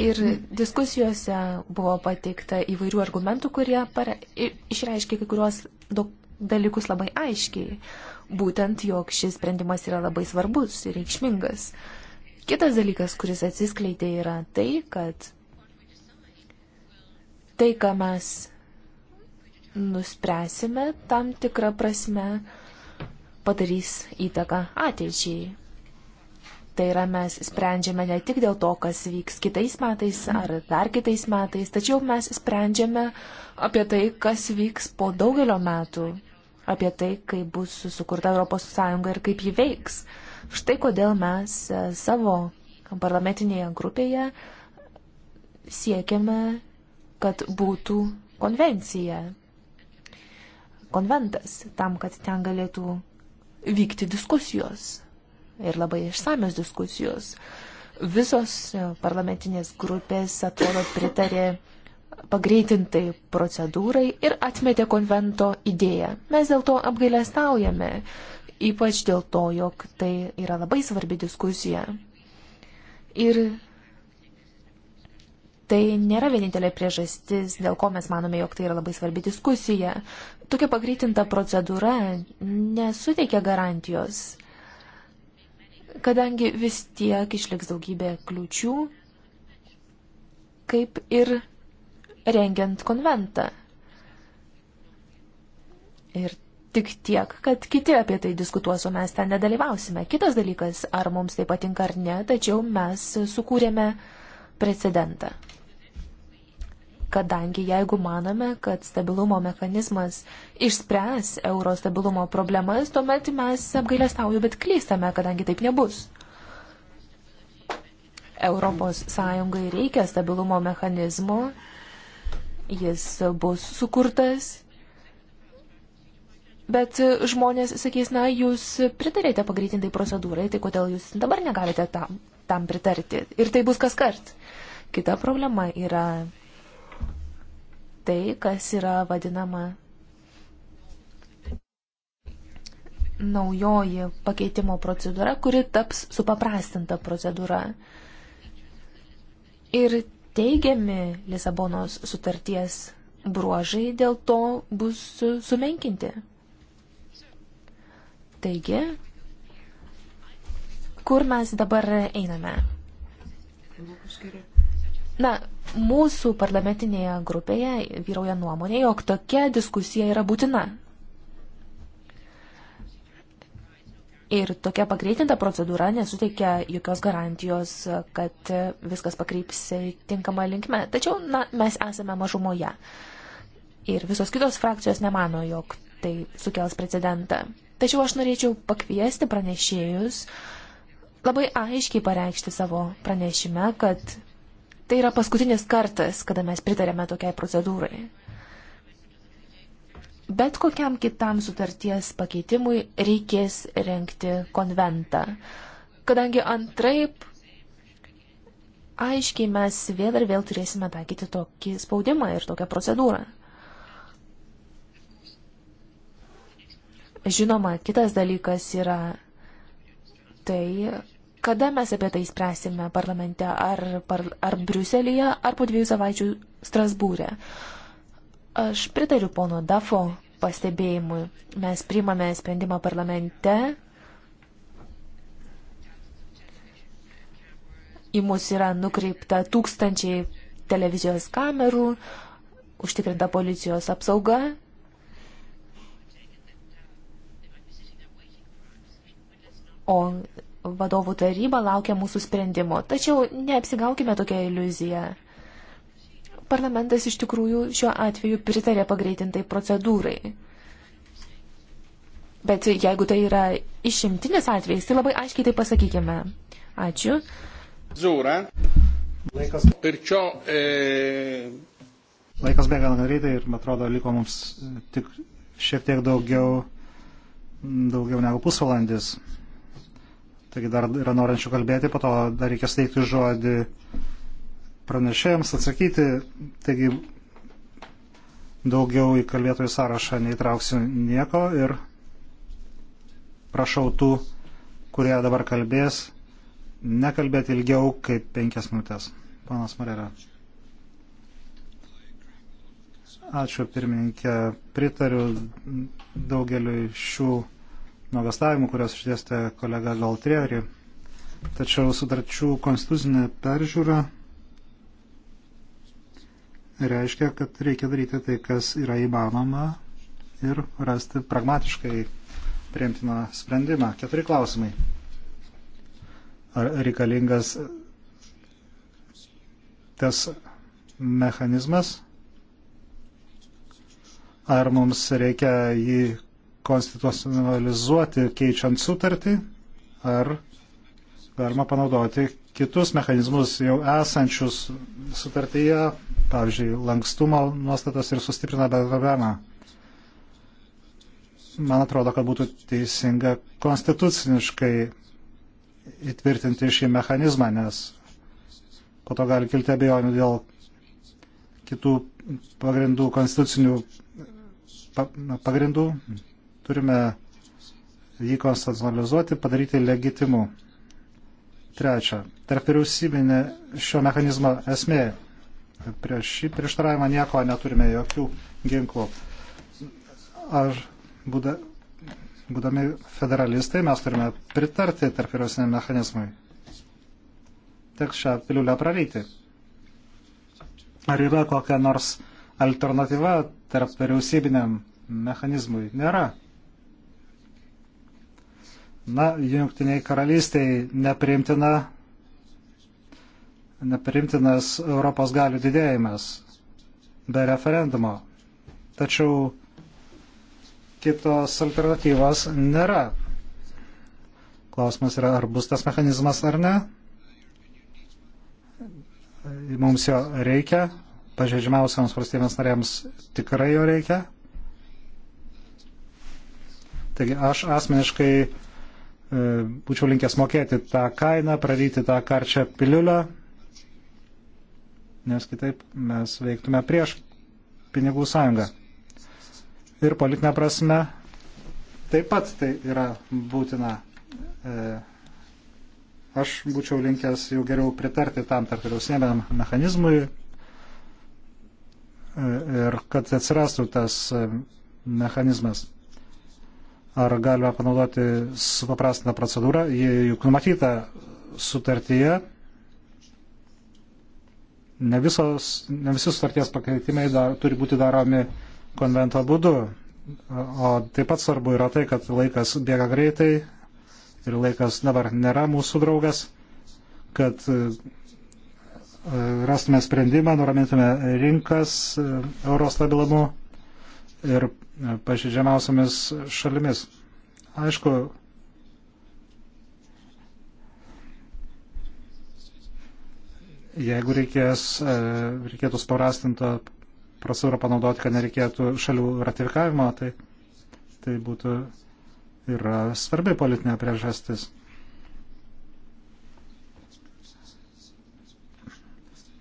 Ir diskusijose buvo pateikta įvairių argumentų, kurie para, išreiškia kai kuriuos dalykus labai aiškiai. Uh, būtent, jog šis sprendimas yra labai svarbus ir reikšmingas. Kitas dalykas, kuris atsiskleidė, yra tai, kad tai, ką mes nuspręsime tam tikrą prasme, padarys įtaką ateičiai. Tai yra mes sprendžiame ne tik dėl to, kas vyks kitais metais ar dar kitais metais, tačiau mes sprendžiame apie tai, kas vyks po daugelio metų apie tai, kaip bus sukurta ES ir kaip ji veiks. Štai kodėl mes e, savo parlamentinėje grupėje siekiame, kad būtų konvencija, konventas, tam, kad ten galėtų vykti diskusijos ir labai išsamios diskusijos. Visos e, parlamentinės grupės, atrodo, pritarė pagreitintai procedūrai ir atmetė konvento idėją. Mes dėl to apgailestaujame, ypač dėl to, jog tai yra labai svarbi diskusija. Ir tai nėra vienintelė priežastis, dėl ko mes manome, jog tai yra labai svarbi diskusija. Tokia pagreitinta procedūra nesuteikia garantijos, kadangi vis tiek išliks daugybė kliučių, kaip ir rengiant konventą. Ir tik tiek, kad kiti apie tai diskutuos, o mes ten nedalyvausime. Kitas dalykas, ar mums tai patinka ar ne, tačiau mes sukūrėme precedentą. Kadangi jeigu manome, kad stabilumo mechanizmas išspręs euro stabilumo problemas, tuomet mes apgailestauju, bet klystame, kadangi taip nebus. Europos Sąjungai reikia stabilumo mechanizmo jis bus sukurtas. Bet žmonės sakys, na, jūs pritarėte pagreitintai procedūrai, tai kodėl jūs dabar negalite tam, tam pritarti? Ir tai bus kas kart. Kita problema yra tai, kas yra vadinama naujoji pakeitimo procedūra, kuri taps supaprastinta procedūra. Ir teigiami Lisabonos sutarties bruožai dėl to bus sumenkinti. Taigi, kur mes dabar einame? Na, mūsų parlamentinėje grupėje vyrauja nuomonė, jog tokia diskusija yra būtina. Ir tokia pagreitinta procedūra nesuteikia jokios garantijos, kad viskas pakryps tinkamą linkmę. Tačiau na, mes esame mažumoje. Ir visos kitos frakcijos nemano, jog tai sukels precedentą. Tačiau aš norėčiau pakviesti pranešėjus labai aiškiai pareikšti savo pranešime, kad tai yra paskutinis kartas, kada mes pritarėme tokiai procedūrai. Bet kokiam kitam sutarties pakeitimui reikės renkti konventą, kadangi antraip aiškiai mes vėl ir vėl turėsime taikyti tokį spaudimą ir tokią procedūrą. Žinoma, kitas dalykas yra tai, kada mes apie tai spręsime parlamente, ar, par, ar Briuselėje, ar po dviejų savaičių Strasbūrė. Aš pritariu pono Dafo pastebėjimui. Mes priimame sprendimą parlamente. Į mus yra nukreipta tūkstančiai televizijos kamerų, užtikrinta policijos apsauga. O vadovų taryba laukia mūsų sprendimo. Tačiau neapsigaukime tokią iliuziją parlamentas iš tikrųjų šiuo atveju pritarė pagreitintai procedūrai. Bet jeigu tai yra išimtinis atvejis, tai labai aiškiai tai pasakykime. Ačiū. Zūra. Laikas. Perčio. E... Laikas bėga gana greitai ir, man atrodo, liko mums e, tik šiek tiek daugiau, daugiau negu pusvalandis. Taigi dar yra norinčių kalbėti, po to dar reikia steigti žodį pranešėjams atsakyti, taigi daugiau į kalbėtojų sąrašą neįtrauksiu nieko ir prašau tų, kurie dabar kalbės, nekalbėti ilgiau kaip penkias minutės. Panas Marera. Ačiū pirmininkė, pritariu daugeliu šių nuogastavimų, kurios išdėstė kolega Galtrieri. Tačiau sudarčių konstitucinė peržiūra reiškia, kad reikia daryti tai, kas yra įmanoma ir rasti pragmatiškai priimtiną sprendimą. Keturi klausimai. Ar reikalingas tas mechanizmas? Ar mums reikia jį konstitucionalizuoti keičiant sutartį? Ar galima panaudoti kitus mechanizmus jau esančius sutartyje, pavyzdžiui, lankstumo nuostatas ir sustiprina bendradarbiavimą. Man atrodo, kad būtų teisinga konstituciniškai įtvirtinti šį mechanizmą, nes po to gali kilti abejonių dėl kitų pagrindų, konstitucinių pagrindų. Turime jį konstitucionalizuoti, padaryti legitimu. Trečia, tarp vyriausybinė šio mechanizmo esmė. Prieš šį prieštaravimą nieko neturime, jokių ginklų. Ar būda, būdami federalistai mes turime pritarti tarp vyriausybiniam mechanizmui? Teks šią piliulę praryti. Ar yra kokia nors alternatyva tarp vyriausybiniam mechanizmui? Nėra. Na, jungtiniai karalystiai nepriimtina, nepriimtinas Europos galių didėjimas be referendumo. Tačiau kitos alternatyvos nėra. Klausimas yra, ar bus tas mechanizmas ar ne. Mums jo reikia, pažeidžiamiausiams valstybės narėms tikrai jo reikia. Taigi aš asmeniškai E, būčiau linkęs mokėti tą kainą, praryti tą karčią piliulę, nes kitaip mes veiktume prieš pinigų sąjungą. Ir politinė prasme taip pat tai yra būtina. E, aš būčiau linkęs jau geriau pritarti tam tarptautiniam mechanizmui e, ir kad atsirastų tas mechanizmas ar galima panaudoti supaprastintą procedūrą, ji juk numatyta sutartyje. Ne, visos, ne visi sutarties pakeitimai dar, turi būti daromi konvento būdu. O taip pat svarbu yra tai, kad laikas bėga greitai ir laikas dabar nėra mūsų draugas, kad e, rastume sprendimą, nuramintume rinkas e, euro stabilumu ir pažydžiamiausiamis šalimis. Aišku, jeigu reikės, e, reikėtų sparastintą procedūrą panaudoti, kad nereikėtų šalių ratifikavimo, tai, tai būtų ir svarbi politinė priežastis.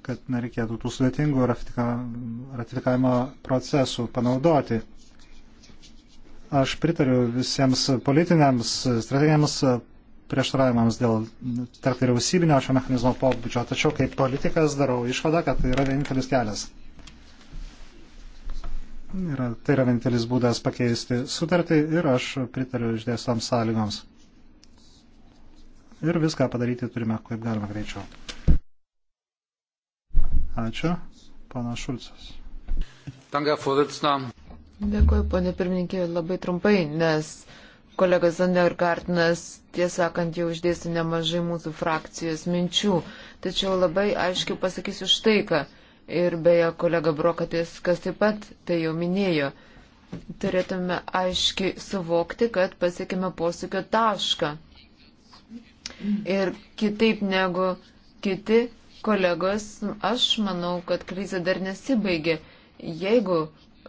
kad nereikėtų tų sudėtingų ratifikavimo procesų panaudoti. Aš pritariu visiems politiniams, strateginiams prieštaravimams dėl tarp vyriausybinio šio mechanizmo pobūdžio, tačiau kaip politikas darau išvadą, kad tai yra vienintelis kelias. Yra, tai yra vienintelis būdas pakeisti sutartį ir aš pritariu išdėstoms sąlygoms. Ir viską padaryti turime kaip galima greičiau. Ačiū. Pana Šulcas. Danke, Herr Vorsitzender. Dėkuoju, ponė pirmininkė, labai trumpai, nes kolega Zandergartnas, tiesąkant, jau išdėsti nemažai mūsų frakcijos minčių. Tačiau labai aiškiai pasakysiu štai ką. Ir beje, kolega Brokatis, kas taip pat tai jau minėjo, turėtume aiškiai suvokti, kad pasiekime posūkio tašką. Ir kitaip negu kiti kolegos, aš manau, kad krizė dar nesibaigė. Jeigu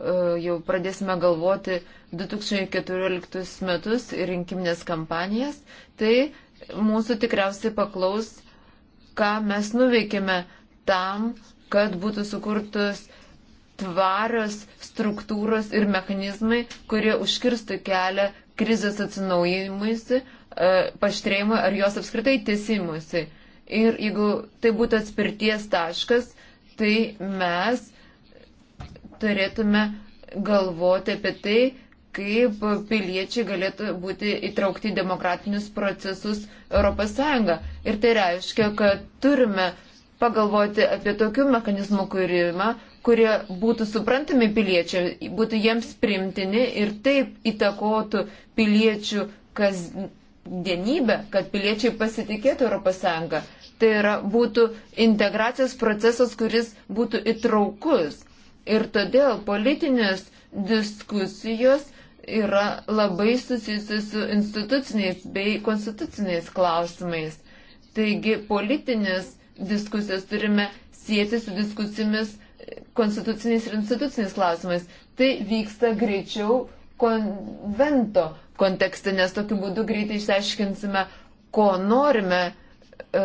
E, jau pradėsime galvoti 2014 metus ir rinkiminės kampanijas, tai mūsų tikriausiai paklaus, ką mes nuveikėme tam, kad būtų sukurtos tvarios struktūros ir mechanizmai, kurie užkirstų kelią krizės atsinaujimuisi, e, paštrėjimui ar jos apskritai tiesimuisi. Ir jeigu tai būtų atspirties taškas, tai mes turėtume galvoti apie tai, kaip piliečiai galėtų būti įtraukti į demokratinius procesus ES. Ir tai reiškia, kad turime pagalvoti apie tokių mechanizmų kūrimą, kurie būtų suprantami piliečiai, būtų jiems primtini ir taip įtakotų piliečių kasdienybę, kad piliečiai pasitikėtų ES. Tai yra būtų integracijos procesas, kuris būtų įtraukus. Ir todėl politinės diskusijos yra labai susijusios su instituciniais bei konstituciniais klausimais. Taigi politinės diskusijas turime sieti su diskusijomis konstituciniais ir instituciniais klausimais. Tai vyksta greičiau konvento kontekste, nes tokiu būdu greitai išsiaiškinsime, ko norime e,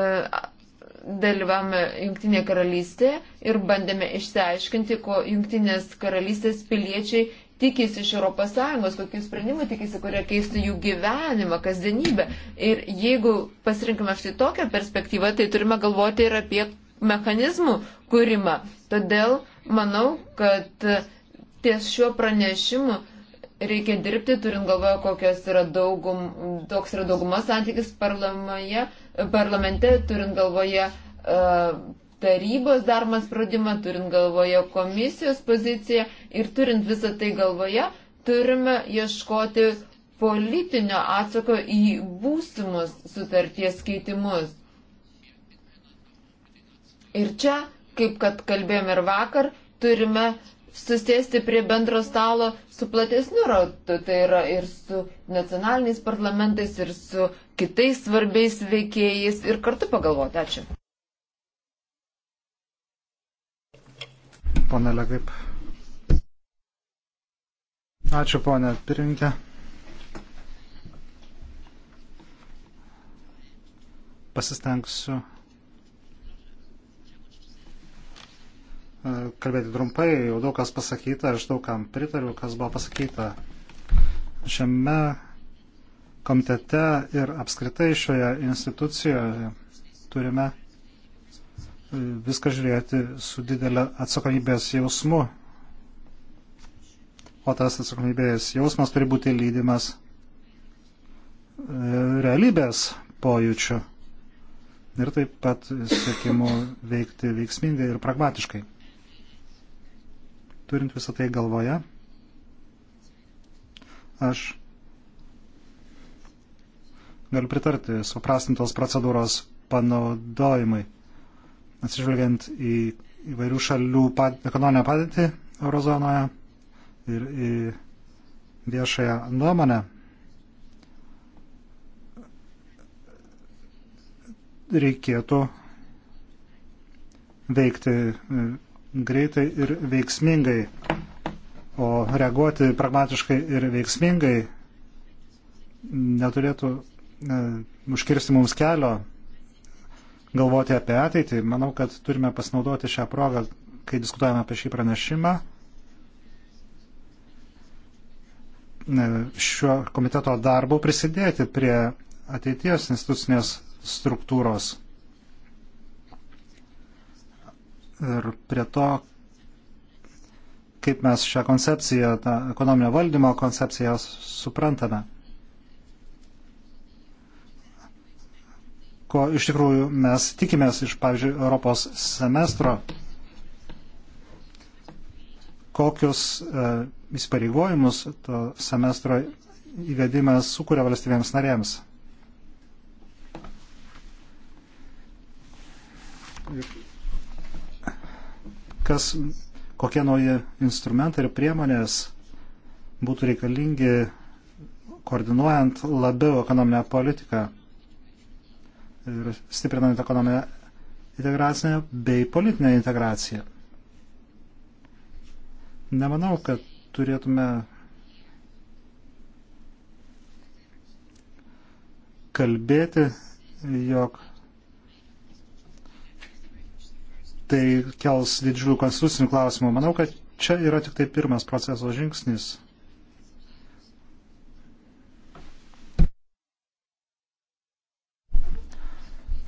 dalyvavome Junktinėje karalystėje ir bandėme išsiaiškinti, ko Junktinės karalystės piliečiai tikisi iš ES, kokių sprendimų tikisi, kurie keistų jų gyvenimą, kasdienybę. Ir jeigu pasirinkime štai tokią perspektyvą, tai turime galvoti ir apie mechanizmų kūrimą. Todėl manau, kad ties šiuo pranešimu reikia dirbti, turint galvoje, kokios yra daugum, toks yra daugumas santykis parlamoje, parlamente, turint galvoje e, tarybos darbą spradimą, turint galvoje komisijos poziciją ir turint visą tai galvoje, turime ieškoti politinio atsako į būsimus sutarties keitimus. Ir čia, kaip kad kalbėjom ir vakar, turime uh, susėsti prie bendro stalo su platesniu ratu, tai yra ir su nacionaliniais parlamentais, ir su kitais svarbiais veikėjais ir kartu pagalvoti. Ačiū. Pone Legrip. Ačiū, ponė pirminkė. Pasistengsiu E, kalbėti trumpai, jau daug kas pasakyta, aš daug kam pritariu, kas buvo pasakyta šiame komitete ir apskritai šioje institucijoje turime e, viską žiūrėti su didelė atsakomybės jausmu. O tas atsakomybės jausmas turi būti lydimas e, realybės pojūčių ir taip pat siekimu veikti veiksmingai ir pragmatiškai. Turint visą tai galvoje, aš galiu pritarti suprastintos procedūros panaudojimai, atsižvelgiant į įvairių šalių pad, ekonominę padėtį eurozonoje ir į viešąją nuomonę. Reikėtų veikti greitai ir veiksmingai. O reaguoti pragmatiškai ir veiksmingai neturėtų e, užkirsti mums kelio galvoti apie ateitį. Manau, kad turime pasinaudoti šią progą, kai diskutuojame apie šį pranešimą. E, Šio komiteto darbu prisidėti prie ateities institucinės struktūros. ir prie to, kaip mes šią koncepciją, tą ekonominio valdymo koncepciją suprantame. Ko iš tikrųjų mes tikimės iš, pavyzdžiui, Europos semestro, kokius e, įsipareigojimus to semestro įvedimas sukuria valstybėms narėms. kas, kokie nauji instrumentai ir priemonės būtų reikalingi koordinuojant labiau ekonominę politiką ir stiprinant ekonominę integracinę bei politinę integraciją. Nemanau, kad turėtume kalbėti, jog tai kels didžiulių konstitucinių klausimų. Manau, kad čia yra tik tai pirmas proceso žingsnis.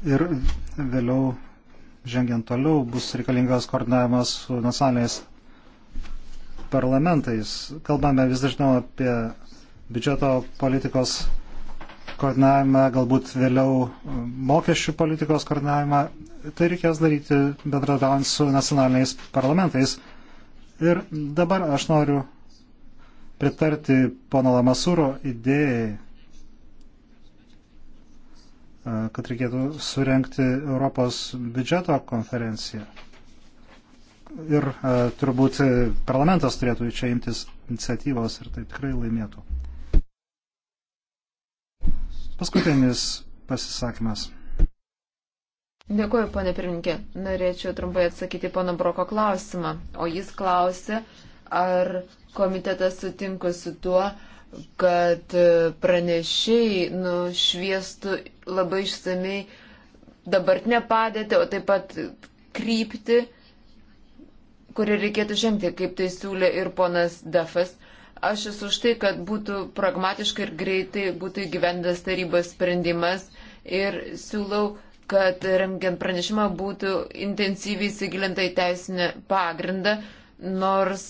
Ir vėliau, žengiant toliau, bus reikalingas koordinavimas su nacionaliniais parlamentais. Kalbame vis dažniau apie biudžeto politikos koordinavimą, galbūt vėliau mokesčių politikos koordinavimą tai reikės daryti bendradavant su nacionaliniais parlamentais. Ir dabar aš noriu pritarti pono Lamasūro idėjai, e, kad reikėtų surenkti Europos biudžeto konferenciją. Ir e, turbūt parlamentas turėtų čia imtis iniciatyvos ir tai tikrai laimėtų. Paskutinis pasisakymas. Dėkuoju, ponė pirmininkė. Norėčiau trumpai atsakyti pono Broko klausimą. O jis klausė, ar komitetas sutinka su tuo, kad pranešiai nušviestų labai išsamei dabartinę padėtį, o taip pat krypti, kurį reikėtų žengti, kaip tai siūlė ir ponas Defas. Aš esu už tai, kad būtų pragmatiškai ir greitai būtų įgyvendas tarybos sprendimas ir siūlau kad rengiant pranešimą būtų intensyviai įsigilinta į teisinę pagrindą, nors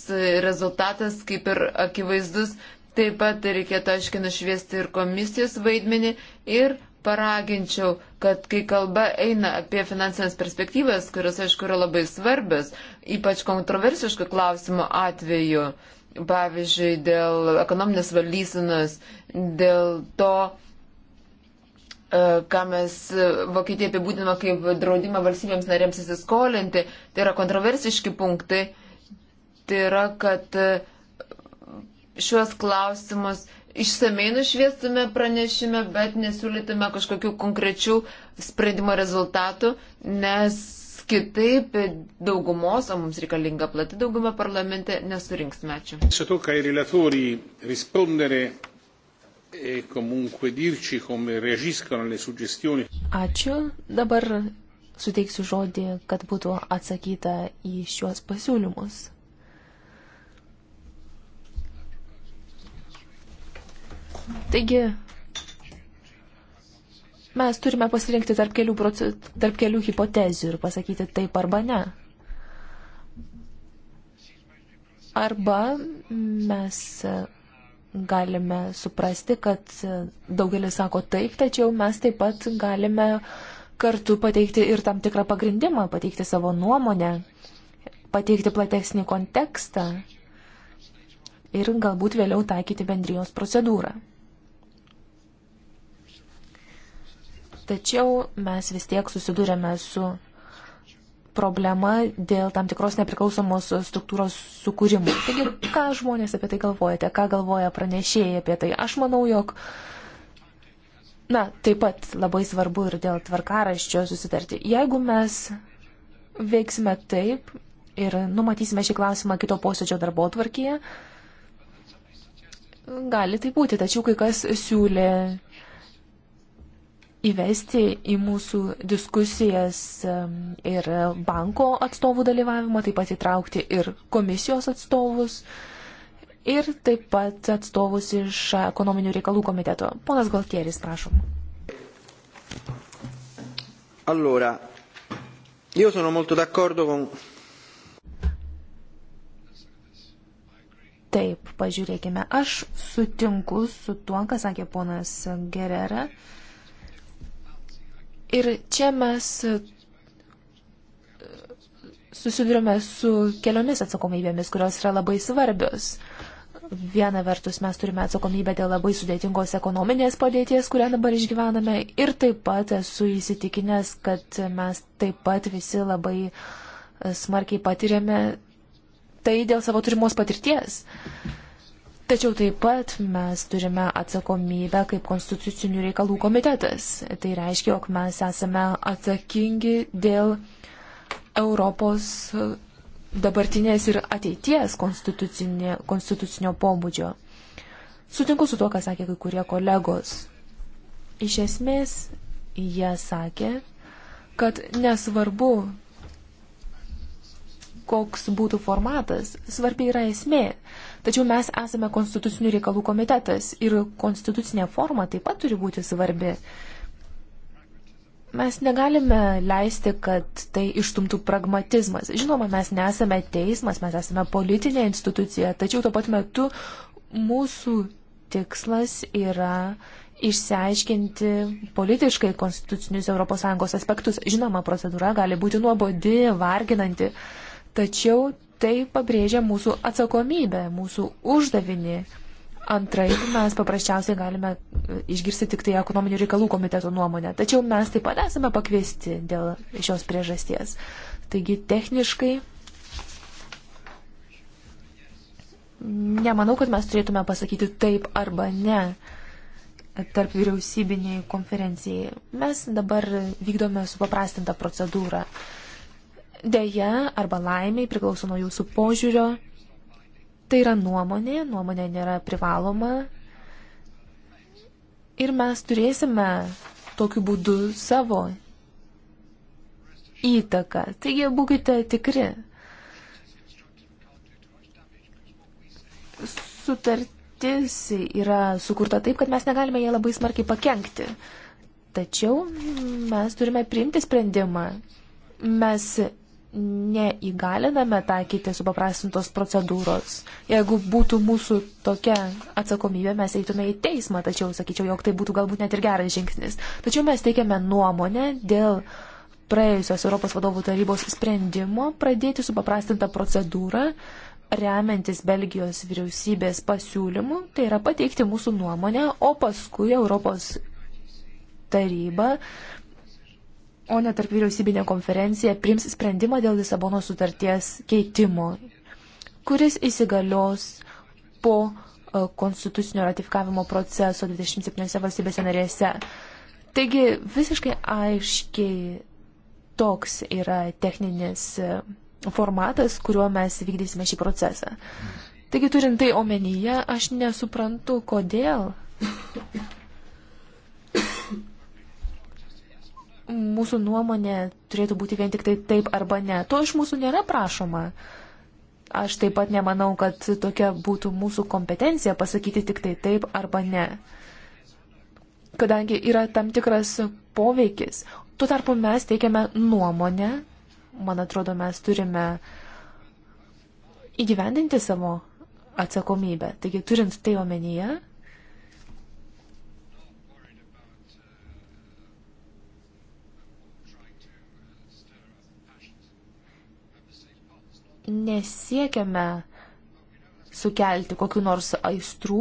rezultatas kaip ir akivaizdus. Taip pat reikėtų aiškiai nušviesti ir komisijos vaidmenį ir paraginčiau, kad kai kalba eina apie finansinės perspektyvas, kurios aišku yra labai svarbios, ypač kontroversiškų klausimų atveju, pavyzdžiui, dėl ekonominės valdysinos, dėl to, E, ką mes e, Vokietija apibūdinama kaip draudimą valstybėms narėms įsiskolinti, tai yra kontroversiški punktai. Tai yra, kad e, šiuos klausimus išsamei nušviestume pranešime, bet nesiūlytume kažkokių konkrečių sprendimo rezultatų, nes kitaip daugumos, o mums reikalinga plati dauguma parlamente, nesurinksime. Ačiū e comunque dirci come reagiscono le suggestioni. Ačiū. Dabar suteiksiu žodį, kad būtų atsakyta į šiuos pasiūlymus. Taigi, mes turime pasirinkti tarp kelių, procent, tarp kelių hipotezių ir pasakyti taip arba ne. Arba mes galime suprasti, kad daugelis sako taip, tačiau mes taip pat galime kartu pateikti ir tam tikrą pagrindimą, pateikti savo nuomonę, pateikti platesnį kontekstą ir galbūt vėliau taikyti bendrijos procedūrą. Tačiau mes vis tiek susidurėme su problema dėl tam tikros nepriklausomos struktūros sukūrimo. Taigi, ką žmonės apie tai galvojate, ką galvoja pranešėjai apie tai? Aš manau, jog, na, taip pat labai svarbu ir dėl tvarkaraščio susitarti. Jeigu mes veiksime taip ir numatysime šį klausimą kito posėdžio darbo tvarkyje, gali tai būti, tačiau kai kas siūlė įvesti į mūsų diskusijas ir banko atstovų dalyvavimą, taip pat įtraukti ir komisijos atstovus ir taip pat atstovus iš ekonominių reikalų komiteto. Ponas Galtieris, prašom. Allora, io sono molto d'accordo con... Taip, pažiūrėkime, aš sutinku su tuo, ką sakė ponas Gerera. Uh, Ir čia mes e, susidurime su keliomis atsakomybėmis, kurios yra labai svarbios. Viena vertus mes turime atsakomybę dėl labai sudėtingos ekonominės padėties, kurią dabar išgyvename ir taip pat esu įsitikinęs, kad mes taip pat visi labai e, smarkiai patiriame tai dėl savo turimos patirties. Uh, Tačiau taip pat mes turime atsakomybę kaip konstitucinių reikalų komitetas. Tai reiškia, jog mes esame atsakingi dėl Europos dabartinės ir ateities konstitucinio pobūdžio. Sutinku su tuo, ką sakė kai kurie kolegos. Iš esmės, jie sakė, kad nesvarbu, koks būtų formatas, svarbi yra esmė Tačiau mes esame konstitucinių reikalų komitetas ir konstitucinė forma taip pat turi būti svarbi. Mes negalime leisti, kad tai ištumtų pragmatizmas. Žinoma, mes nesame teismas, mes esame politinė institucija, tačiau tuo pat metu mūsų tikslas yra išsiaiškinti politiškai konstitucinius ES aspektus. Žinoma, procedūra gali būti nuobodi, varginanti, tačiau tai pabrėžia mūsų atsakomybę, mūsų uždavinį. Antraip mes paprasčiausiai galime e, išgirsti tik tai ekonominių reikalų komiteto nuomonę. Tačiau mes taip pat esame pakviesti dėl šios priežasties. Taigi techniškai nemanau, kad mes turėtume pasakyti taip arba ne tarp vyriausybiniai konferencijai. Mes dabar vykdome supaprastintą procedūrą. Uh, Deja, arba laimiai, priklauso nuo jūsų požiūrio. Tai yra nuomonė, nuomonė nėra privaloma. Ir mes turėsime tokiu būdu savo įtaką. Taigi būkite tikri. Sutartis yra sukurta taip, kad mes negalime ją labai smarkiai pakengti. Tačiau mes turime priimti sprendimą. Mes neįgaliname taikyti supaprastintos procedūros. Jeigu būtų mūsų tokia atsakomybė, mes eitume į teismą, tačiau sakyčiau, jog tai būtų galbūt net ir geras žingsnis. Tačiau mes teikiame nuomonę dėl praėjusios Europos vadovų tarybos sprendimo pradėti supaprastintą procedūrą, remiantis Belgijos vyriausybės pasiūlymu, tai yra pateikti mūsų nuomonę, o paskui Europos taryba o ne tarp vyriausybinė konferencija priims sprendimą dėl Lisabono sutarties keitimo, kuris įsigalios po e, konstitucinio ratifikavimo proceso 27 valstybėse narėse. Taigi visiškai aiškiai toks yra techninis e, formatas, kuriuo mes vykdysime šį procesą. Taigi turint tai omenyje, aš nesuprantu, kodėl mūsų nuomonė turėtų būti vien tik tai taip arba ne. To iš mūsų nėra prašoma. Aš taip pat nemanau, kad tokia būtų mūsų kompetencija pasakyti tik tai taip arba ne. Kadangi yra tam tikras poveikis. Tuo tarpu mes teikiame nuomonę. Man atrodo, mes turime įgyvendinti savo atsakomybę. Taigi, turint tai omenyje, nesiekiame sukelti kokiu nors aistrų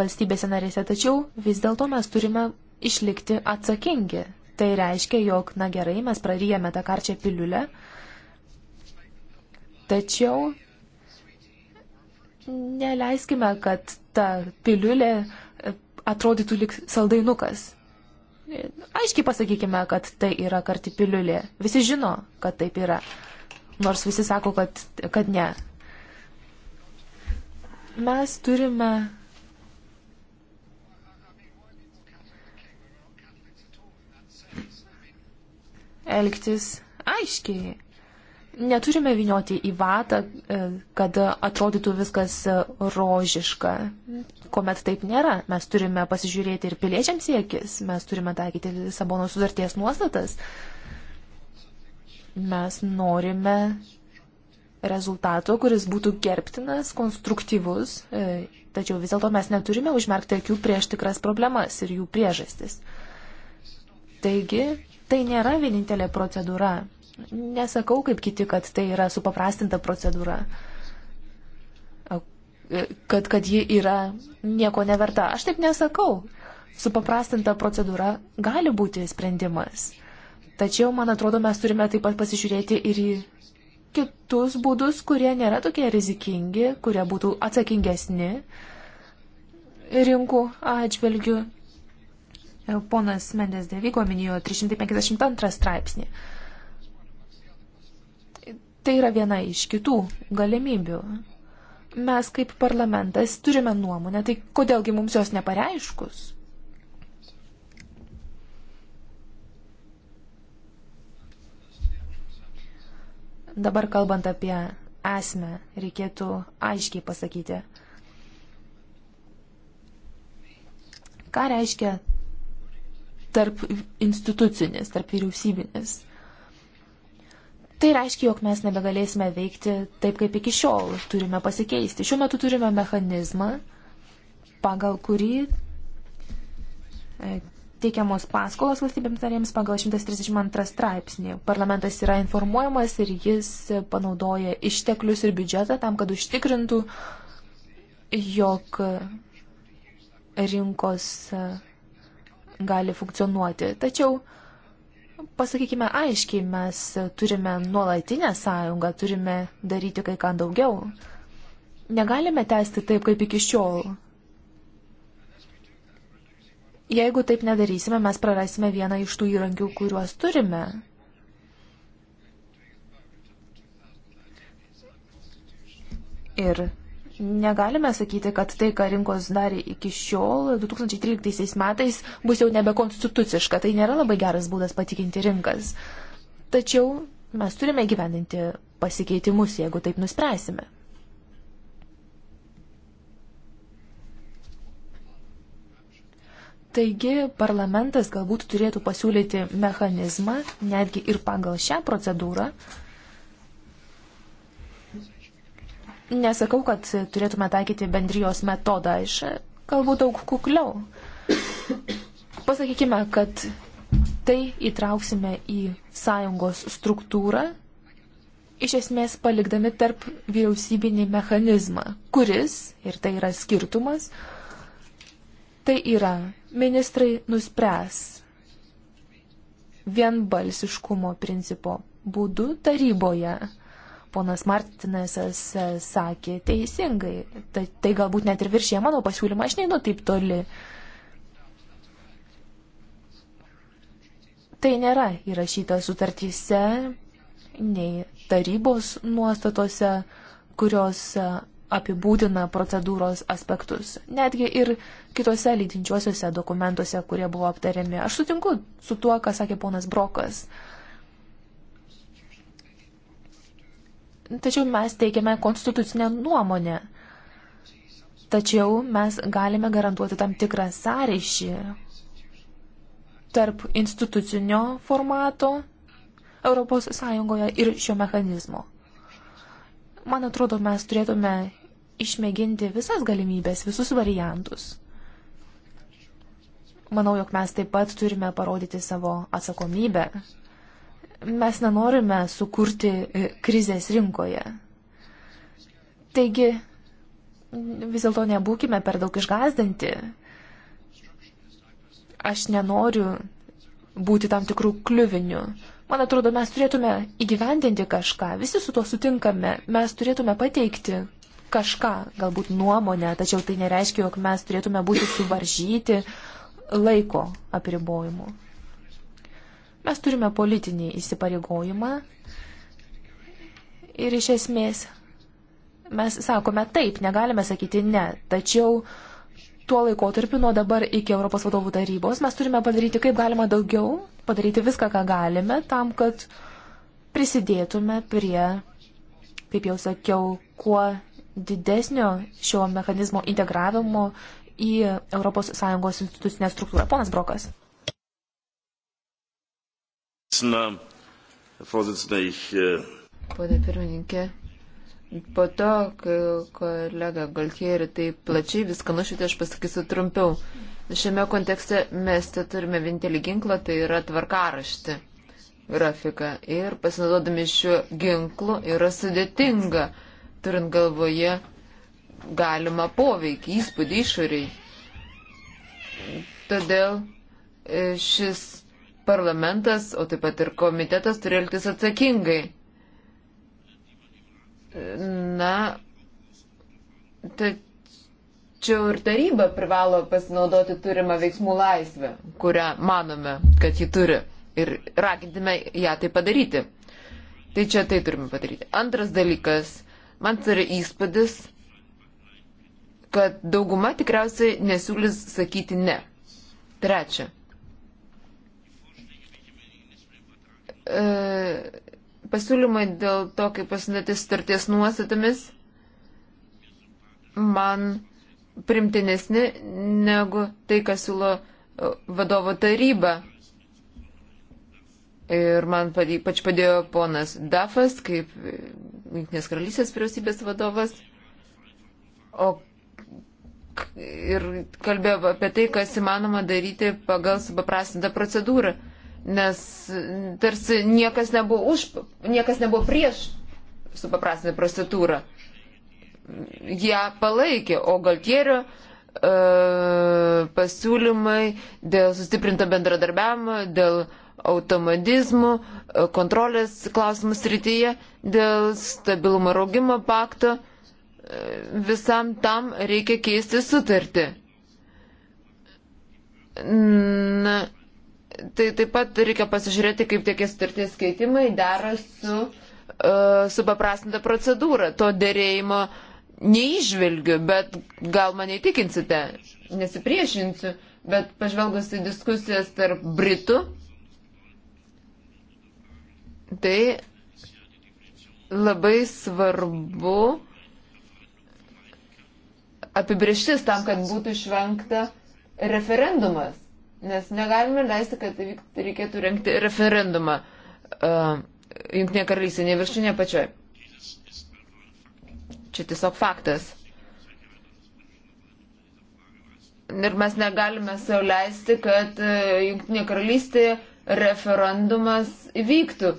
valstybėse narėse, tačiau vis dėlto mes turime išlikti atsakingi. Tai reiškia, jog, na gerai, mes prarijame tą karčią piliulę, tačiau neleiskime, kad ta piliulė e, atrodytų lik saldainukas. Aiškiai pasakykime, kad tai yra karti piliulė. Visi žino, kad taip yra nors visi sako, kad, kad ne. Mes turime elgtis aiškiai. Neturime vinioti į vatą, e, kad atrodytų viskas e, rožiška, kuomet taip nėra. Mes turime pasižiūrėti ir piliečiams į akis, mes turime taikyti Lisabono sudarties nuostatas. Uh, Mes norime rezultato, kuris būtų gerbtinas, konstruktyvus, e, tačiau vis dėlto mes neturime užmerkti akių prieš tikras problemas ir jų priežastis. Taigi, tai nėra vienintelė procedūra. Nesakau kaip kiti, kad tai yra supaprastinta procedūra e, kad, kad ji yra nieko neverta. Aš taip nesakau. Supaprastinta procedūra gali būti sprendimas. Tačiau, man atrodo, mes turime taip pat pasižiūrėti ir į kitus būdus, kurie nėra tokie rizikingi, kurie būtų atsakingesni rinkų atžvilgių. Ponas Mendes Devygo minėjo 352 straipsnį. Tai yra viena iš kitų galimybių. Mes kaip parlamentas turime nuomonę, tai kodėlgi mums jos nepareiškus? Dabar kalbant apie esmę, reikėtų aiškiai pasakyti, ką reiškia tarp institucinis, tarp vyriausybinis. Tai reiškia, jog mes nebegalėsime veikti taip, kaip iki šiol. Turime pasikeisti. Šiuo metu turime mechanizmą, pagal kurį teikiamos paskolos valstybėms narėms pagal 132 straipsnį. Parlamentas yra informuojamas ir jis panaudoja išteklius ir biudžetą tam, kad užtikrintų, jog rinkos gali funkcionuoti. Tačiau pasakykime aiškiai, mes turime nuolatinę sąjungą, turime daryti kai ką daugiau. Negalime tęsti taip, kaip iki šiol. Jeigu taip nedarysime, mes prarasime vieną iš tų įrankių, kuriuos turime. Ir negalime sakyti, kad tai, ką rinkos darė iki šiol, 2013 metais, bus jau nebekonstituciška. Tai nėra labai geras būdas patikinti rinkas. Tačiau mes turime gyveninti pasikeitimus, jeigu taip nuspręsime. Taigi parlamentas galbūt turėtų pasiūlyti mechanizmą netgi ir pagal šią procedūrą. Nesakau, kad turėtume taikyti bendrijos metodą, aš kalbu daug kukliau. Pasakykime, kad tai įtrauksime į sąjungos struktūrą, iš esmės palikdami tarp vyriausybinį mechanizmą, kuris, ir tai yra skirtumas, tai yra ministrai nuspręs vienbalsiškumo principo būdu taryboje. Ponas Martinesas e, sakė teisingai, tai, tai galbūt net ir viršė mano pasiūlymą, aš neinu taip toli. Tai nėra įrašyta sutartyse, nei tarybos nuostatose, kurios e, apibūdina procedūros aspektus, netgi ir kitose lydinčiuosiuose dokumentuose, kurie buvo aptariami. Aš sutinku su tuo, ką sakė ponas Brokas. Tačiau mes teikiame konstitucinę nuomonę. Tačiau mes galime garantuoti tam tikrą sąryšį tarp institucinio formato ES ir šio mechanizmo. Man atrodo, mes turėtume išmėginti visas galimybės, visus variantus. Manau, jog mes taip pat turime parodyti savo atsakomybę. Mes nenorime sukurti e, krizės rinkoje. Taigi, vis dėlto nebūkime per daug išgazdinti. Aš nenoriu būti tam tikrų kliuvinių. Man atrodo, mes turėtume įgyvendinti kažką, visi su tuo sutinkame, mes turėtume pateikti kažką, galbūt nuomonę, tačiau tai nereiškia, jog mes turėtume būti suvaržyti laiko apribojimu. Mes turime politinį įsipareigojimą ir iš esmės mes sakome taip, negalime sakyti ne, tačiau uh, tuo laikotarpiu nuo dabar iki Europos vadovų tarybos mes turime padaryti kaip galima daugiau, padaryti viską, ką galime, tam, kad prisidėtume prie, kaip jau sakiau, kuo didesnio šio mechanizmo integravimo į ES institucinę struktūrą. Ponas Brokas. Äh, Pone pirmininkė, Po to, kai kolega Galtieri taip plačiai viską nušvietė, aš pasakysiu trumpiau. Šiame kontekste mes te turime vienintelį ginklą, tai yra tvarkarašti grafiką. Ir pasinaudodami šiuo ginklu yra sudėtinga, turint galvoje galima poveikį, įspūdį išoriai. Todėl e, šis parlamentas, o taip pat ir komitetas turi elgtis atsakingai. Na, tačiau ir taryba privalo pasinaudoti turimą veiksmų laisvę, kurią manome, kad ji turi ir ragintime ją tai padaryti. Tai čia tai turime padaryti. Antras dalykas, man turi įspūdis, kad dauguma tikriausiai nesiūlis sakyti ne. Trečia. E, Pasiūlymai dėl to, kaip pasinatys starties nuostatomis, man primtinesni negu tai, kas siūlo e, vadovo taryba. Ir man ypač padėjo ponas Dafas, kaip e, Junktinės karalystės vyriausybės vadovas. O ir kalbėjo apie tai, kas įmanoma daryti pagal supaprastintą procedūrą nes tarsi niekas nebuvo, už, niekas nebuvo prieš supaprastinę procedūrą. Ja palaikė, o Galtierio e, pasiūlymai dėl sustiprinto bendradarbiavimo, dėl automatizmų, e, kontrolės klausimus rytyje, dėl stabilumo ir augimo pakto, e, visam tam reikia keisti sutartį. Na, tai taip pat reikia pasižiūrėti, kaip tie sutarties keitimai dera su uh, supaprastinta procedūra. To dėrėjimo neižvelgiu, bet gal mane įtikinsite, nesipriešinsiu, bet pažvelgus į diskusijas tarp Britų, tai labai svarbu apibrieštis tam, kad būtų išvengta referendumas. Nes negalime leisti, kad tai reikėtų renkti referendumą uh, Junktinė karalystė, ne viršinė pačioje. Čia tiesiog faktas. Ir mes negalime savo leisti, kad uh, Junktinė karalystė referendumas įvyktų.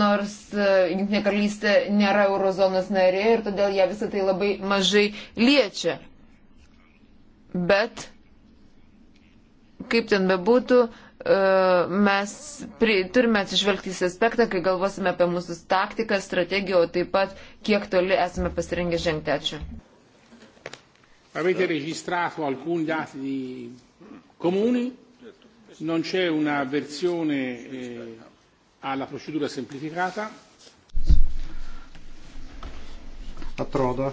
Nors uh, Junktinė karalystė nėra eurozonos narė ir todėl ją visą tai labai mažai liečia. Bet Kaip ten bebūtų, e, mes pri, turime atsižvelgti į aspektą, kai galvosime apie mūsų taktiką, strategiją, o taip pat kiek toli esame pasirengę žengti. Ačiū. Avete registrato alcuni dati di comuni, non c'è una versione eh, alla procedura semplificata. Atrodo,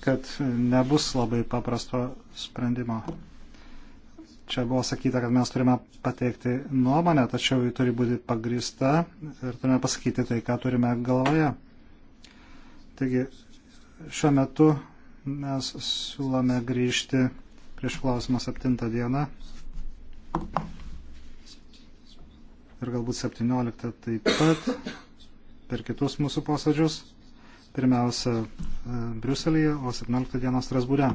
kad nebus labai paprasto sprendimo. Čia buvo sakyta, kad mes turime pateikti nuomonę, tačiau ji turi būti pagrįsta ir turime pasakyti tai, ką turime galvoje. Taigi, šiuo metu mes siūlome grįžti prieš klausimą 7 dieną ir galbūt 17 taip pat per kitus mūsų posėdžius pirmiausia e, Briuselėje, o 17 dieną Strasbūre.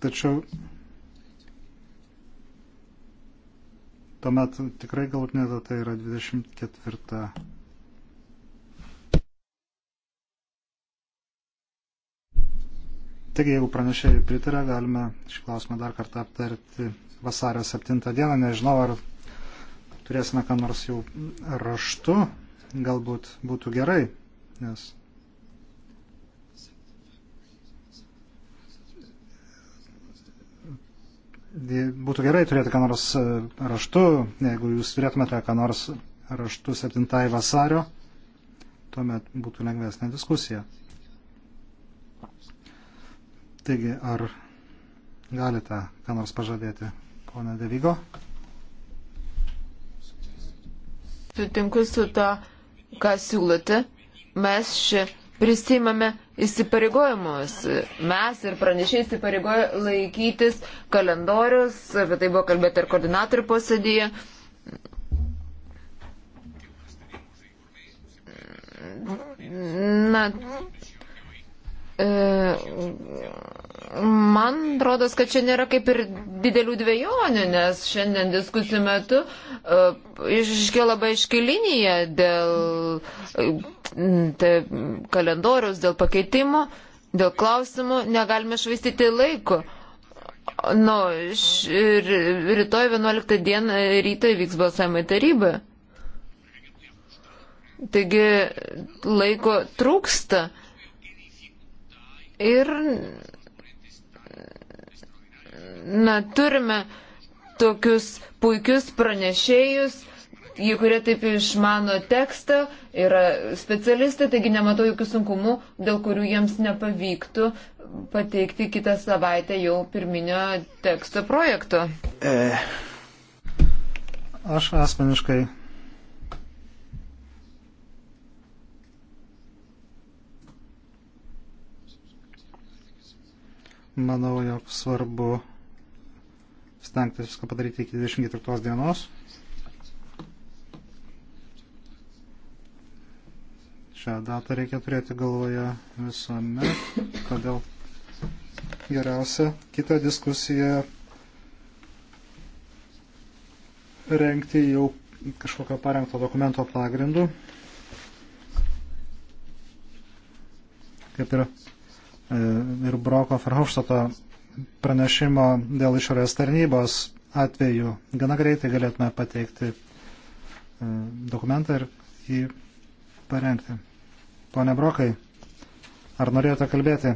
Tačiau tuomet tikrai galutinė data yra 24 Taigi, jeigu pranešėjai pritarė, galime šį klausimą dar kartą aptarti vasario 7 dieną. Nežinau, ar turėsime ką nors jau raštu, galbūt būtų gerai, nes. Būtų gerai turėti ką nors e, raštu, jeigu jūs turėtumėte ką nors raštu 7 vasario, tuomet būtų lengvesnė diskusija. Taigi, ar galite ką nors pažadėti, ponė Devygo? Sutinku su to, ką siūlote. Mes čia prisimame įsipareigojimus. Mes ir pranešiai įsipareigojo laikytis kalendorius, apie tai buvo kalbėta ir koordinatorių posėdėje. Na, e, Man rodos, kad čia nėra kaip ir didelių dviejonių, nes šiandien diskusijų metu uh, e, iškė labai aiški linija dėl uh, kalendoriaus, dėl pakeitimo, dėl klausimų, negalime švaistyti laiko. Nu, š, rytoj 11 dieną ryto įvyks balsavimai taryba. Taigi laiko trūksta. Ir na, turime tokius puikius pranešėjus, jie, kurie taip išmano tekstą, yra specialistai, taigi nematau jokių sunkumų, dėl kurių jiems nepavyktų pateikti kitą savaitę jau pirminio teksto projekto. E, aš asmeniškai. Manau, jog svarbu stengtis viską padaryti iki 24 dienos. Šią datą reikia turėti galvoje visuomet, todėl geriausia kitą diskusiją rengti jau kažkokio parengto dokumento pagrindu. Kaip ir, e, ir Broko Ferhofštato pranešimo dėl išorės tarnybos atveju gana greitai galėtume pateikti e, dokumentą ir jį parengti. Pone Brokai, ar norėjote kalbėti?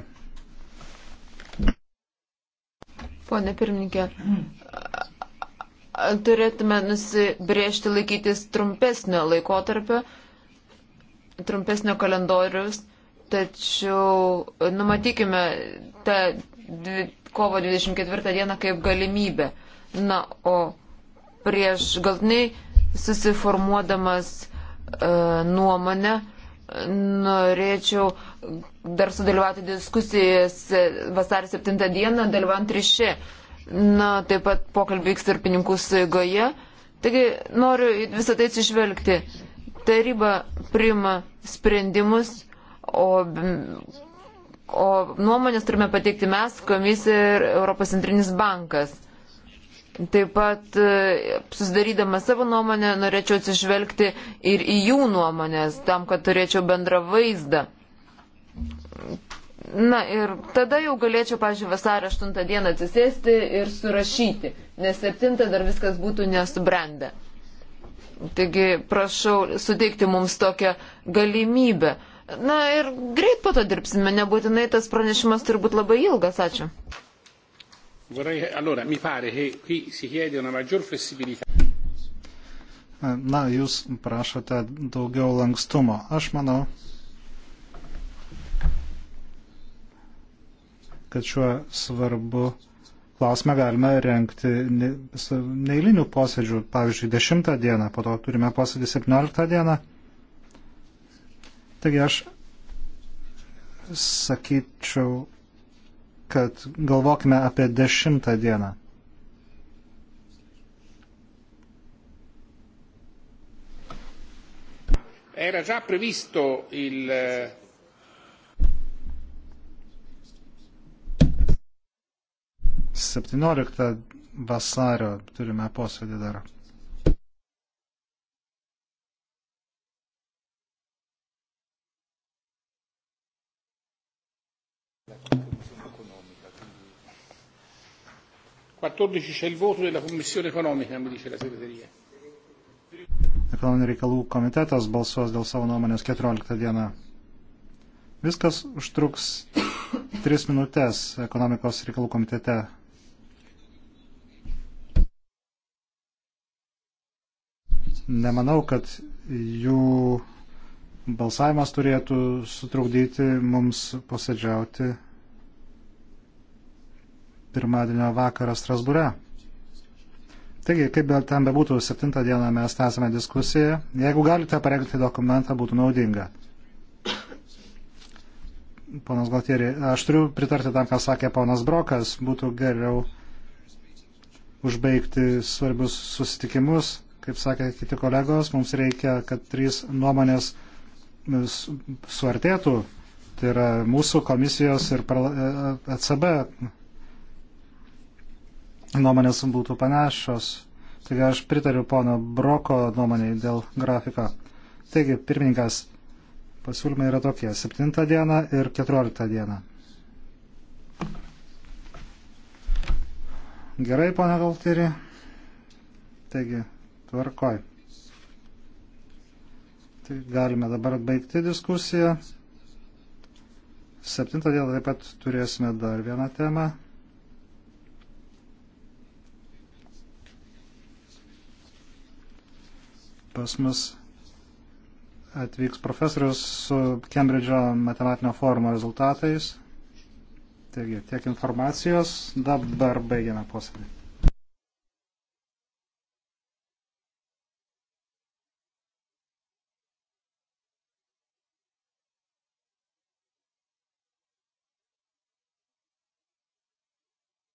Pone pirmininkė, turėtume nusibriežti laikytis trumpesnio laikotarpio, trumpesnio kalendorius, tačiau numatykime tą kovo 24 dieną kaip galimybę. Na, o prieš galtinai susiformuodamas e, nuomonę, norėčiau dar sudalyvauti diskusijas vasarį 7 dieną, dalyvaujant ryšį. Na, taip pat pokalbį vyks tarpininkų saigoje. Taigi noriu visą tai atsižvelgti. Taryba priima sprendimus, o o nuomonės turime pateikti mes, komisija ir Europos centrinis bankas. Taip pat e, susidarydama savo nuomonę norėčiau atsižvelgti ir į jų nuomonės, tam, kad turėčiau bendrą vaizdą. Na ir tada jau galėčiau, pažiūrėjau, vasario 8 dieną atsisėsti ir surašyti, nes 7 dar viskas būtų nesubrendę. Taigi prašau suteikti mums tokią galimybę. Na ir greit po to dirbsime, nebūtinai tas pranešimas turi būti labai ilgas. Ačiū. Na, jūs prašote daugiau lankstumo. Aš manau, kad šiuo svarbu klausimą galime renkti neįlinių posėdžių, pavyzdžiui, 10 dieną, po to turime posėdį 17 dieną. Taigi aš sakyčiau, kad galvokime apie dešimtą dieną. Era già previsto il septynioliktą vasario turime posėdį dar. la contribuzione economica. Quindi... 14 c'è il voto della Commissione economica, mi dice la segreteria. Ekonominių reikalų komitetas balsuos dėl savo nuomonės 14 dieną. Viskas užtruks 3 minutės ekonomikos reikalų komitete. Nemanau, kad jų balsavimas turėtų sutrukdyti mums posėdžiauti pirmadienio vakarą Strasbūre. Taigi, kaip be, ten bebūtų, 7 dieną mes tęsime diskusiją. Jeigu galite parengti dokumentą, būtų naudinga. Ponas Galtieri, aš turiu pritarti tam, ką sakė ponas Brokas, būtų geriau užbaigti svarbius susitikimus. Kaip sakė kiti kolegos, mums reikia, kad trys nuomonės suartėtų. Tai yra mūsų komisijos ir ECB e, e, nuomonės būtų panašios. Taigi aš pritariu pono Broko nuomonėj dėl grafiko. Taigi, pirmininkas, pasiūlymai yra tokie. 7 diena ir 14 diena. Gerai, pana Galtiri. Taigi, tvarkoj. Tai galime dabar baigti diskusiją. 7 dieną taip pat turėsime dar vieną temą. pas mus atvyks profesorius su Kembridžo matematinio forumo rezultatais. Taigi, tiek informacijos. Dabar baigiame posėdį.